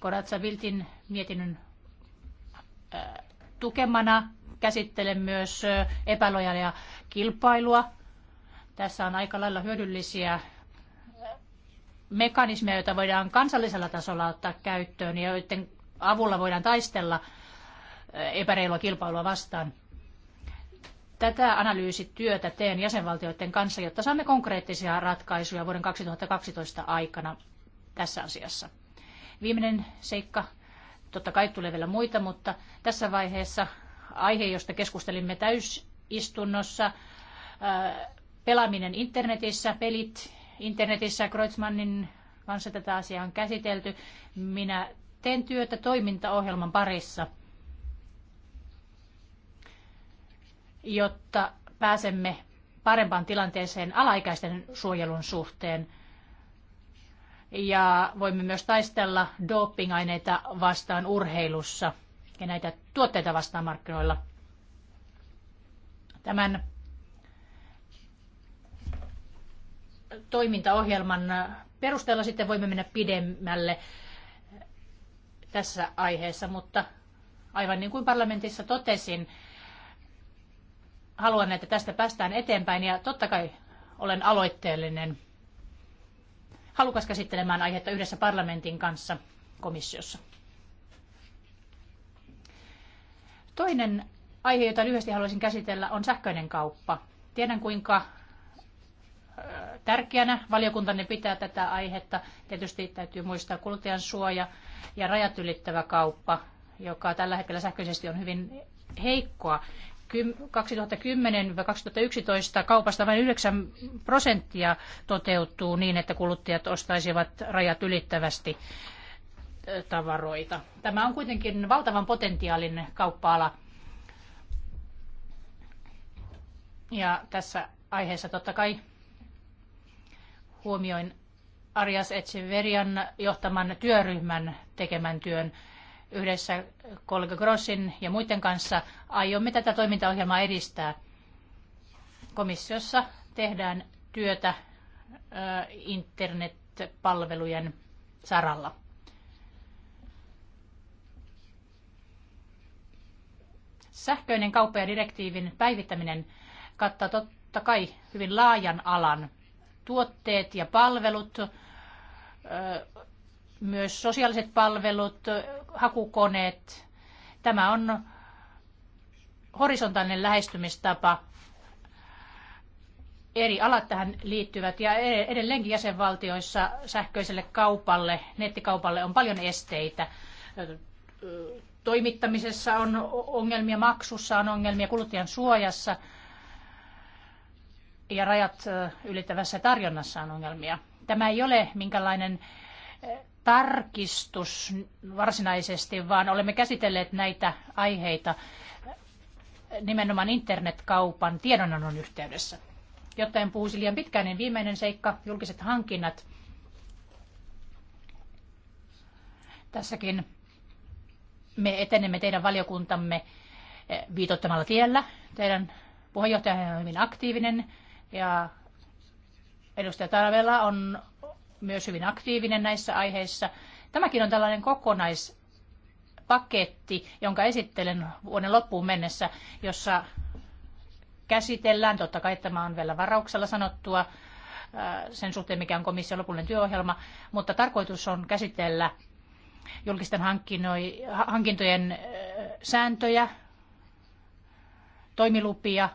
Koratsa Viltin mietinnön tukemana käsittelen myös epälojalia kilpailua. Tässä on aika lailla hyödyllisiä mekanismeja, joita voidaan kansallisella tasolla ottaa käyttöön ja joiden avulla voidaan taistella eh, epäreilua kilpailua vastaan. Tätä analyysityötä teen jäsenvaltioiden kanssa, jotta saamme konkreettisia ratkaisuja vuoden 2012 aikana tässä asiassa. Viimeinen seikka, totta kai tulee vielä muita, mutta tässä vaiheessa aihe, josta keskustelimme täysistunnossa, eh, pelaaminen internetissä, pelit internetissä Kreutzmannin kanssa tätä asiaa on käsitelty. Minä teen työtä toimintaohjelman parissa, jotta pääsemme parempaan tilanteeseen alaikäisten suojelun suhteen. Ja voimme myös taistella dopingaineita vastaan urheilussa ja näitä tuotteita vastaan markkinoilla. Tämän toimintaohjelman perusteella sitten voimme mennä pidemmälle tässä aiheessa, mutta aivan niin kuin parlamentissa totesin, haluan, että tästä päästään eteenpäin ja totta kai olen aloitteellinen, halukas käsittelemään aihetta yhdessä parlamentin kanssa komissiossa. Toinen aihe, jota lyhyesti haluaisin käsitellä, on sähköinen kauppa. Tiedän kuinka tärkeänä. Valiokuntanne pitää tätä aihetta. Tietysti täytyy muistaa kuluttajan suoja ja rajat ylittävä kauppa, joka tällä hetkellä sähköisesti on hyvin heikkoa. 2010-2011 kaupasta vain 9 prosenttia toteutuu niin, että kuluttajat ostaisivat rajat ylittävästi tavaroita. Tämä on kuitenkin valtavan potentiaalinen kauppa-ala. Ja tässä aiheessa totta kai huomioin Arias Echeverian johtaman työryhmän tekemän työn yhdessä kollega Grossin ja muiden kanssa aiomme tätä toimintaohjelmaa edistää. Komissiossa tehdään työtä internetpalvelujen saralla. Sähköinen kauppa ja direktiivin päivittäminen kattaa totta kai hyvin laajan alan – tuotteet ja palvelut, myös sosiaaliset palvelut, hakukoneet. Tämä on horisontaalinen lähestymistapa. Eri alat tähän liittyvät ja e- edelleenkin jäsenvaltioissa sähköiselle kaupalle, nettikaupalle on paljon esteitä. Toimittamisessa on ongelmia, maksussa on ongelmia, kuluttajan suojassa – ja rajat ylittävässä tarjonnassa on ongelmia. Tämä ei ole minkälainen tarkistus varsinaisesti, vaan olemme käsitelleet näitä aiheita nimenomaan internetkaupan tiedonannon yhteydessä. Jotta en puhuisi liian pitkään, niin viimeinen seikka, julkiset hankinnat. Tässäkin me etenemme teidän valiokuntamme viitottamalla tiellä. Teidän puheenjohtaja on hyvin aktiivinen ja edustaja Tarvela on myös hyvin aktiivinen näissä aiheissa. Tämäkin on tällainen kokonaispaketti, jonka esittelen vuoden loppuun mennessä, jossa käsitellään, totta kai tämä on vielä varauksella sanottua, äh, sen suhteen, mikä on komission lopullinen työohjelma, mutta tarkoitus on käsitellä julkisten hankintojen äh, sääntöjä, toimilupia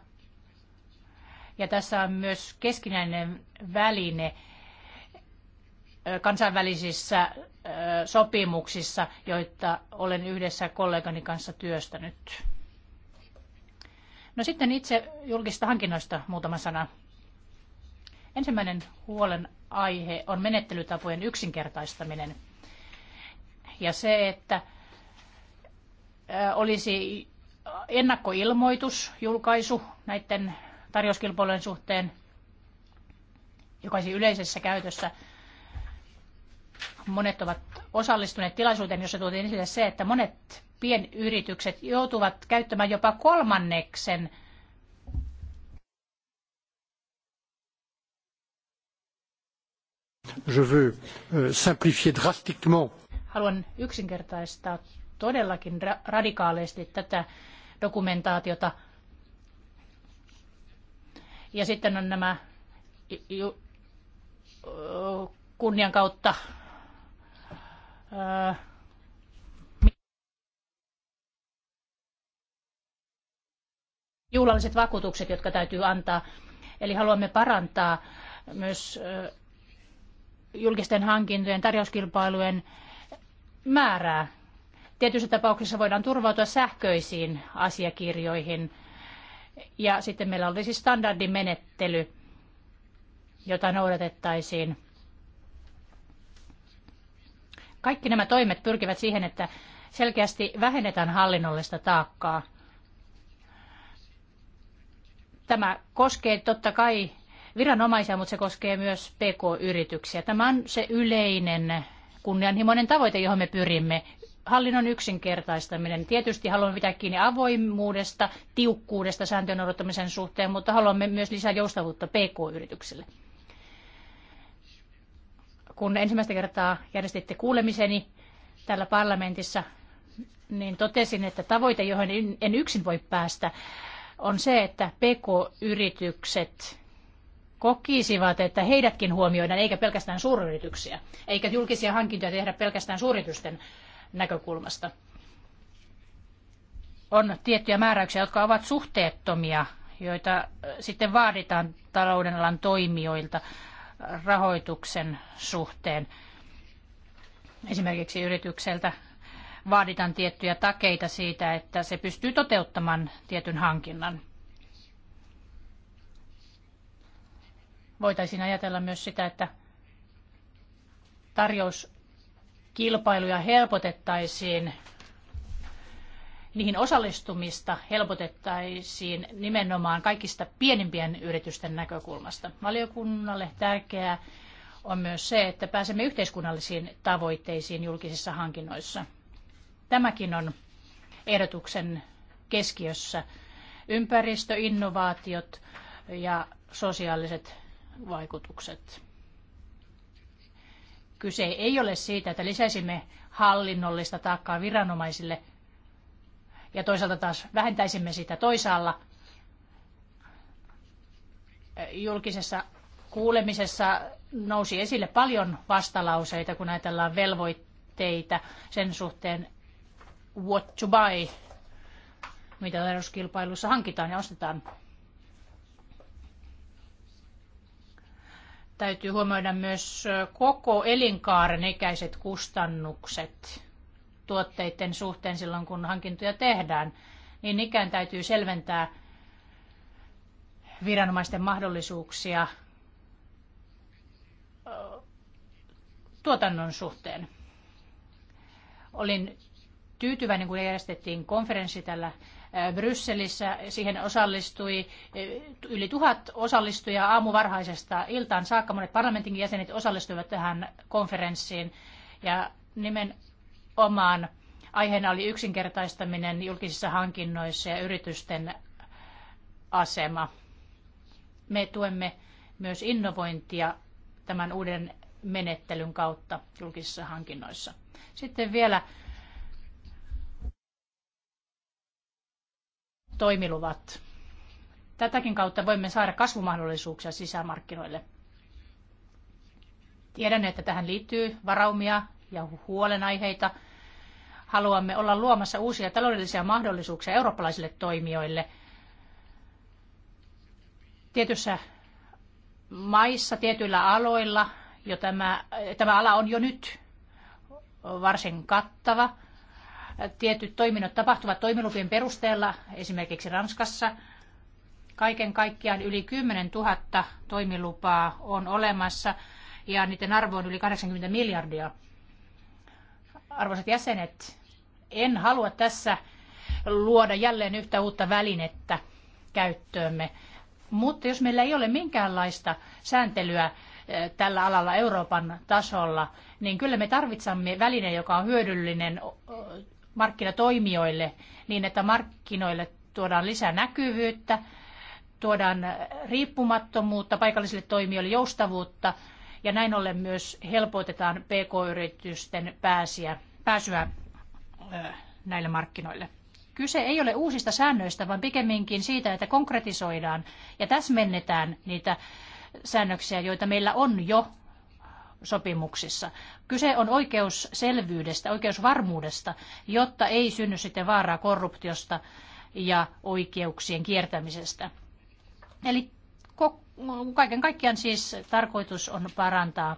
ja tässä on myös keskinäinen väline kansainvälisissä sopimuksissa, joita olen yhdessä kollegani kanssa työstänyt. No sitten itse julkista hankinnoista muutama sana. Ensimmäinen huolen aihe on menettelytapojen yksinkertaistaminen ja se, että olisi ennakkoilmoitus, julkaisu näiden tarjouskilpailujen suhteen, joka olisi yleisessä käytössä. Monet ovat osallistuneet tilaisuuteen, jossa tuotiin esille se, että monet pienyritykset joutuvat käyttämään jopa kolmanneksen Je veux euh, simplifier drastiquement. Haluan yksinkertaistaa todellakin radikaalisti tätä dokumentaatiota. Ja sitten on nämä kunnian kautta juhlalliset vakuutukset, jotka täytyy antaa. Eli haluamme parantaa myös julkisten hankintojen, tarjouskilpailujen määrää. Tietyissä tapauksissa voidaan turvautua sähköisiin asiakirjoihin – ja sitten meillä olisi siis standardimenettely, jota noudatettaisiin. Kaikki nämä toimet pyrkivät siihen, että selkeästi vähennetään hallinnollista taakkaa. Tämä koskee totta kai viranomaisia, mutta se koskee myös PK-yrityksiä. Tämä on se yleinen kunnianhimoinen tavoite, johon me pyrimme hallinnon yksinkertaistaminen. Tietysti haluamme pitää kiinni avoimuudesta, tiukkuudesta sääntöjen odottamisen suhteen, mutta haluamme myös lisää joustavuutta PK-yrityksille. Kun ensimmäistä kertaa järjestitte kuulemiseni täällä parlamentissa, niin totesin, että tavoite, johon en yksin voi päästä, on se, että PK-yritykset kokisivat, että heidätkin huomioidaan, eikä pelkästään suuryrityksiä, eikä julkisia hankintoja tehdä pelkästään suuritysten näkökulmasta. On tiettyjä määräyksiä, jotka ovat suhteettomia, joita sitten vaaditaan talouden alan toimijoilta rahoituksen suhteen. Esimerkiksi yritykseltä vaaditaan tiettyjä takeita siitä, että se pystyy toteuttamaan tietyn hankinnan. Voitaisiin ajatella myös sitä, että tarjous kilpailuja helpotettaisiin, niihin osallistumista helpotettaisiin nimenomaan kaikista pienimpien yritysten näkökulmasta. Valiokunnalle tärkeää on myös se, että pääsemme yhteiskunnallisiin tavoitteisiin julkisissa hankinnoissa. Tämäkin on ehdotuksen keskiössä ympäristöinnovaatiot ja sosiaaliset vaikutukset. Kyse ei ole siitä, että lisäisimme hallinnollista taakkaa viranomaisille ja toisaalta taas vähentäisimme sitä toisaalla. Julkisessa kuulemisessa nousi esille paljon vastalauseita, kun ajatellaan velvoitteita sen suhteen what to buy, mitä tarjouskilpailussa hankitaan ja ostetaan. täytyy huomioida myös koko elinkaaren ikäiset kustannukset tuotteiden suhteen silloin, kun hankintoja tehdään. Niin ikään täytyy selventää viranomaisten mahdollisuuksia tuotannon suhteen. Olin tyytyväinen, kun järjestettiin konferenssi tällä Brysselissä. Siihen osallistui yli tuhat osallistujaa aamuvarhaisesta iltaan saakka. Monet parlamentin jäsenet osallistuivat tähän konferenssiin ja nimenomaan aiheena oli yksinkertaistaminen julkisissa hankinnoissa ja yritysten asema. Me tuemme myös innovointia tämän uuden menettelyn kautta julkisissa hankinnoissa. Sitten vielä toimiluvat. Tätäkin kautta voimme saada kasvumahdollisuuksia sisämarkkinoille. Tiedän, että tähän liittyy varaumia ja huolenaiheita. Haluamme olla luomassa uusia taloudellisia mahdollisuuksia eurooppalaisille toimijoille. Tietyissä maissa, tietyillä aloilla, jo tämä, tämä ala on jo nyt varsin kattava – tietyt toiminnot tapahtuvat toimilupien perusteella, esimerkiksi Ranskassa. Kaiken kaikkiaan yli 10 000 toimilupaa on olemassa ja niiden arvo on yli 80 miljardia. Arvoisat jäsenet, en halua tässä luoda jälleen yhtä uutta välinettä käyttöömme. Mutta jos meillä ei ole minkäänlaista sääntelyä eh, tällä alalla Euroopan tasolla, niin kyllä me tarvitsemme välineen, joka on hyödyllinen markkinatoimijoille niin, että markkinoille tuodaan lisää näkyvyyttä, tuodaan riippumattomuutta paikallisille toimijoille, joustavuutta ja näin ollen myös helpotetaan pk-yritysten pääsiä, pääsyä näille markkinoille. Kyse ei ole uusista säännöistä, vaan pikemminkin siitä, että konkretisoidaan ja täsmennetään niitä säännöksiä, joita meillä on jo sopimuksissa. Kyse on oikeusselvyydestä, oikeusvarmuudesta, jotta ei synny sitten vaaraa korruptiosta ja oikeuksien kiertämisestä. Eli kaiken kaikkiaan siis tarkoitus on parantaa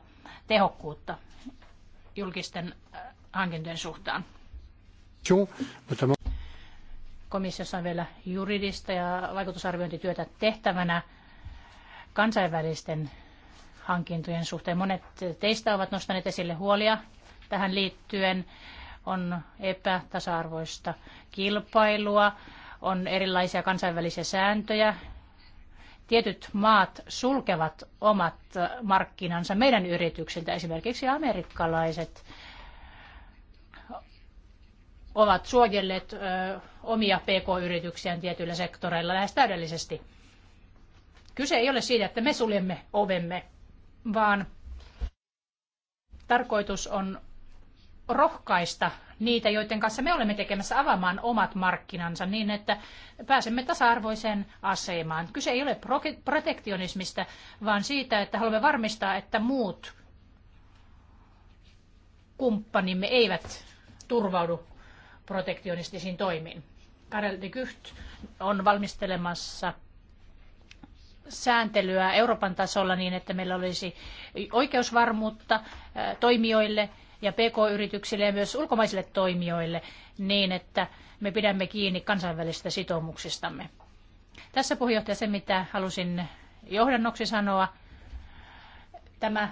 tehokkuutta julkisten äh, hankintojen suhtaan. Komissiossa on vielä juridista ja vaikutusarviointityötä tehtävänä kansainvälisten hankintojen suhteen. Monet teistä ovat nostaneet esille huolia tähän liittyen. On epätasa-arvoista kilpailua, on erilaisia kansainvälisiä sääntöjä. Tietyt maat sulkevat omat markkinansa meidän yrityksiltä, esimerkiksi amerikkalaiset ovat suojelleet omia pk-yrityksiään tietyillä sektoreilla lähes täydellisesti. Kyse ei ole siitä, että me suljemme ovemme vaan tarkoitus on rohkaista niitä, joiden kanssa me olemme tekemässä avaamaan omat markkinansa niin, että pääsemme tasa-arvoiseen asemaan. Kyse ei ole protektionismista, vaan siitä, että haluamme varmistaa, että muut kumppanimme eivät turvaudu protektionistisiin toimiin. Karel de Kyht on valmistelemassa sääntelyä Euroopan tasolla niin, että meillä olisi oikeusvarmuutta toimijoille ja pk-yrityksille ja myös ulkomaisille toimijoille niin, että me pidämme kiinni kansainvälisistä sitoumuksistamme. Tässä puheenjohtaja se, mitä halusin johdannoksi sanoa. Tämä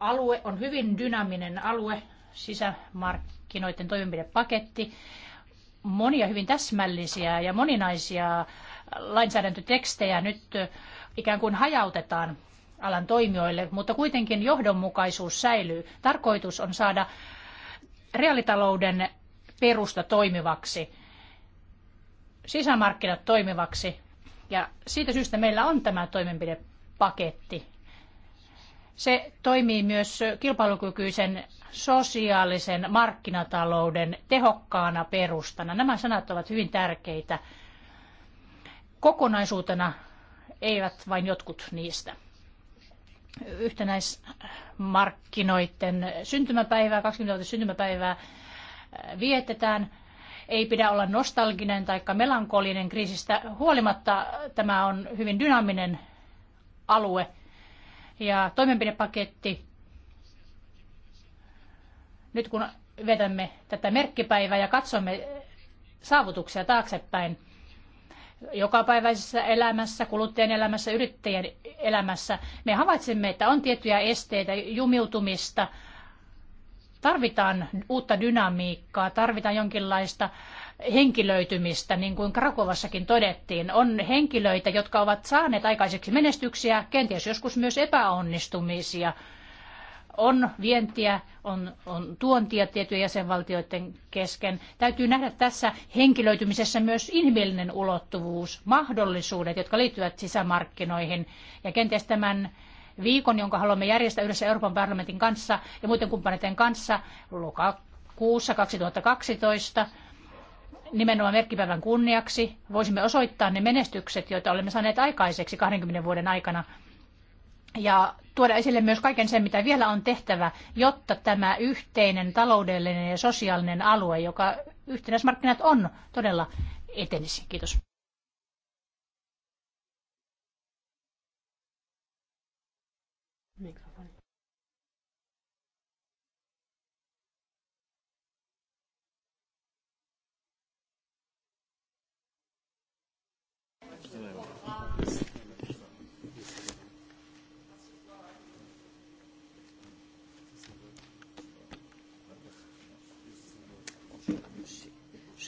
alue on hyvin dynaaminen alue, sisämarkkinoiden toimenpidepaketti. Monia hyvin täsmällisiä ja moninaisia lainsäädäntötekstejä nyt ikään kuin hajautetaan alan toimijoille, mutta kuitenkin johdonmukaisuus säilyy. Tarkoitus on saada reaalitalouden perusta toimivaksi, sisämarkkinat toimivaksi ja siitä syystä meillä on tämä toimenpidepaketti. Se toimii myös kilpailukykyisen sosiaalisen markkinatalouden tehokkaana perustana. Nämä sanat ovat hyvin tärkeitä. Kokonaisuutena eivät vain jotkut niistä. Yhtenäismarkkinoiden syntymäpäivää, 20 syntymäpäivää äh, vietetään. Ei pidä olla nostalginen tai melankolinen kriisistä huolimatta. Tämä on hyvin dynaaminen alue. Ja toimenpidepaketti, nyt kun vetämme tätä merkkipäivää ja katsomme saavutuksia taaksepäin, jokapäiväisessä elämässä, kuluttajan elämässä, yrittäjän elämässä. Me havaitsemme, että on tiettyjä esteitä, jumiutumista, tarvitaan uutta dynamiikkaa, tarvitaan jonkinlaista henkilöitymistä, niin kuin Krakovassakin todettiin. On henkilöitä, jotka ovat saaneet aikaiseksi menestyksiä, kenties joskus myös epäonnistumisia – on vientiä, on, on tuontia tiettyjen jäsenvaltioiden kesken. Täytyy nähdä tässä henkilöitymisessä myös inhimillinen ulottuvuus, mahdollisuudet, jotka liittyvät sisämarkkinoihin. Ja kenties tämän viikon, jonka haluamme järjestää yhdessä Euroopan parlamentin kanssa ja muiden kumppaneiden kanssa lokakuussa 2012, nimenomaan merkkipäivän kunniaksi voisimme osoittaa ne menestykset, joita olemme saaneet aikaiseksi 20 vuoden aikana – ja tuoda esille myös kaiken sen, mitä vielä on tehtävä, jotta tämä yhteinen taloudellinen ja sosiaalinen alue, joka yhtenäismarkkinat on, todella etenisi. Kiitos.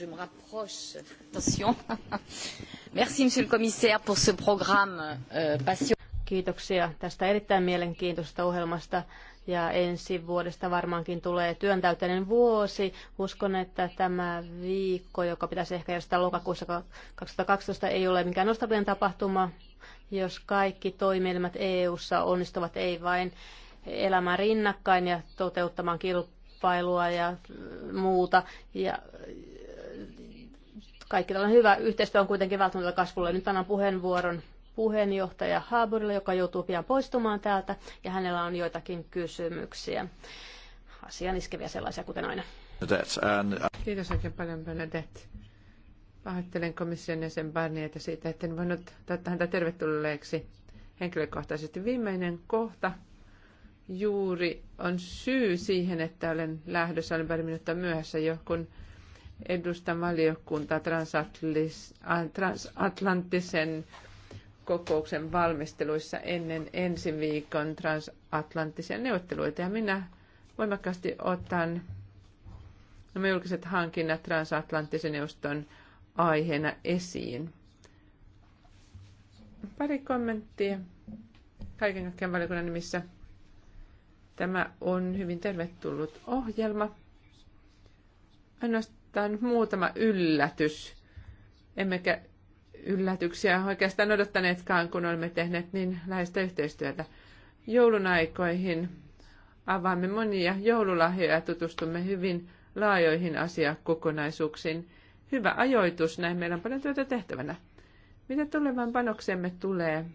je me rapproche. Attention. Merci, monsieur le commissaire, pour ce programme euh, passionnant. Kiitoksia tästä erittäin mielenkiintoisesta ohjelmasta ja ensi vuodesta varmaankin tulee työntäyteinen vuosi. Uskon, että tämä viikko, joka pitäisi ehkä järjestää lokakuussa 2012, ei ole mikään nostaminen tapahtuma, jos kaikki toimielimet EU-ssa onnistuvat ei vain elämään rinnakkain ja toteuttamaan kilpailua ja muuta. Ja kaikki tällainen hyvä yhteistyö on kuitenkin välttämätöntä kasvulle. Nyt annan puheenvuoron puheenjohtaja Haaburille, joka joutuu pian poistumaan täältä, ja hänellä on joitakin kysymyksiä. Asian iskeviä sellaisia, kuten aina. Kiitos oikein paljon, Bernadette. Pahoittelen komission jäsen Barnieta siitä, että en voinut ottaa häntä tervetulleeksi henkilökohtaisesti. Viimeinen kohta juuri on syy siihen, että olen lähdössä, olen pari minuuttia myöhässä jo, kun edustan valiokuntaa transatlanttisen kokouksen valmisteluissa ennen ensi viikon transatlanttisia neuvotteluita. Ja minä voimakkaasti otan nämä julkiset hankinnat transatlanttisen neuvoston aiheena esiin. Pari kommenttia kaiken kaikkiaan valiokunnan nimissä. Tämä on hyvin tervetullut ohjelma. Ainoastaan Tämä on muutama yllätys. Emmekä yllätyksiä oikeastaan odottaneetkaan, kun olemme tehneet niin läheistä yhteistyötä. Joulun aikoihin avaamme monia joululahjoja ja tutustumme hyvin laajoihin asiakokonaisuuksiin. Hyvä ajoitus, näin meillä on paljon työtä tehtävänä. Mitä tulevan panoksemme tulee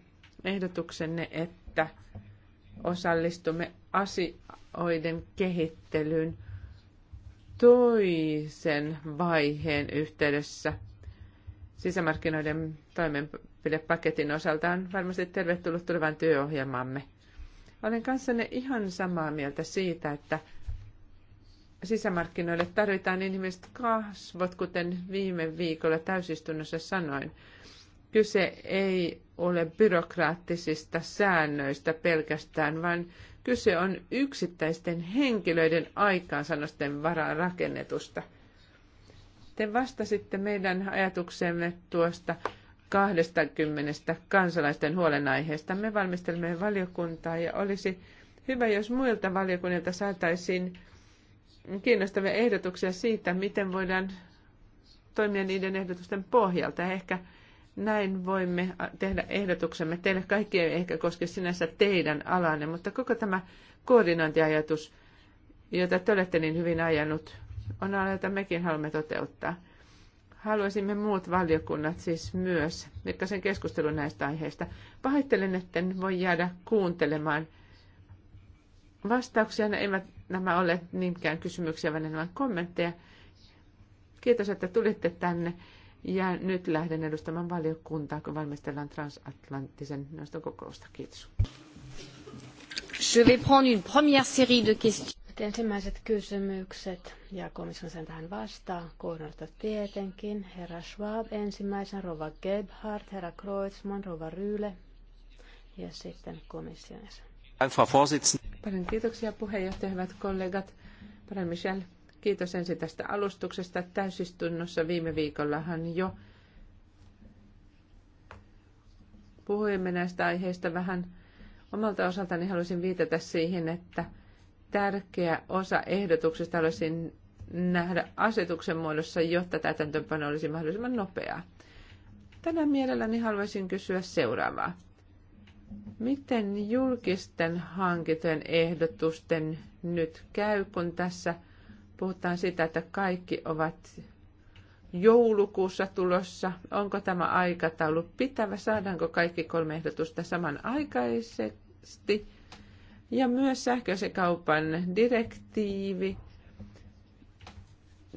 ehdotuksenne, että osallistumme asioiden kehittelyyn – toisen vaiheen yhteydessä sisämarkkinoiden toimenpidepaketin osalta on varmasti tervetullut tulevaan työohjelmamme. Olen kanssanne ihan samaa mieltä siitä, että sisämarkkinoille tarvitaan inhimilliset kasvot, kuten viime viikolla täysistunnossa sanoin. Kyse ei ole byrokraattisista säännöistä pelkästään, vaan Kyse on yksittäisten henkilöiden aikaansanosten varaan rakennetusta. Te vastasitte meidän ajatuksemme tuosta 20 kansalaisten huolenaiheesta. Me valmistelemme valiokuntaa ja olisi hyvä, jos muilta valiokunnilta saataisiin kiinnostavia ehdotuksia siitä, miten voidaan toimia niiden ehdotusten pohjalta. Ehkä näin voimme tehdä ehdotuksemme. Teille kaikki ei ehkä koske sinänsä teidän alanne, mutta koko tämä koordinointiajatus, jota te olette niin hyvin ajanut, on ala, jota mekin haluamme toteuttaa. Haluaisimme muut valiokunnat siis myös, mitkä sen keskustelun näistä aiheista. Pahoittelen, en voi jäädä kuuntelemaan. Vastauksia eivät nämä ole niinkään kysymyksiä, vaan enemmän kommentteja. Kiitos, että tulitte tänne ja nyt lähden edustamaan valiokuntaa, kun valmistellaan transatlanttisen neuvoston kokousta. Kiitos. Je vais prendre une première série de questions. Ensimmäiset kysymykset ja komission sen tähän vastaa. Kohdalta tietenkin herra Schwab ensimmäisen, rova Gebhardt, herra Kreutzmann, rova Ryle ja sitten komission jäsen. Paljon kiitoksia puheenjohtaja, hyvät kollegat. Paljon Michelle. Kiitos ensin tästä alustuksesta. Täysistunnossa viime viikollahan jo puhuimme näistä aiheista vähän omalta osaltani haluaisin viitata siihen, että tärkeä osa ehdotuksesta haluaisin nähdä asetuksen muodossa, jotta täytäntöönpano olisi mahdollisimman nopeaa. Tänään mielelläni haluaisin kysyä seuraavaa. Miten julkisten hankintojen ehdotusten nyt käy, kun tässä – puhutaan siitä, että kaikki ovat joulukuussa tulossa. Onko tämä aikataulu pitävä? Saadaanko kaikki kolme ehdotusta samanaikaisesti? Ja myös sähköisen kaupan direktiivi.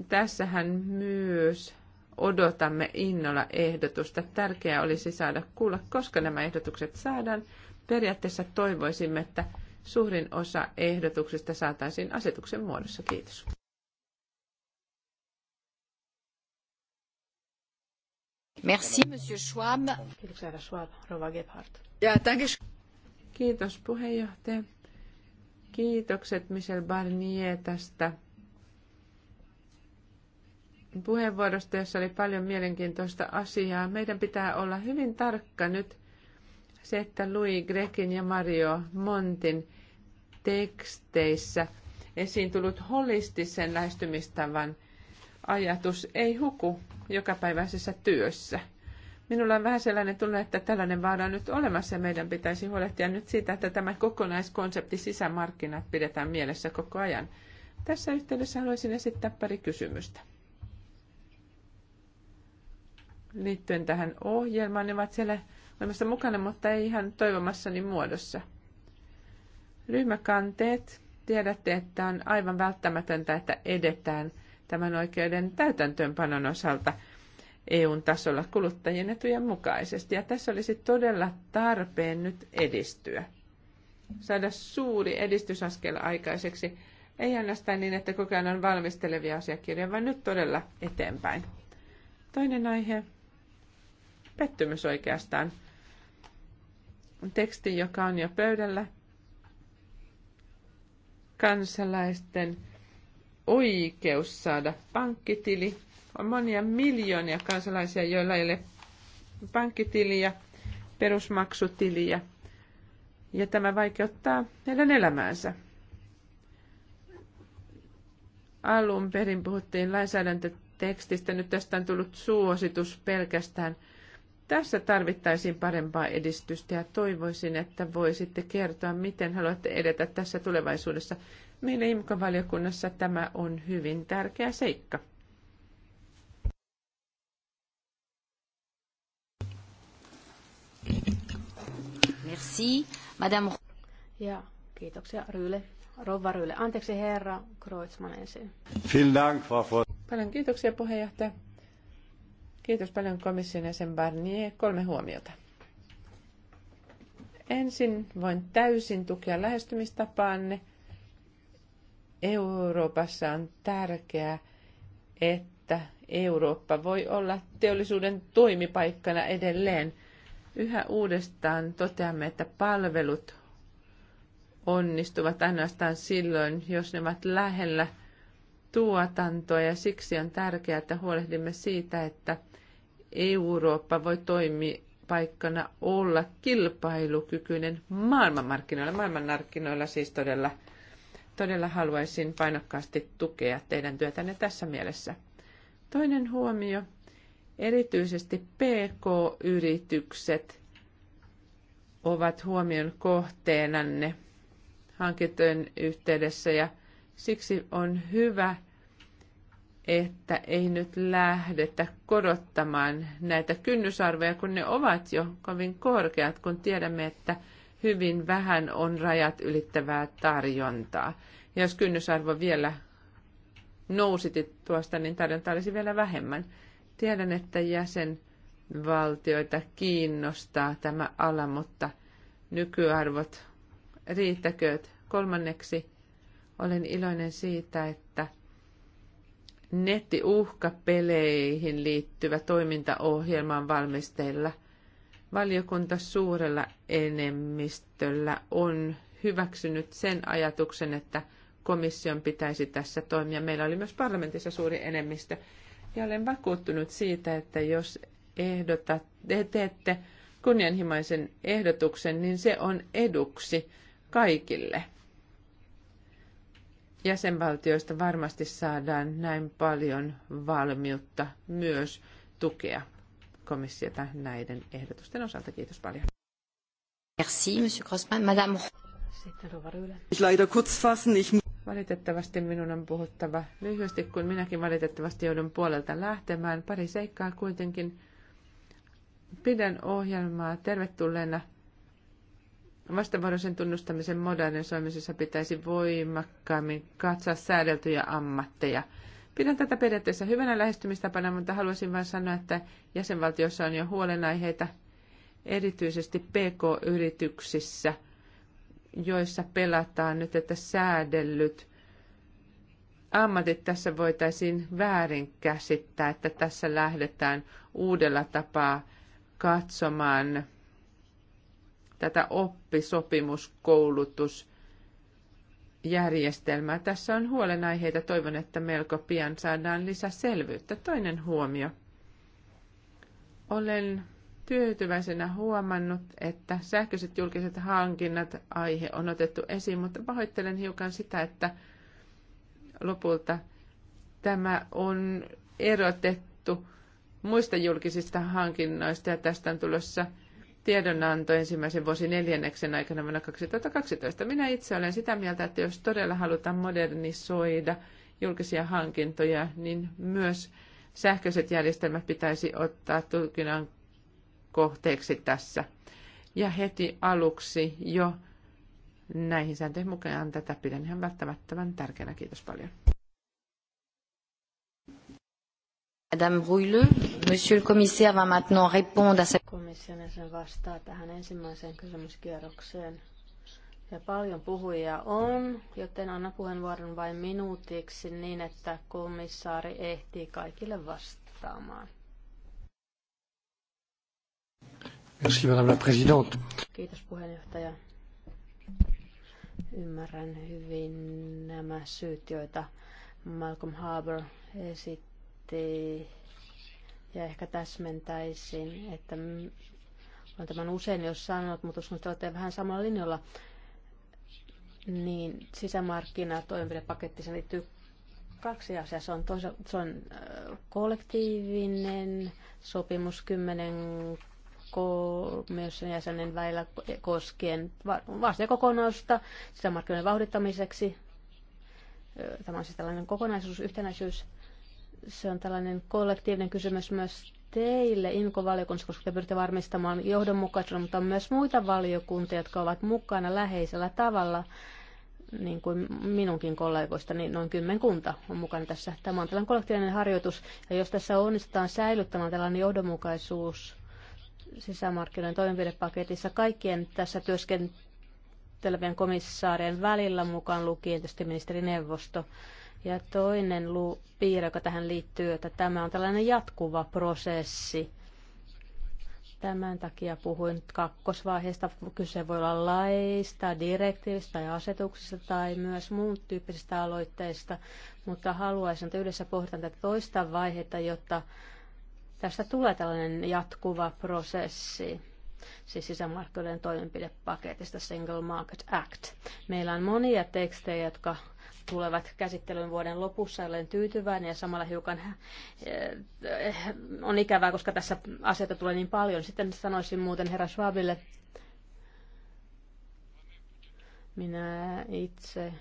Tässähän myös odotamme innolla ehdotusta. Tärkeää olisi saada kuulla, koska nämä ehdotukset saadaan. Periaatteessa toivoisimme, että suurin osa ehdotuksista saataisiin asetuksen muodossa. Kiitos. Kiitos, puheenjohtaja. Kiitokset Michel Barnier tästä puheenvuorosta, jossa oli paljon mielenkiintoista asiaa. Meidän pitää olla hyvin tarkka nyt se, että Louis Grekin ja Mario Montin teksteissä esiin tullut holistisen lähestymistavan ajatus ei huku jokapäiväisessä työssä. Minulla on vähän sellainen tunne, että tällainen vaara on nyt olemassa ja meidän pitäisi huolehtia nyt siitä, että tämä kokonaiskonsepti sisämarkkinat pidetään mielessä koko ajan. Tässä yhteydessä haluaisin esittää pari kysymystä. Liittyen tähän ohjelmaan, ne ovat siellä olemassa mukana, mutta ei ihan toivomassani muodossa. Ryhmäkanteet. Tiedätte, että on aivan välttämätöntä, että edetään – tämän oikeuden täytäntöönpanon osalta EUn tasolla kuluttajien etujen mukaisesti. Ja tässä olisi todella tarpeen nyt edistyä. Saada suuri edistysaskel aikaiseksi, ei ainoastaan niin, että koko ajan on valmistelevia asiakirjoja, vaan nyt todella eteenpäin. Toinen aihe, pettymys oikeastaan. Teksti, joka on jo pöydällä, kansalaisten oikeus saada pankkitili. On monia miljoonia kansalaisia, joilla ei ole pankkitiliä, perusmaksutiliä, ja tämä vaikeuttaa heidän elämäänsä. Alun perin puhuttiin lainsäädäntötekstistä, nyt tästä on tullut suositus pelkästään. Tässä tarvittaisiin parempaa edistystä ja toivoisin, että voisitte kertoa, miten haluatte edetä tässä tulevaisuudessa. Meille IMKO-valiokunnassa tämä on hyvin tärkeä seikka. Merci. Madame... Ja, kiitoksia Ryle. Rova Ryle. Anteeksi herra Kreutzmann ensin. Vielen Dank, Frau Paljon kiitoksia puheenjohtaja. Kiitos paljon komission jäsen Barnier. Kolme huomiota. Ensin voin täysin tukea lähestymistapaanne – Euroopassa on tärkeää, että Eurooppa voi olla teollisuuden toimipaikkana edelleen. Yhä uudestaan toteamme, että palvelut onnistuvat ainoastaan silloin, jos ne ovat lähellä tuotantoa ja siksi on tärkeää, että huolehdimme siitä, että Eurooppa voi toimipaikkana olla kilpailukykyinen maailmanmarkkinoilla. Maailmanmarkkinoilla siis todella – todella haluaisin painokkaasti tukea teidän työtänne tässä mielessä. Toinen huomio, erityisesti PK-yritykset ovat huomion kohteenanne hankintojen yhteydessä ja siksi on hyvä, että ei nyt lähdetä korottamaan näitä kynnysarvoja, kun ne ovat jo kovin korkeat, kun tiedämme, että – hyvin vähän on rajat ylittävää tarjontaa. Ja jos kynnysarvo vielä nousit tuosta, niin tarjonta olisi vielä vähemmän. Tiedän, että jäsenvaltioita kiinnostaa tämä ala, mutta nykyarvot riittäkööt. Kolmanneksi olen iloinen siitä, että nettiuhkapeleihin liittyvä toimintaohjelma on valmisteilla – valiokunta suurella enemmistöllä on hyväksynyt sen ajatuksen, että komission pitäisi tässä toimia. Meillä oli myös parlamentissa suuri enemmistö. Ja olen vakuuttunut siitä, että jos ehdotat, teette kunnianhimoisen ehdotuksen, niin se on eduksi kaikille. Jäsenvaltioista varmasti saadaan näin paljon valmiutta myös tukea komissiota näiden ehdotusten osalta. Kiitos paljon. Merci, Monsieur Grossman. Madame. Sitten Ich Leider kurz fassen. Ich... Valitettavasti minun on puhuttava lyhyesti, kun minäkin valitettavasti joudun puolelta lähtemään. Pari seikkaa kuitenkin. Pidän ohjelmaa tervetulleena. Vastavuoroisen tunnustamisen modernisoimisessa pitäisi voimakkaammin katsoa säädeltyjä ammatteja – Pidän tätä periaatteessa hyvänä lähestymistapana, mutta haluaisin vain sanoa, että jäsenvaltiossa on jo huolenaiheita, erityisesti PK-yrityksissä, joissa pelataan nyt, että säädellyt ammatit tässä voitaisiin väärin käsittää, että tässä lähdetään uudella tapaa katsomaan tätä oppisopimuskoulutus järjestelmää. Tässä on huolenaiheita. Toivon, että melko pian saadaan lisäselvyyttä. Toinen huomio. Olen tyytyväisenä huomannut, että sähköiset julkiset hankinnat aihe on otettu esiin, mutta pahoittelen hiukan sitä, että lopulta tämä on erotettu muista julkisista hankinnoista ja tästä on tulossa – tiedonanto ensimmäisen vuosi neljänneksen aikana vuonna 2012. Minä itse olen sitä mieltä, että jos todella halutaan modernisoida julkisia hankintoja, niin myös sähköiset järjestelmät pitäisi ottaa tulkinnan kohteeksi tässä. Ja heti aluksi jo näihin sääntöihin mukaan tätä pidän ihan välttämättömän tärkeänä. Kiitos paljon. Madame Rouille, monsieur le commissaire va maintenant répondre à cette... Komission jäsen vastaa tähän ensimmäiseen kysymyskierrokseen. Ja paljon puhujia on, joten anna puheenvuoron vain minuutiksi niin, että komissaari ehtii kaikille vastaamaan. Merci, madame la présidente. Kiitos puheenjohtaja. Ymmärrän hyvin nämä syyt, joita Malcolm Harbour esitti miettii ja ehkä täsmentäisin, että olen tämän usein jo sanonut, mutta uskon, että olette vähän samalla linjalla, niin sisämarkkina toimenpidepaketti, se liittyy kaksi asiaa. Se on, toisa, se on kollektiivinen sopimus kymmenen komission jäsenen väillä koskien vastekokonaisuutta sisämarkkinoiden vauhdittamiseksi. Tämä on siis tällainen kokonaisuus, yhtenäisyys. Se on tällainen kollektiivinen kysymys myös teille IMKO-valiokunnassa, koska te pyritte varmistamaan johdonmukaisuuden, mutta on myös muita valiokuntia, jotka ovat mukana läheisellä tavalla, niin kuin minunkin kollegoista, niin noin kymmenkunta on mukana tässä. Tämä on tällainen kollektiivinen harjoitus, ja jos tässä onnistutaan säilyttämään tällainen johdonmukaisuus sisämarkkinoiden toimenpidepaketissa kaikkien tässä työskentelevien komissaarien välillä mukaan lukien tietysti ministerineuvosto, neuvosto, ja toinen lu- piirre, joka tähän liittyy, että tämä on tällainen jatkuva prosessi. Tämän takia puhuin kakkosvaiheesta. Kyse voi olla laista, direktiivistä ja asetuksista tai myös muun tyyppisistä aloitteista, mutta haluaisin, että yhdessä pohditaan tätä toista vaihetta, jotta tästä tulee tällainen jatkuva prosessi siis sisämarkkinoiden toimenpidepaketista Single Market Act. Meillä on monia tekstejä, jotka tulevat käsittelyyn vuoden lopussa. Olen tyytyväinen ja samalla hiukan eh, eh, on ikävää, koska tässä asioita tulee niin paljon. Sitten sanoisin muuten herra Schwabille, minä itse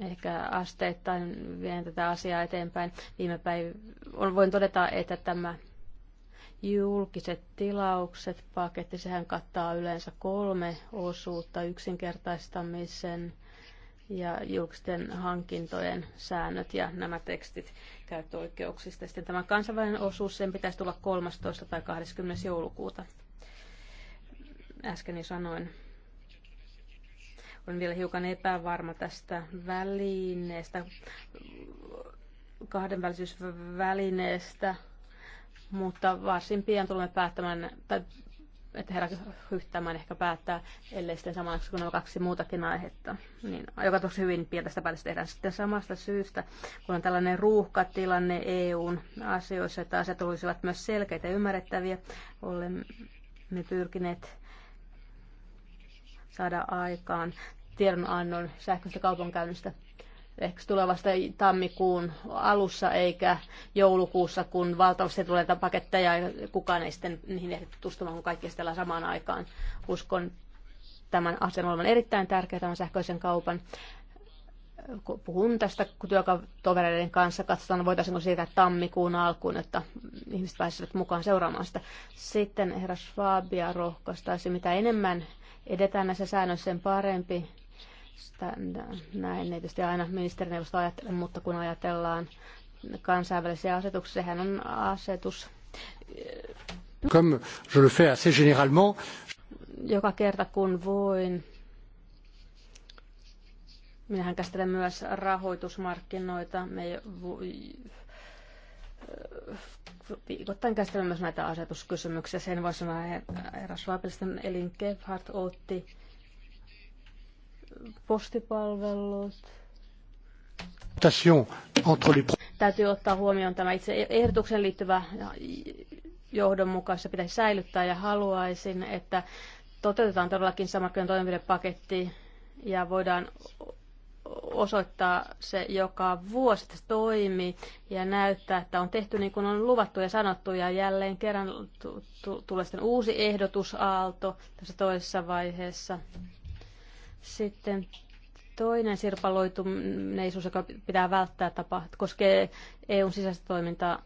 ehkä asteittain vien tätä asiaa eteenpäin. Viime päivä voin todeta, että tämä Julkiset tilaukset, paketti, sehän kattaa yleensä kolme osuutta, yksinkertaistamisen ja julkisten hankintojen säännöt ja nämä tekstit käyttöoikeuksista. Sitten tämä kansainvälinen osuus, sen pitäisi tulla 13. tai 20. joulukuuta. Äsken jo sanoin on vielä hiukan epävarma tästä välineestä, kahdenvälisyysvälineestä mutta varsin pian tulemme päättämään, tai että herra Hyhtämään ehkä päättää, ellei sitten samanlaista kuin nämä kaksi muutakin aihetta. Niin, joka tosi hyvin pian tästä päätöstä tehdään sitten samasta syystä, kun on tällainen ruuhkatilanne EUn asioissa, että asiat olisivat myös selkeitä ja ymmärrettäviä. Olemme pyrkineet saada aikaan tiedonannon sähköistä kaupankäynnistä ehkä tulevasta tammikuun alussa eikä joulukuussa, kun valtavasti tulee paketteja ja kukaan ei sitten niihin ehdi tutustumaan, kun kaikki esitellään samaan aikaan. Uskon tämän asian olevan erittäin tärkeä tämän sähköisen kaupan. Puhun tästä työtovereiden kanssa, katsotaan voitaisiinko siirtää tammikuun alkuun, että ihmiset pääsisivät mukaan seuraamaan sitä. Sitten herra Schwabia rohkaistaisi, mitä enemmän edetään näissä säännöissä, sen parempi sitä, näin ei tietysti aina ministerineuvosto ajattele, mutta kun ajatellaan kansainvälisiä asetuksia, sehän on asetus. Comme je le fais assez généralement. Joka kerta kun voin, Minähän käsittelen myös rahoitusmarkkinoita. Me viikoittain käsittelen myös näitä asetuskysymyksiä. Sen voisi sanoa että Schwabelisten Elin Gebhardt otti postipalvelut. Täytyy ottaa huomioon tämä itse ehdotuksen liittyvä johdonmukaista pitäisi säilyttää ja haluaisin, että toteutetaan todellakin samankin toimenpidepaketti ja voidaan osoittaa se joka vuosi, että se toimii ja näyttää, että on tehty niin kuin on luvattu ja sanottu ja jälleen kerran tulee sitten uusi ehdotusaalto tässä toisessa vaiheessa. Sitten toinen sirpaloituneisuus, joka pitää välttää, tapa, koskee EUn sisäistä toimintaa.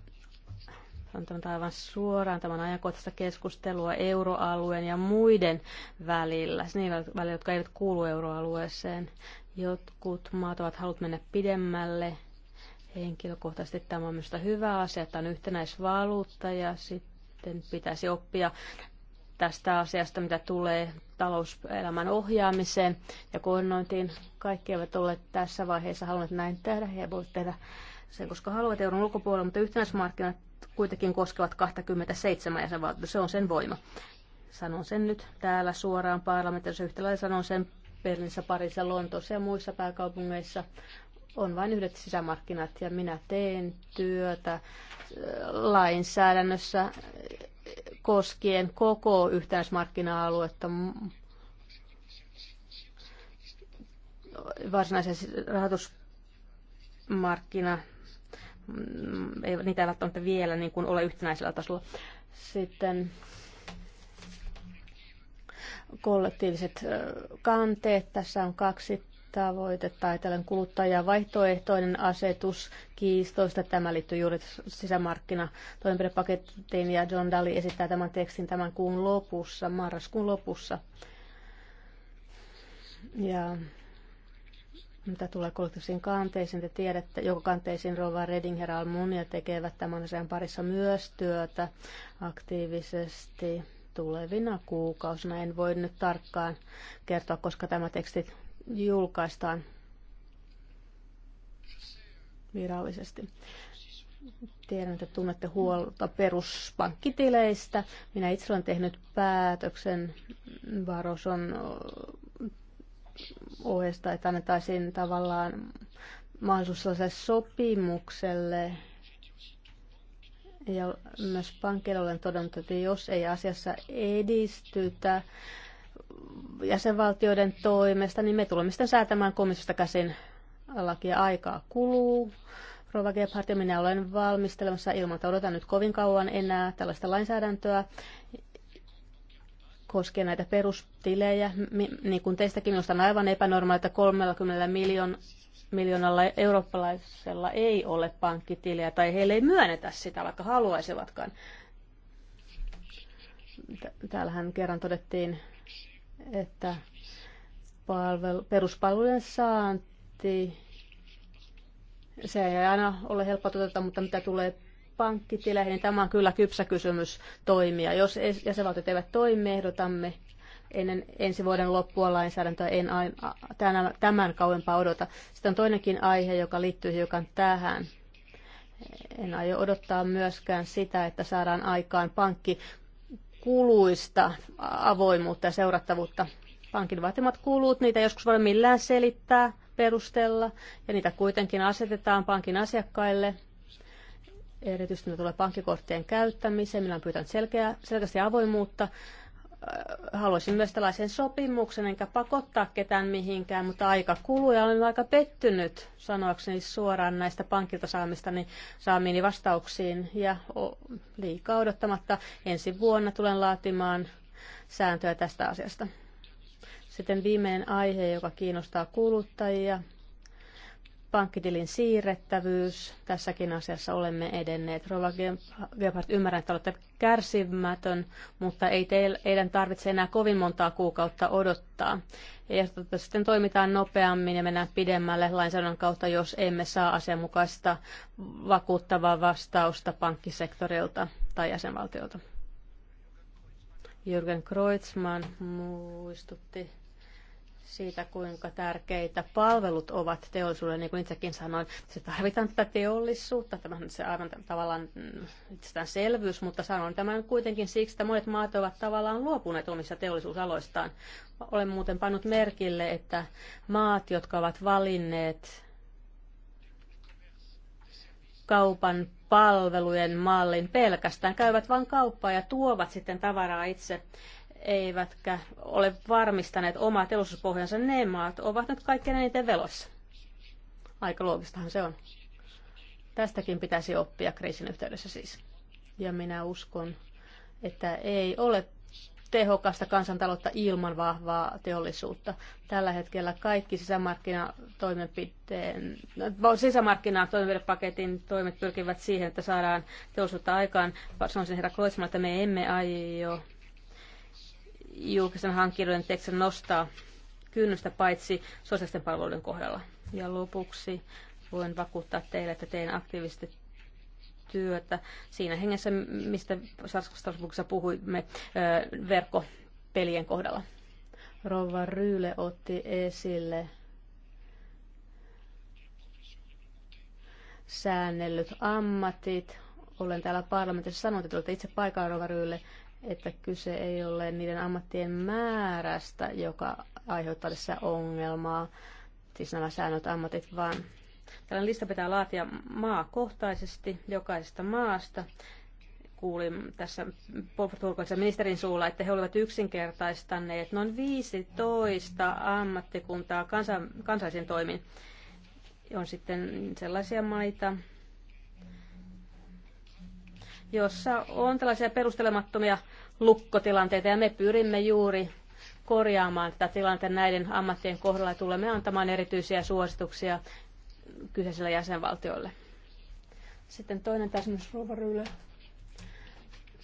On tämä aivan suoraan tämän ajankohtaista keskustelua euroalueen ja muiden välillä, niin välillä, jotka eivät kuulu euroalueeseen. Jotkut maat ovat halunneet mennä pidemmälle. Henkilökohtaisesti tämä on myös hyvä asia, että on yhtenäisvaluutta ja sitten pitäisi oppia tästä asiasta, mitä tulee talouselämän ohjaamiseen ja koordinointiin. Kaikki eivät ole tässä vaiheessa halunneet näin tehdä. He voivat tehdä sen, koska haluavat euron ulkopuolella, mutta yhtenäismarkkinat kuitenkin koskevat 27 jäsenvaltiota. Se on sen voima. Sanon sen nyt täällä suoraan parlamentissa yhtä lailla sanon sen Berliinissä, Pariisissa, Lontoossa ja muissa pääkaupungeissa on vain yhdet sisämarkkinat ja minä teen työtä äh, lainsäädännössä koskien koko yhteismarkkina-aluetta varsinaisen rahoitusmarkkina, ei, niitä ei välttämättä vielä niin kuin ole yhtenäisellä tasolla. Sitten kollektiiviset kanteet. Tässä on kaksi tavoite tai tällainen vaihtoehtoinen asetus kiistoista. Tämä liittyy juuri sisämarkkinatoimenpidepakettiin ja John Daly esittää tämän tekstin tämän kuun lopussa, marraskuun lopussa. Ja mitä tulee kollektiivisiin kanteisiin, te tiedätte, joko kanteisiin Rova Reding ja Munia tekevät tämän asian parissa myös työtä aktiivisesti tulevina kuukausina. En voi nyt tarkkaan kertoa, koska tämä teksti julkaistaan virallisesti. Tiedän, että tunnette huolta peruspankkitileistä. Minä itse olen tehnyt päätöksen Varoson ohjeesta, että annettaisiin tavallaan mahdollisuus sellaiselle sopimukselle. Ja myös pankille olen todennut, että jos ei asiassa edistytä, jäsenvaltioiden toimesta, niin me tulemme sitten säätämään komissiosta käsin lakia aikaa kuluu. Rova Gebhardt ja minä olen valmistelemassa ilman, että odotan nyt kovin kauan enää tällaista lainsäädäntöä koskien näitä perustilejä. Niin kuin teistäkin minusta on aivan epänormaalia, että 30 miljoon, miljoonalla eurooppalaisella ei ole pankkitiliä tai heille ei myönnetä sitä, vaikka haluaisivatkaan. Täällähän kerran todettiin että palvelu, peruspalvelujen saanti, se ei aina ole helppo toteuttaa, mutta mitä tulee pankkitileihin, niin tämä on kyllä kypsä kysymys toimia. Jos jäsenvaltiot eivät toimi, ehdotamme ennen ensi vuoden loppua lainsäädäntöä, en aina, tämän, kauempaa odota. Sitten on toinenkin aihe, joka liittyy hiukan tähän. En aio odottaa myöskään sitä, että saadaan aikaan pankki kuluista avoimuutta ja seurattavuutta. Pankin vaatimat kulut, niitä joskus voi millään selittää, perustella, ja niitä kuitenkin asetetaan pankin asiakkaille. Erityisesti ne tulee pankkikorttien käyttämiseen, millä on pyytänyt selkeä, selkeästi avoimuutta. Äh, haluaisin myös tällaisen sopimuksen, enkä pakottaa ketään mihinkään, mutta aika kuluu ja olen aika pettynyt sanoakseni suoraan näistä pankilta saamistani saamiini vastauksiin ja liikaa odottamatta ensi vuonna tulen laatimaan sääntöä tästä asiasta. Sitten viimeinen aihe, joka kiinnostaa kuluttajia, pankkitilin siirrettävyys. Tässäkin asiassa olemme edenneet. Rova Gebhardt, ymmärrän, että olette kärsimätön, mutta ei teidän tarvitse enää kovin montaa kuukautta odottaa. Ja sitten toimitaan nopeammin ja mennään pidemmälle lainsäädännön kautta, jos emme saa asianmukaista vakuuttavaa vastausta pankkisektorilta tai jäsenvaltiolta. Jürgen Kreutzmann muistutti siitä, kuinka tärkeitä palvelut ovat teollisuudelle, niin kuin itsekin sanoin. Se tarvitaan tätä teollisuutta, tämä on se aivan tavallaan mm, itsestäänselvyys, mutta sanon tämän kuitenkin siksi, että monet maat ovat tavallaan luopuneet omissa teollisuusaloistaan. Olen muuten pannut merkille, että maat, jotka ovat valinneet kaupan palvelujen mallin pelkästään, käyvät vain kauppaa ja tuovat sitten tavaraa itse eivätkä ole varmistaneet omaa teollisuuspohjansa, ne maat ovat nyt kaikkein eniten veloissa. Aika loogistahan se on. Tästäkin pitäisi oppia kriisin yhteydessä siis. Ja minä uskon, että ei ole tehokasta kansantaloutta ilman vahvaa teollisuutta. Tällä hetkellä kaikki sisämarkkinatoimenpiteen, no, toimenpidepaketin toimet pyrkivät siihen, että saadaan teollisuutta aikaan. Sanoisin herra Kloitsman, että me emme aio julkisen hankinnan teksti nostaa kynnystä paitsi sosiaalisten palveluiden kohdalla. Ja lopuksi voin vakuuttaa teille, että teen aktiivisesti työtä siinä hengessä, mistä Sarskostasbuksessa puhuimme verkkopelien kohdalla. Rova Ryyle otti esille säännellyt ammatit. Olen täällä parlamentissa sanonut, että olette itse paikalla Rova Ryyle että kyse ei ole niiden ammattien määrästä, joka aiheuttaa tässä ongelmaa, siis nämä säännöt ammatit, vaan tällainen lista pitää laatia maakohtaisesti jokaisesta maasta. Kuulin tässä puolustusturvallisuuden ministerin suulla, että he olivat yksinkertaistaneet noin 15 ammattikuntaa kansa, kansallisin toimin. On sitten sellaisia maita, jossa on tällaisia perustelemattomia lukkotilanteita ja me pyrimme juuri korjaamaan tätä tilanteen näiden ammattien kohdalla ja tulemme antamaan erityisiä suosituksia kyseisille jäsenvaltioille. Sitten toinen täsmys Ruovaryylle.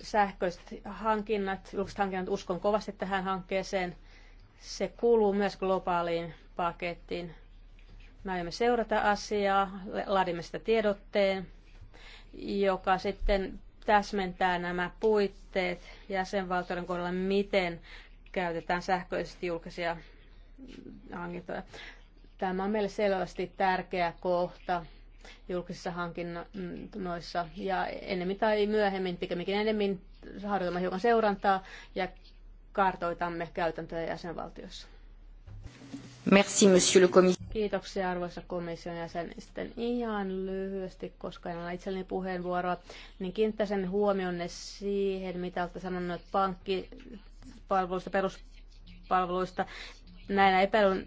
Sähköiset hankinnat, julkiset hankinnat, uskon kovasti tähän hankkeeseen. Se kuuluu myös globaaliin pakettiin. Me aiomme seurata asiaa, laadimme sitä tiedotteen, joka sitten täsmentää nämä puitteet jäsenvaltioiden kohdalla, miten käytetään sähköisesti julkisia hankintoja. Tämä on meille selvästi tärkeä kohta julkisissa hankinnoissa ja enemmän tai myöhemmin, pikemminkin enemmän harjoitamme hiukan seurantaa ja kartoitamme käytäntöjä jäsenvaltiossa. Merci, monsieur le commissaire. Kiitoksia arvoisa komission jäsen. Sitten ihan lyhyesti, koska en ole itselleni puheenvuoroa, niin kiinnittäisin huomionne siihen, mitä olette sanoneet pankkipalveluista, peruspalveluista näinä epäilyn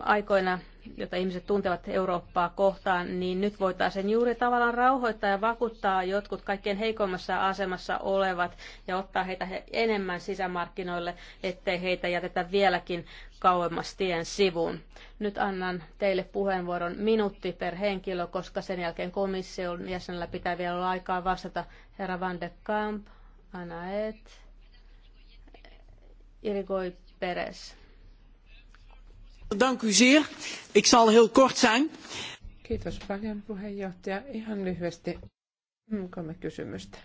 aikoina, jota ihmiset tuntevat Eurooppaa kohtaan, niin nyt voitaisiin juuri tavallaan rauhoittaa ja vakuuttaa jotkut kaikkein heikoimmassa asemassa olevat ja ottaa heitä enemmän sisämarkkinoille, ettei heitä jätetä vieläkin kauemmas tien sivuun. Nyt annan teille puheenvuoron minuutti per henkilö, koska sen jälkeen komission jäsenellä pitää vielä olla aikaa vastata. Herra Van de Kamp, Anaet, Irigoi Peres. Dank u zeer. Ik zal heel kort zijn. Kiitos paljon puheenjohtaja. Ihan lyhyesti kolme kysymystä.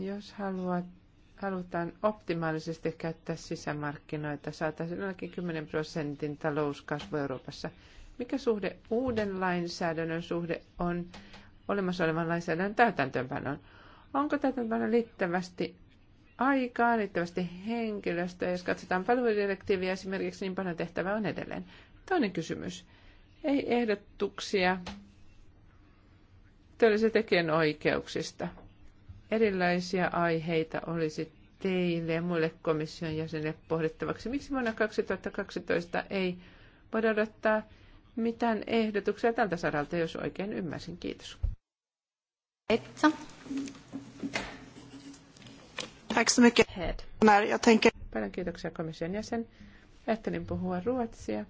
Jos haluat, halutaan optimaalisesti käyttää sisämarkkinoita, saataisiin ainakin 10 prosentin talouskasvu Euroopassa. Mikä suhde uuden lainsäädännön suhde on olemassa olevan lainsäädännön täytäntöönpanoon? Onko täytäntöönpano riittävästi aikaa, riittävästi henkilöstöä. Jos katsotaan palveludirektiiviä esimerkiksi, niin paljon tehtävää on edelleen. Toinen kysymys. Ei ehdotuksia tekijän oikeuksista. Erilaisia aiheita olisi teille ja muille komission jäsenille pohdittavaksi. Miksi vuonna 2012 ei voida odottaa mitään ehdotuksia tältä saralta, jos oikein ymmärsin? Kiitos. Etsa. Tack så mycket. Head. Jag tänker... Paljon kiitoksia komission jäsen. Ajattelin puhua ruotsia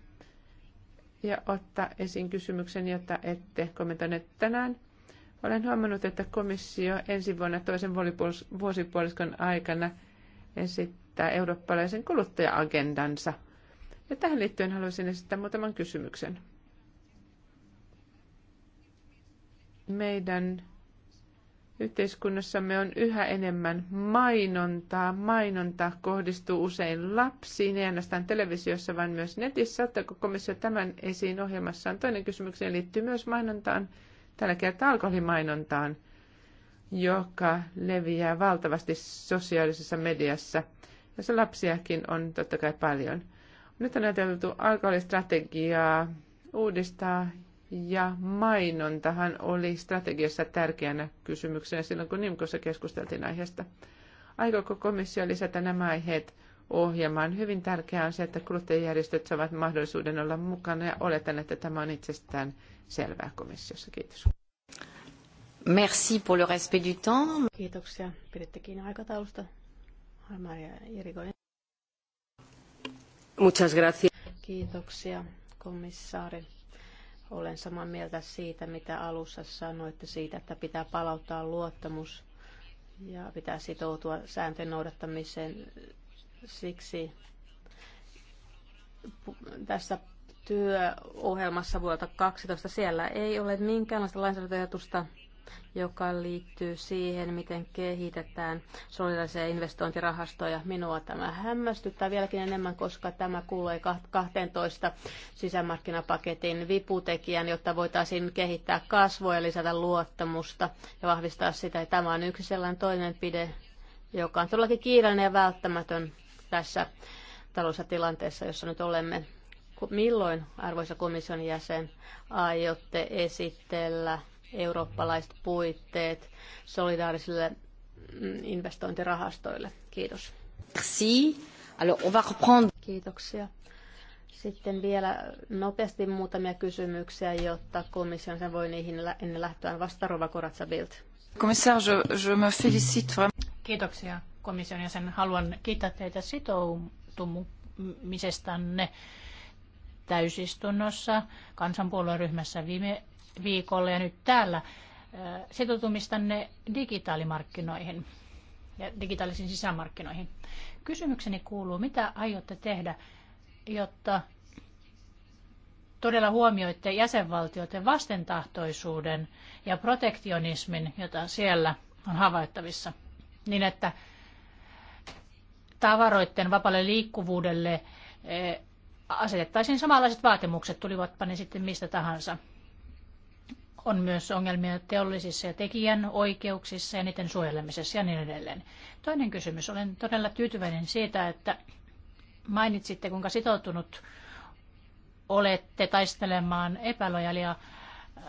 ja ottaa esiin kysymyksen, jota ette kommentoineet tänään. Olen huomannut, että komissio ensi vuonna toisen vuosipuoliskon aikana esittää eurooppalaisen kuluttaja-agendansa. Ja tähän liittyen haluaisin esittää muutaman kysymyksen. Meidän Yhteiskunnassamme on yhä enemmän mainontaa. Mainonta kohdistuu usein lapsiin, ei ainoastaan televisiossa, vaan myös netissä. Ottaako komissio tämän esiin ohjelmassaan? Toinen kysymys liittyy myös mainontaan, tällä kertaa alkoholimainontaan, joka leviää valtavasti sosiaalisessa mediassa, jossa lapsiakin on totta kai paljon. Nyt on ajateltu alkoholistrategiaa uudistaa ja mainontahan oli strategiassa tärkeänä kysymyksenä silloin, kun Nimkossa keskusteltiin aiheesta. Aikooko komissio lisätä nämä aiheet ohjelmaan? Hyvin tärkeää on se, että kuluttajajärjestöt saavat mahdollisuuden olla mukana ja oletan, että tämä on itsestään selvää komissiossa. Kiitos. Merci pour le respect du temps. Kiitoksia. Piditte kiinni aikataulusta. Maria Irikoinen. Muchas gracias. Kiitoksia, komissaari olen samaa mieltä siitä, mitä alussa sanoitte siitä, että pitää palauttaa luottamus ja pitää sitoutua sääntöjen noudattamiseen. Siksi tässä työohjelmassa vuodelta 12 siellä ei ole minkäänlaista lainsäädäntöehdotusta joka liittyy siihen, miten kehitetään solidaarisia investointirahastoja. Minua tämä hämmästyttää vieläkin enemmän, koska tämä kuulee 12 sisämarkkinapaketin viputekijän, jotta voitaisiin kehittää kasvua ja lisätä luottamusta ja vahvistaa sitä. Tämä on yksi sellainen toimenpide, joka on todellakin kiireinen ja välttämätön tässä taloudellisessa tilanteessa, jossa nyt olemme. Milloin, arvoisa komission jäsen, aiotte esitellä eurooppalaiset puitteet solidaarisille mm, investointirahastoille. Kiitos. Merci. Alors, on va reprendre. Kiitoksia. Sitten vielä nopeasti muutamia kysymyksiä, jotta komission sen voi niihin ennen lähtöä vastata Rova Koratsa-Bild. Komissaire, je, je me félicite Kiitoksia komission ja sen haluan kiittää teitä sitoutumisestanne täysistunnossa kansanpuolueryhmässä viime viikolla ja nyt täällä äh, sitoutumistanne digitaalimarkkinoihin ja digitaalisiin sisämarkkinoihin. Kysymykseni kuuluu, mitä aiotte tehdä, jotta todella huomioitte jäsenvaltioiden vastentahtoisuuden ja protektionismin, jota siellä on havaittavissa, niin että tavaroiden vapaalle liikkuvuudelle eh, asetettaisiin samanlaiset vaatimukset, tulivatpa ne sitten mistä tahansa. On myös ongelmia teollisissa ja tekijän oikeuksissa ja niiden suojelemisessa ja niin edelleen. Toinen kysymys. Olen todella tyytyväinen siitä, että mainitsitte, kuinka sitoutunut olette taistelemaan epälojalia äh,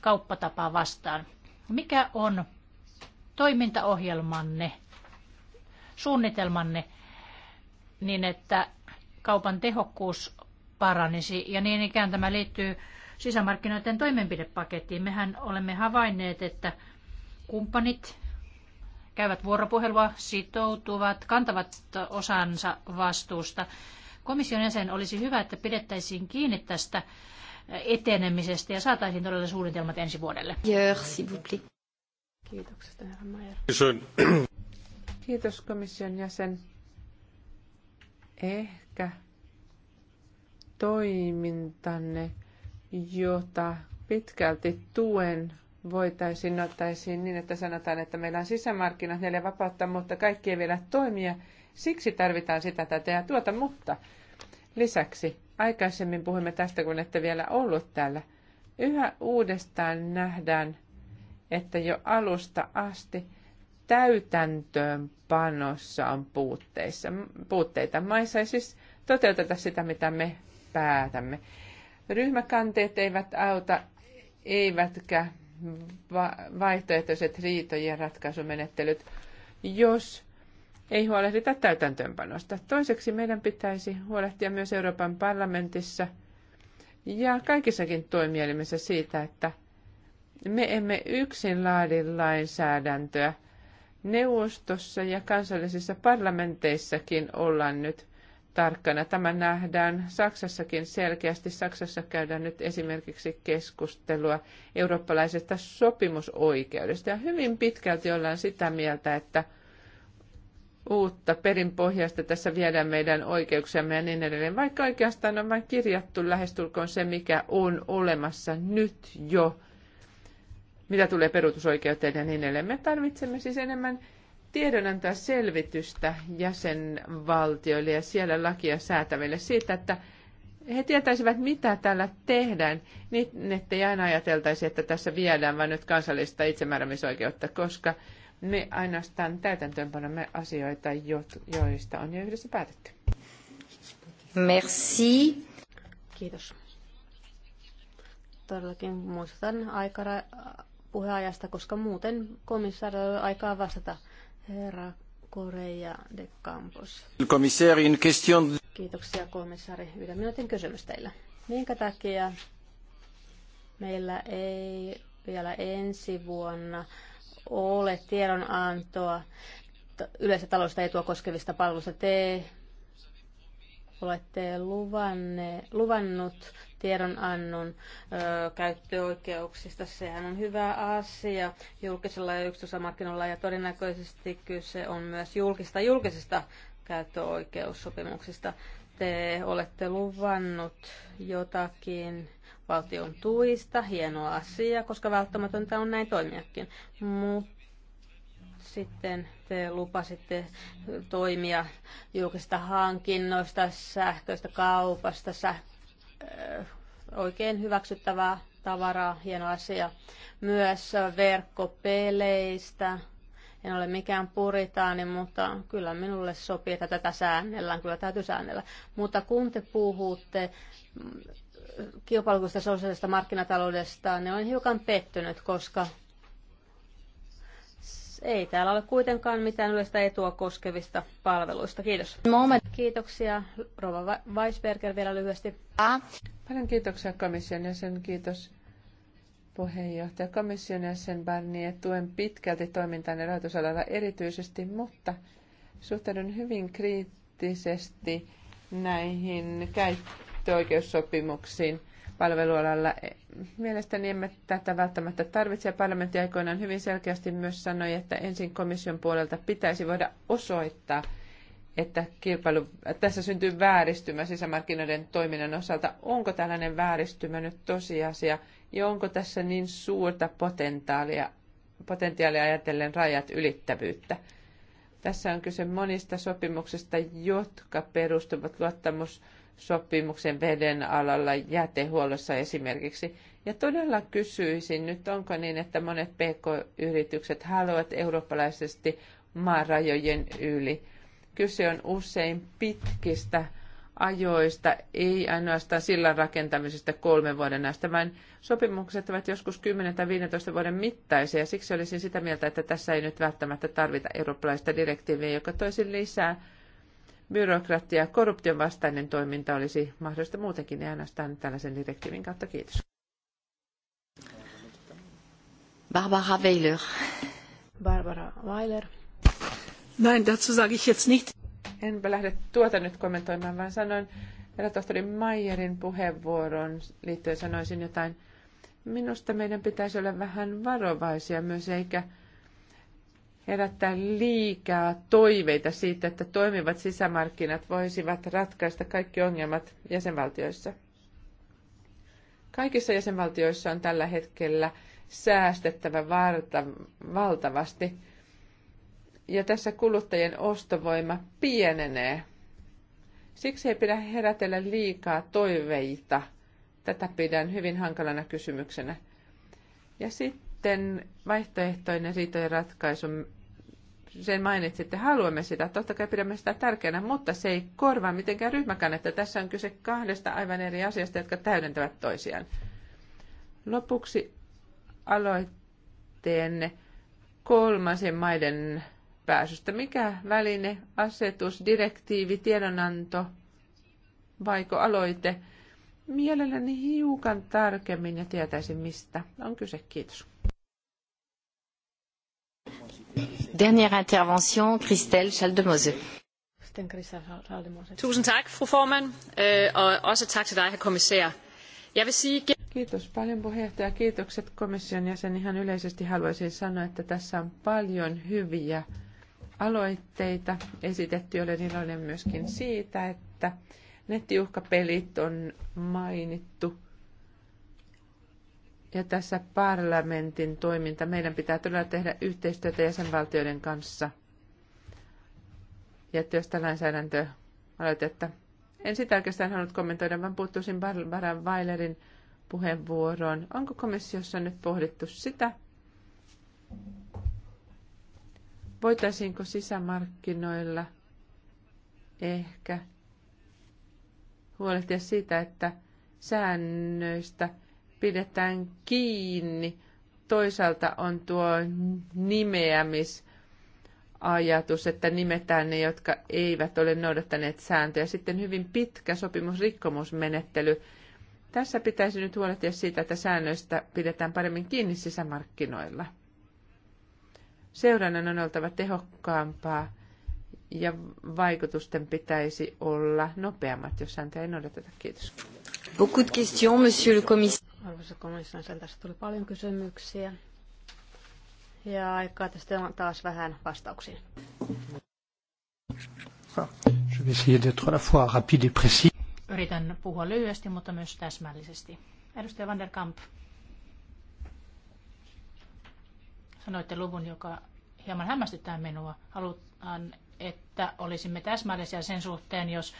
kauppatapaa vastaan. Mikä on toimintaohjelmanne, suunnitelmanne niin, että kaupan tehokkuus paranisi? Ja niin ikään tämä liittyy sisämarkkinoiden toimenpidepakettiin. Mehän olemme havainneet, että kumppanit käyvät vuoropuhelua, sitoutuvat, kantavat osansa vastuusta. Komission jäsen olisi hyvä, että pidettäisiin kiinni tästä etenemisestä ja saataisiin todella suunnitelmat ensi vuodelle. Kiitokset, herra Mayer. Kiitos komission jäsen. Ehkä toimintanne jota pitkälti tuen voitaisiin ottaa esiin niin, että sanotaan, että meillä on sisämarkkinat, neljä vapautta, mutta kaikki ei vielä toimia. Siksi tarvitaan sitä tätä ja tuota, mutta lisäksi aikaisemmin puhuimme tästä, kun ette vielä ollut täällä. Yhä uudestaan nähdään, että jo alusta asti täytäntöönpanossa on puutteita. Maissa ei siis toteuteta sitä, mitä me päätämme. Ryhmäkanteet eivät auta, eivätkä vaihtoehtoiset riitojen ratkaisumenettelyt, jos ei huolehdita täytäntöönpanosta. Toiseksi meidän pitäisi huolehtia myös Euroopan parlamentissa ja kaikissakin toimielimissä siitä, että me emme yksin laadi lainsäädäntöä. Neuvostossa ja kansallisissa parlamenteissakin ollaan nyt tarkkana. Tämä nähdään Saksassakin selkeästi. Saksassa käydään nyt esimerkiksi keskustelua eurooppalaisesta sopimusoikeudesta. Ja hyvin pitkälti ollaan sitä mieltä, että uutta perinpohjasta tässä viedään meidän oikeuksiamme ja niin edelleen, vaikka oikeastaan on vain kirjattu lähestulkoon se, mikä on olemassa nyt jo, mitä tulee peruutusoikeuteen ja niin edelleen. Me tarvitsemme siis enemmän Tiedonantoa selvitystä jäsenvaltioille ja siellä lakia säätäville siitä, että he tietäisivät, mitä täällä tehdään, niin ettei aina ajateltaisi, että tässä viedään vain nyt kansallista itsemääräämisoikeutta, koska me ainoastaan täytäntöönpanemme asioita, joista on jo yhdessä päätetty. Merci. Kiitos. Todellakin muistutan aikara puheajasta, koska muuten komissaarilla aikaa vastata herra Korea de Campos. Komissaari, question... Kiitoksia komissaari. Yhden minuutin kysymys teille. Minkä takia meillä ei vielä ensi vuonna ole tiedonantoa yleistä taloudellista etua koskevista palveluista. Te olette luvanne, luvannut tiedonannon ö, käyttöoikeuksista. Sehän on hyvä asia julkisella ja yksityisellä ja todennäköisesti kyse on myös julkista julkisista käyttöoikeussopimuksista. Te olette luvannut jotakin valtion tuista, hieno asia, koska välttämätöntä on näin toimiakin. Mutta sitten te lupasitte toimia julkista hankinnoista, sähköistä kaupasta, säh- oikein hyväksyttävää tavaraa, hieno asia. Myös verkkopeleistä. En ole mikään puritaani, mutta kyllä minulle sopii, että tätä säännellään, kyllä täytyy säännellä. Mutta kun te puhutte mm, kilpailukyvystä sosiaalisesta markkinataloudesta, niin olen hiukan pettynyt, koska ei täällä ole kuitenkaan mitään yleistä etua koskevista palveluista. Kiitos. Moment. Kiitoksia. Rova Weisberger vielä lyhyesti. Paljon kiitoksia komission jäsen. Kiitos puheenjohtaja komission jäsen Barnier. Tuen pitkälti toimintanne rahoitusalalla erityisesti, mutta suhtaudun hyvin kriittisesti näihin käyttöoikeussopimuksiin – palvelualalla. Mielestäni emme tätä välttämättä tarvitse. Parlamentti aikoinaan hyvin selkeästi myös sanoi, että ensin komission puolelta pitäisi voida osoittaa, että kilpailu, tässä syntyy vääristymä sisämarkkinoiden toiminnan osalta. Onko tällainen vääristymä nyt tosiasia ja onko tässä niin suurta potentiaalia, potentiaalia ajatellen rajat ylittävyyttä? Tässä on kyse monista sopimuksista, jotka perustuvat luottamus sopimuksen veden alalla, jätehuollossa esimerkiksi. Ja todella kysyisin nyt, onko niin, että monet pk-yritykset haluavat eurooppalaisesti maarajojen yli. Kyse on usein pitkistä ajoista, ei ainoastaan sillan rakentamisesta kolmen vuoden näistä, vaan sopimukset ovat joskus 10 tai 15 vuoden mittaisia. Siksi olisin sitä mieltä, että tässä ei nyt välttämättä tarvita eurooppalaista direktiiviä, joka toisi lisää byrokratia ja korruption vastainen toiminta olisi mahdollista muutenkin ei ainoastaan tällaisen direktiivin kautta. Kiitos. Barbara Weiler. Barbara Weiler. Nein, dazu sage ich jetzt nicht. Enpä lähde tuota nyt kommentoimaan, vaan sanoin herra tohtori Mayerin puheenvuoron liittyen sanoisin jotain. Minusta meidän pitäisi olla vähän varovaisia myös, eikä herättää liikaa toiveita siitä, että toimivat sisämarkkinat voisivat ratkaista kaikki ongelmat jäsenvaltioissa. Kaikissa jäsenvaltioissa on tällä hetkellä säästettävä valtavasti, ja tässä kuluttajien ostovoima pienenee. Siksi ei pidä herätellä liikaa toiveita. Tätä pidän hyvin hankalana kysymyksenä. Ja sitten sitten vaihtoehtoinen riitojen ratkaisu, sen että haluamme sitä, totta kai pidämme sitä tärkeänä, mutta se ei korvaa mitenkään ryhmäkannetta. Tässä on kyse kahdesta aivan eri asiasta, jotka täydentävät toisiaan. Lopuksi aloitteenne kolmasen maiden pääsystä. Mikä väline, asetus, direktiivi, tiedonanto vaiko aloite? Mielelläni hiukan tarkemmin ja tietäisin mistä on kyse. Kiitos. Dernière intervention, Christelle Schaldemose. Tusind tak, fru formand, øh, og også tak til dig, herr kommissær. Jeg vil sige... Kiitos paljon puheenjohtaja. Kiitokset komission jäsen. Ihan yleisesti haluaisin sanoa, että tässä on paljon hyviä aloitteita esitetty. Olen iloinen myöskin siitä, että nettiuhkapelit on mainittu ja tässä parlamentin toiminta, meidän pitää todella tehdä yhteistyötä jäsenvaltioiden kanssa ja työstä aloitetta. En sitä oikeastaan halunnut kommentoida, vaan puuttuisin Barbara Weilerin puheenvuoroon. Onko komissiossa nyt pohdittu sitä, voitaisiinko sisämarkkinoilla ehkä huolehtia siitä, että säännöistä – pidetään kiinni. Toisaalta on tuo nimeämisajatus, että nimetään ne, jotka eivät ole noudattaneet sääntöjä. Sitten hyvin pitkä sopimusrikkomusmenettely. Tässä pitäisi nyt huolehtia siitä, että säännöistä pidetään paremmin kiinni sisämarkkinoilla. Seurannan on oltava tehokkaampaa ja vaikutusten pitäisi olla nopeammat, jos sääntöjä ei noudateta. Kiitos arvoisa sen Tässä tuli paljon kysymyksiä ja aikaa tästä on taas vähän vastauksiin. Ah, je vais essayer d'être à la fois rapide et précis. Yritän puhua lyhyesti, mutta myös täsmällisesti. Edustaja Van der Kamp, sanoitte luvun, joka hieman hämmästyttää minua. Halutaan, että olisimme täsmällisiä sen suhteen, jos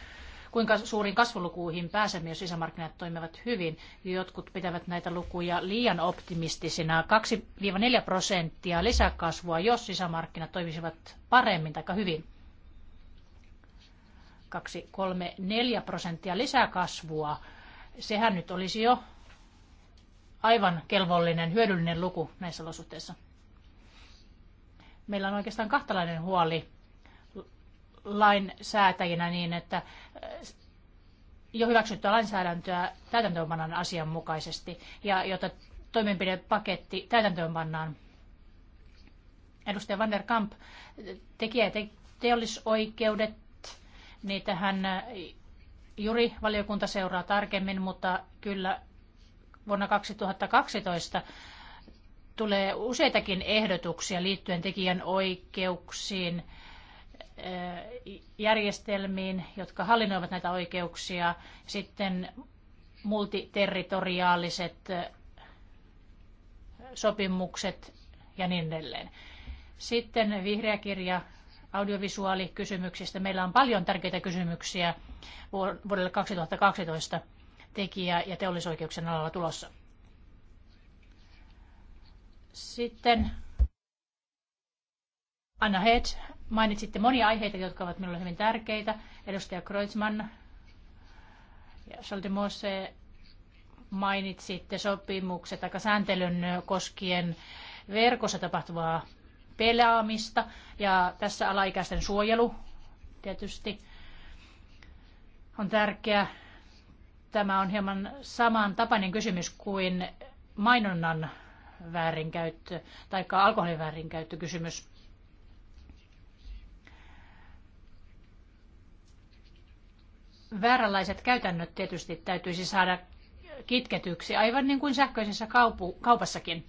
kuinka suuriin kasvulukuihin pääsemme, jos sisämarkkinat toimivat hyvin. Jotkut pitävät näitä lukuja liian optimistisina. 2-4 prosenttia lisäkasvua, jos sisämarkkinat toimisivat paremmin tai hyvin. 2, 3, 4 prosenttia lisäkasvua. Sehän nyt olisi jo aivan kelvollinen, hyödyllinen luku näissä olosuhteissa. Meillä on oikeastaan kahtalainen huoli lainsäätäjinä niin, että äh, jo hyväksyttyä lainsäädäntöä asian asianmukaisesti ja jotta toimenpidepaketti täytäntöönpannaan. Edustaja Van der Kamp, tekijä- te- teollisoikeudet, niitähän äh, juri valiokunta seuraa tarkemmin, mutta kyllä vuonna 2012 tulee useitakin ehdotuksia liittyen tekijän oikeuksiin Eh, järjestelmiin, jotka hallinnoivat näitä oikeuksia. Sitten multiterritoriaaliset eh, sopimukset ja niin edelleen. Sitten vihreä kirja audiovisuaalikysymyksistä. Meillä on paljon tärkeitä kysymyksiä vuodelle 2012 tekijä- ja teollisoikeuksien alalla tulossa. Sitten Anna Hedge, Mainitsitte monia aiheita, jotka ovat minulle hyvin tärkeitä. Edustaja Kreutzmann ja Soldemose mainitsitte sopimukset tai sääntelyn koskien verkossa tapahtuvaa pelaamista ja tässä alaikäisten suojelu tietysti on tärkeä. Tämä on hieman tapainen kysymys kuin mainonnan väärinkäyttö tai alkoholin väärinkäyttökysymys. vääränlaiset käytännöt tietysti täytyisi saada kitketyksi, aivan niin kuin sähköisessä kaupu, kaupassakin.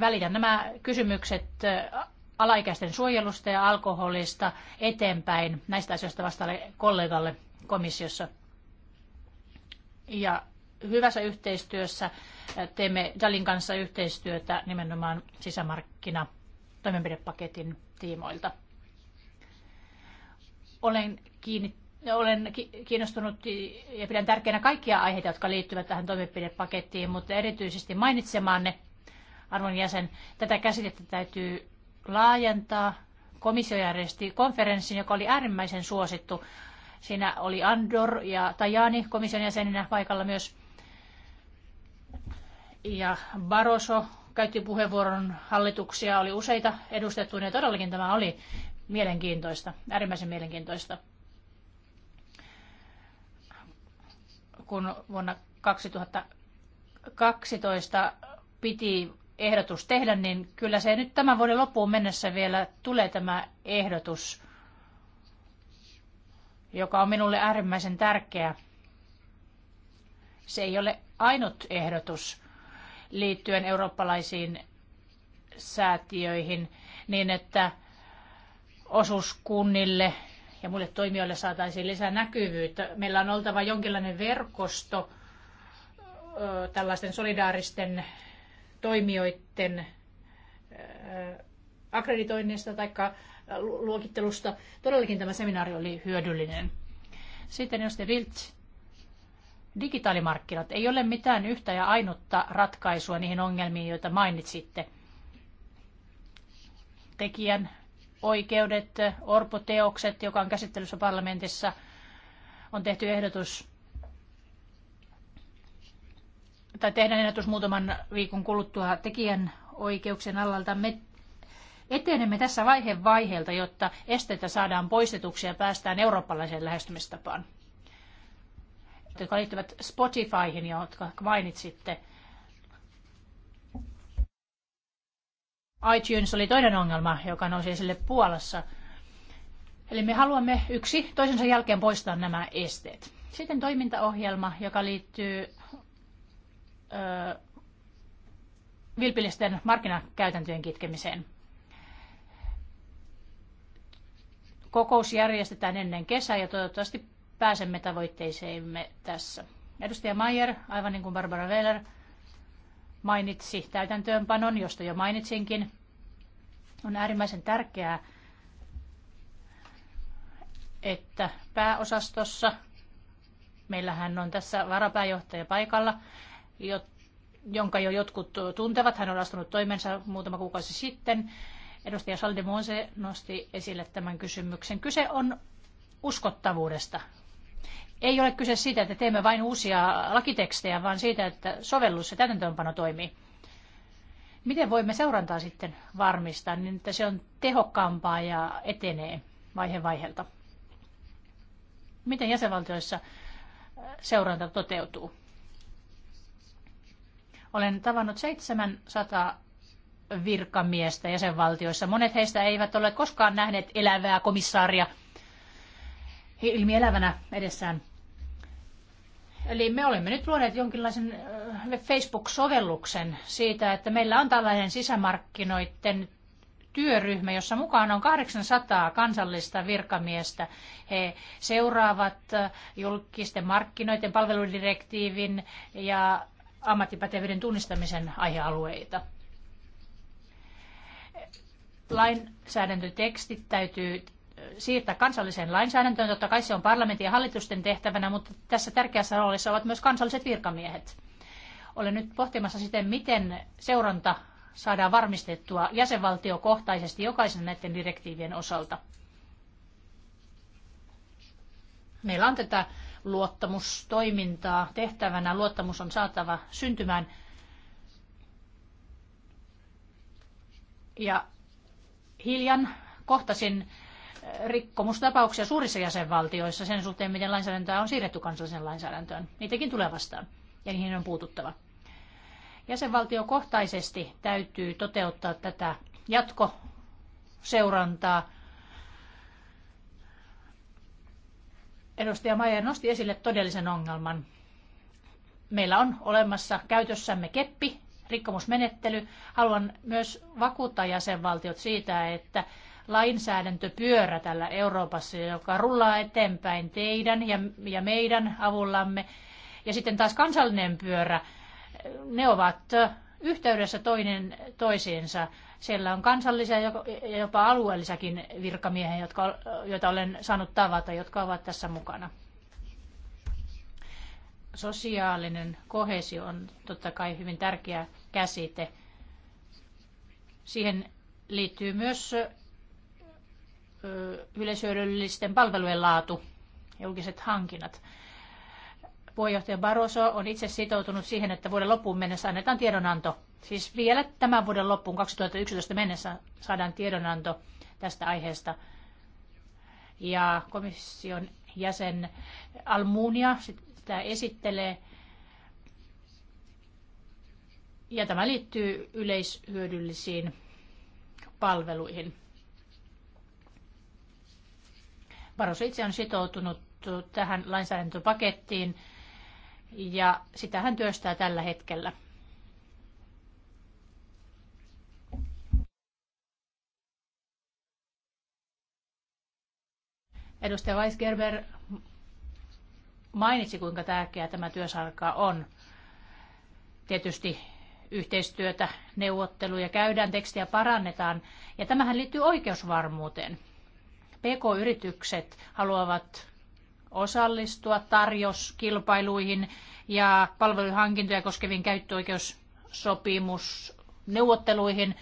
Välitän nämä kysymykset äh, alaikäisten suojelusta ja alkoholista eteenpäin näistä asioista vastaalle kollegalle komissiossa. Ja hyvässä yhteistyössä äh, teemme Dalin kanssa yhteistyötä nimenomaan sisämarkkina toimenpidepaketin tiimoilta. Olen kiinni, olen kiinnostunut ja pidän tärkeänä kaikkia aiheita, jotka liittyvät tähän toimenpidepakettiin, mutta erityisesti mainitsemaanne, arvon jäsen, tätä käsitettä täytyy laajentaa. Komissio järjesti konferenssin, joka oli äärimmäisen suosittu. Siinä oli Andor ja Tajani komission jäsenenä paikalla myös. Ja Baroso käytti puheenvuoron hallituksia, oli useita edustettuja ja todellakin tämä oli mielenkiintoista, äärimmäisen mielenkiintoista. kun vuonna 2012 piti ehdotus tehdä, niin kyllä se nyt tämän vuoden loppuun mennessä vielä tulee tämä ehdotus, joka on minulle äärimmäisen tärkeä. Se ei ole ainut ehdotus liittyen eurooppalaisiin säätiöihin, niin että osuuskunnille ja muille toimijoille saataisiin lisää näkyvyyttä. Meillä on oltava jonkinlainen verkosto tällaisten solidaaristen toimijoiden akkreditoinnista tai luokittelusta. Todellakin tämä seminaari oli hyödyllinen. Sitten jos te Vilt, digitaalimarkkinat. Ei ole mitään yhtä ja ainutta ratkaisua niihin ongelmiin, joita mainitsitte. Tekijän oikeudet, orpoteokset, joka on käsittelyssä parlamentissa, on tehty ehdotus tai tehdään ehdotus muutaman viikon kuluttua tekijän oikeuksien alalta. Me etenemme tässä vaihe vaiheelta, jotta esteitä saadaan poistetuksi ja päästään eurooppalaiseen lähestymistapaan. Jotka liittyvät Spotifyhin, jotka mainitsitte. iTunes oli toinen ongelma, joka nousi esille Puolassa. Eli me haluamme yksi toisensa jälkeen poistaa nämä esteet. Sitten toimintaohjelma, joka liittyy ö, vilpillisten markkinakäytäntöjen kitkemiseen. Kokous järjestetään ennen kesää ja toivottavasti pääsemme tavoitteisiimme tässä. Edustaja Mayer, aivan niin kuin Barbara Weller, mainitsi täytäntöönpanon, josta jo mainitsinkin. On äärimmäisen tärkeää, että pääosastossa, meillähän on tässä varapääjohtaja paikalla, jonka jo jotkut tuntevat. Hän on astunut toimensa muutama kuukausi sitten. Edustaja Salde Monse nosti esille tämän kysymyksen. Kyse on uskottavuudesta, ei ole kyse siitä, että teemme vain uusia lakitekstejä, vaan siitä, että sovellus ja täytäntöönpano toimii. Miten voimme seurantaa sitten varmistaa, niin että se on tehokkaampaa ja etenee vaihe vaiheelta? Miten jäsenvaltioissa äh, seuranta toteutuu? Olen tavannut 700 virkamiestä jäsenvaltioissa. Monet heistä eivät ole koskaan nähneet elävää komissaaria ilmielävänä edessään. Eli me olemme nyt luoneet jonkinlaisen Facebook-sovelluksen siitä, että meillä on tällainen sisämarkkinoiden työryhmä, jossa mukaan on 800 kansallista virkamiestä. He seuraavat julkisten markkinoiden palveludirektiivin ja ammattipätevyyden tunnistamisen aihealueita. Lainsäädäntötekstit täytyy siirtää kansalliseen lainsäädäntöön. Totta kai se on parlamentin ja hallitusten tehtävänä, mutta tässä tärkeässä roolissa ovat myös kansalliset virkamiehet. Olen nyt pohtimassa sitten, miten seuranta saadaan varmistettua jäsenvaltiokohtaisesti jokaisen näiden direktiivien osalta. Meillä on tätä luottamustoimintaa tehtävänä. Luottamus on saatava syntymään. Ja hiljan kohtasin rikkomustapauksia suurissa jäsenvaltioissa sen suhteen, miten lainsäädäntöä on siirretty kansalliseen lainsäädäntöön. Niitäkin tulee vastaan ja niihin on puututtava. Jäsenvaltiokohtaisesti täytyy toteuttaa tätä jatkoseurantaa. Edustaja Maija nosti esille todellisen ongelman. Meillä on olemassa käytössämme keppi, rikkomusmenettely. Haluan myös vakuuttaa jäsenvaltiot siitä, että lainsäädäntöpyörä tällä Euroopassa, joka rullaa eteenpäin teidän ja, ja meidän avullamme. Ja sitten taas kansallinen pyörä, ne ovat yhteydessä toinen toisiinsa. Siellä on kansallisia ja jopa alueellisiakin virkamiehiä, jotka, joita olen saanut tavata, jotka ovat tässä mukana. Sosiaalinen kohesio on totta kai hyvin tärkeä käsite. Siihen liittyy myös yleishyödyllisten palvelujen laatu, julkiset hankinnat. Puheenjohtaja Baroso on itse sitoutunut siihen, että vuoden loppuun mennessä annetaan tiedonanto. Siis vielä tämän vuoden loppuun 2011 mennessä saadaan tiedonanto tästä aiheesta. Ja komission jäsen Almunia sitä esittelee. Ja tämä liittyy yleishyödyllisiin palveluihin. Barroso itse on sitoutunut tähän lainsäädäntöpakettiin ja sitä hän työstää tällä hetkellä. Edustaja Weisgerber mainitsi, kuinka tärkeää tämä työsarka on. Tietysti yhteistyötä, neuvotteluja käydään, tekstiä parannetaan. Ja tämähän liittyy oikeusvarmuuteen. PK-yritykset haluavat osallistua tarjouskilpailuihin ja palveluhankintoja koskeviin käyttöoikeussopimusneuvotteluihin.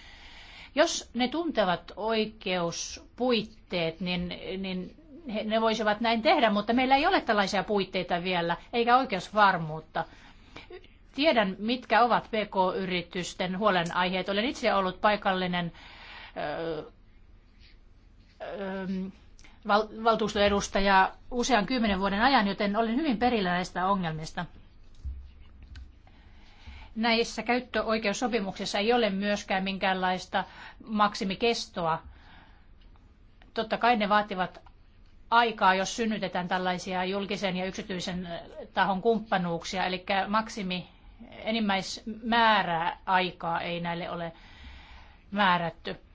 Jos ne tuntevat oikeuspuitteet, niin, niin ne voisivat näin tehdä, mutta meillä ei ole tällaisia puitteita vielä, eikä oikeusvarmuutta. Tiedän, mitkä ovat PK-yritysten huolenaiheet. Olen itse ollut paikallinen val- valtuustoedustaja usean kymmenen vuoden ajan, joten olen hyvin perillä näistä ongelmista. Näissä käyttöoikeussopimuksissa ei ole myöskään minkäänlaista maksimikestoa. Totta kai ne vaativat aikaa, jos synnytetään tällaisia julkisen ja yksityisen tahon kumppanuuksia, eli maksimi enimmäismäärää aikaa ei näille ole määrätty.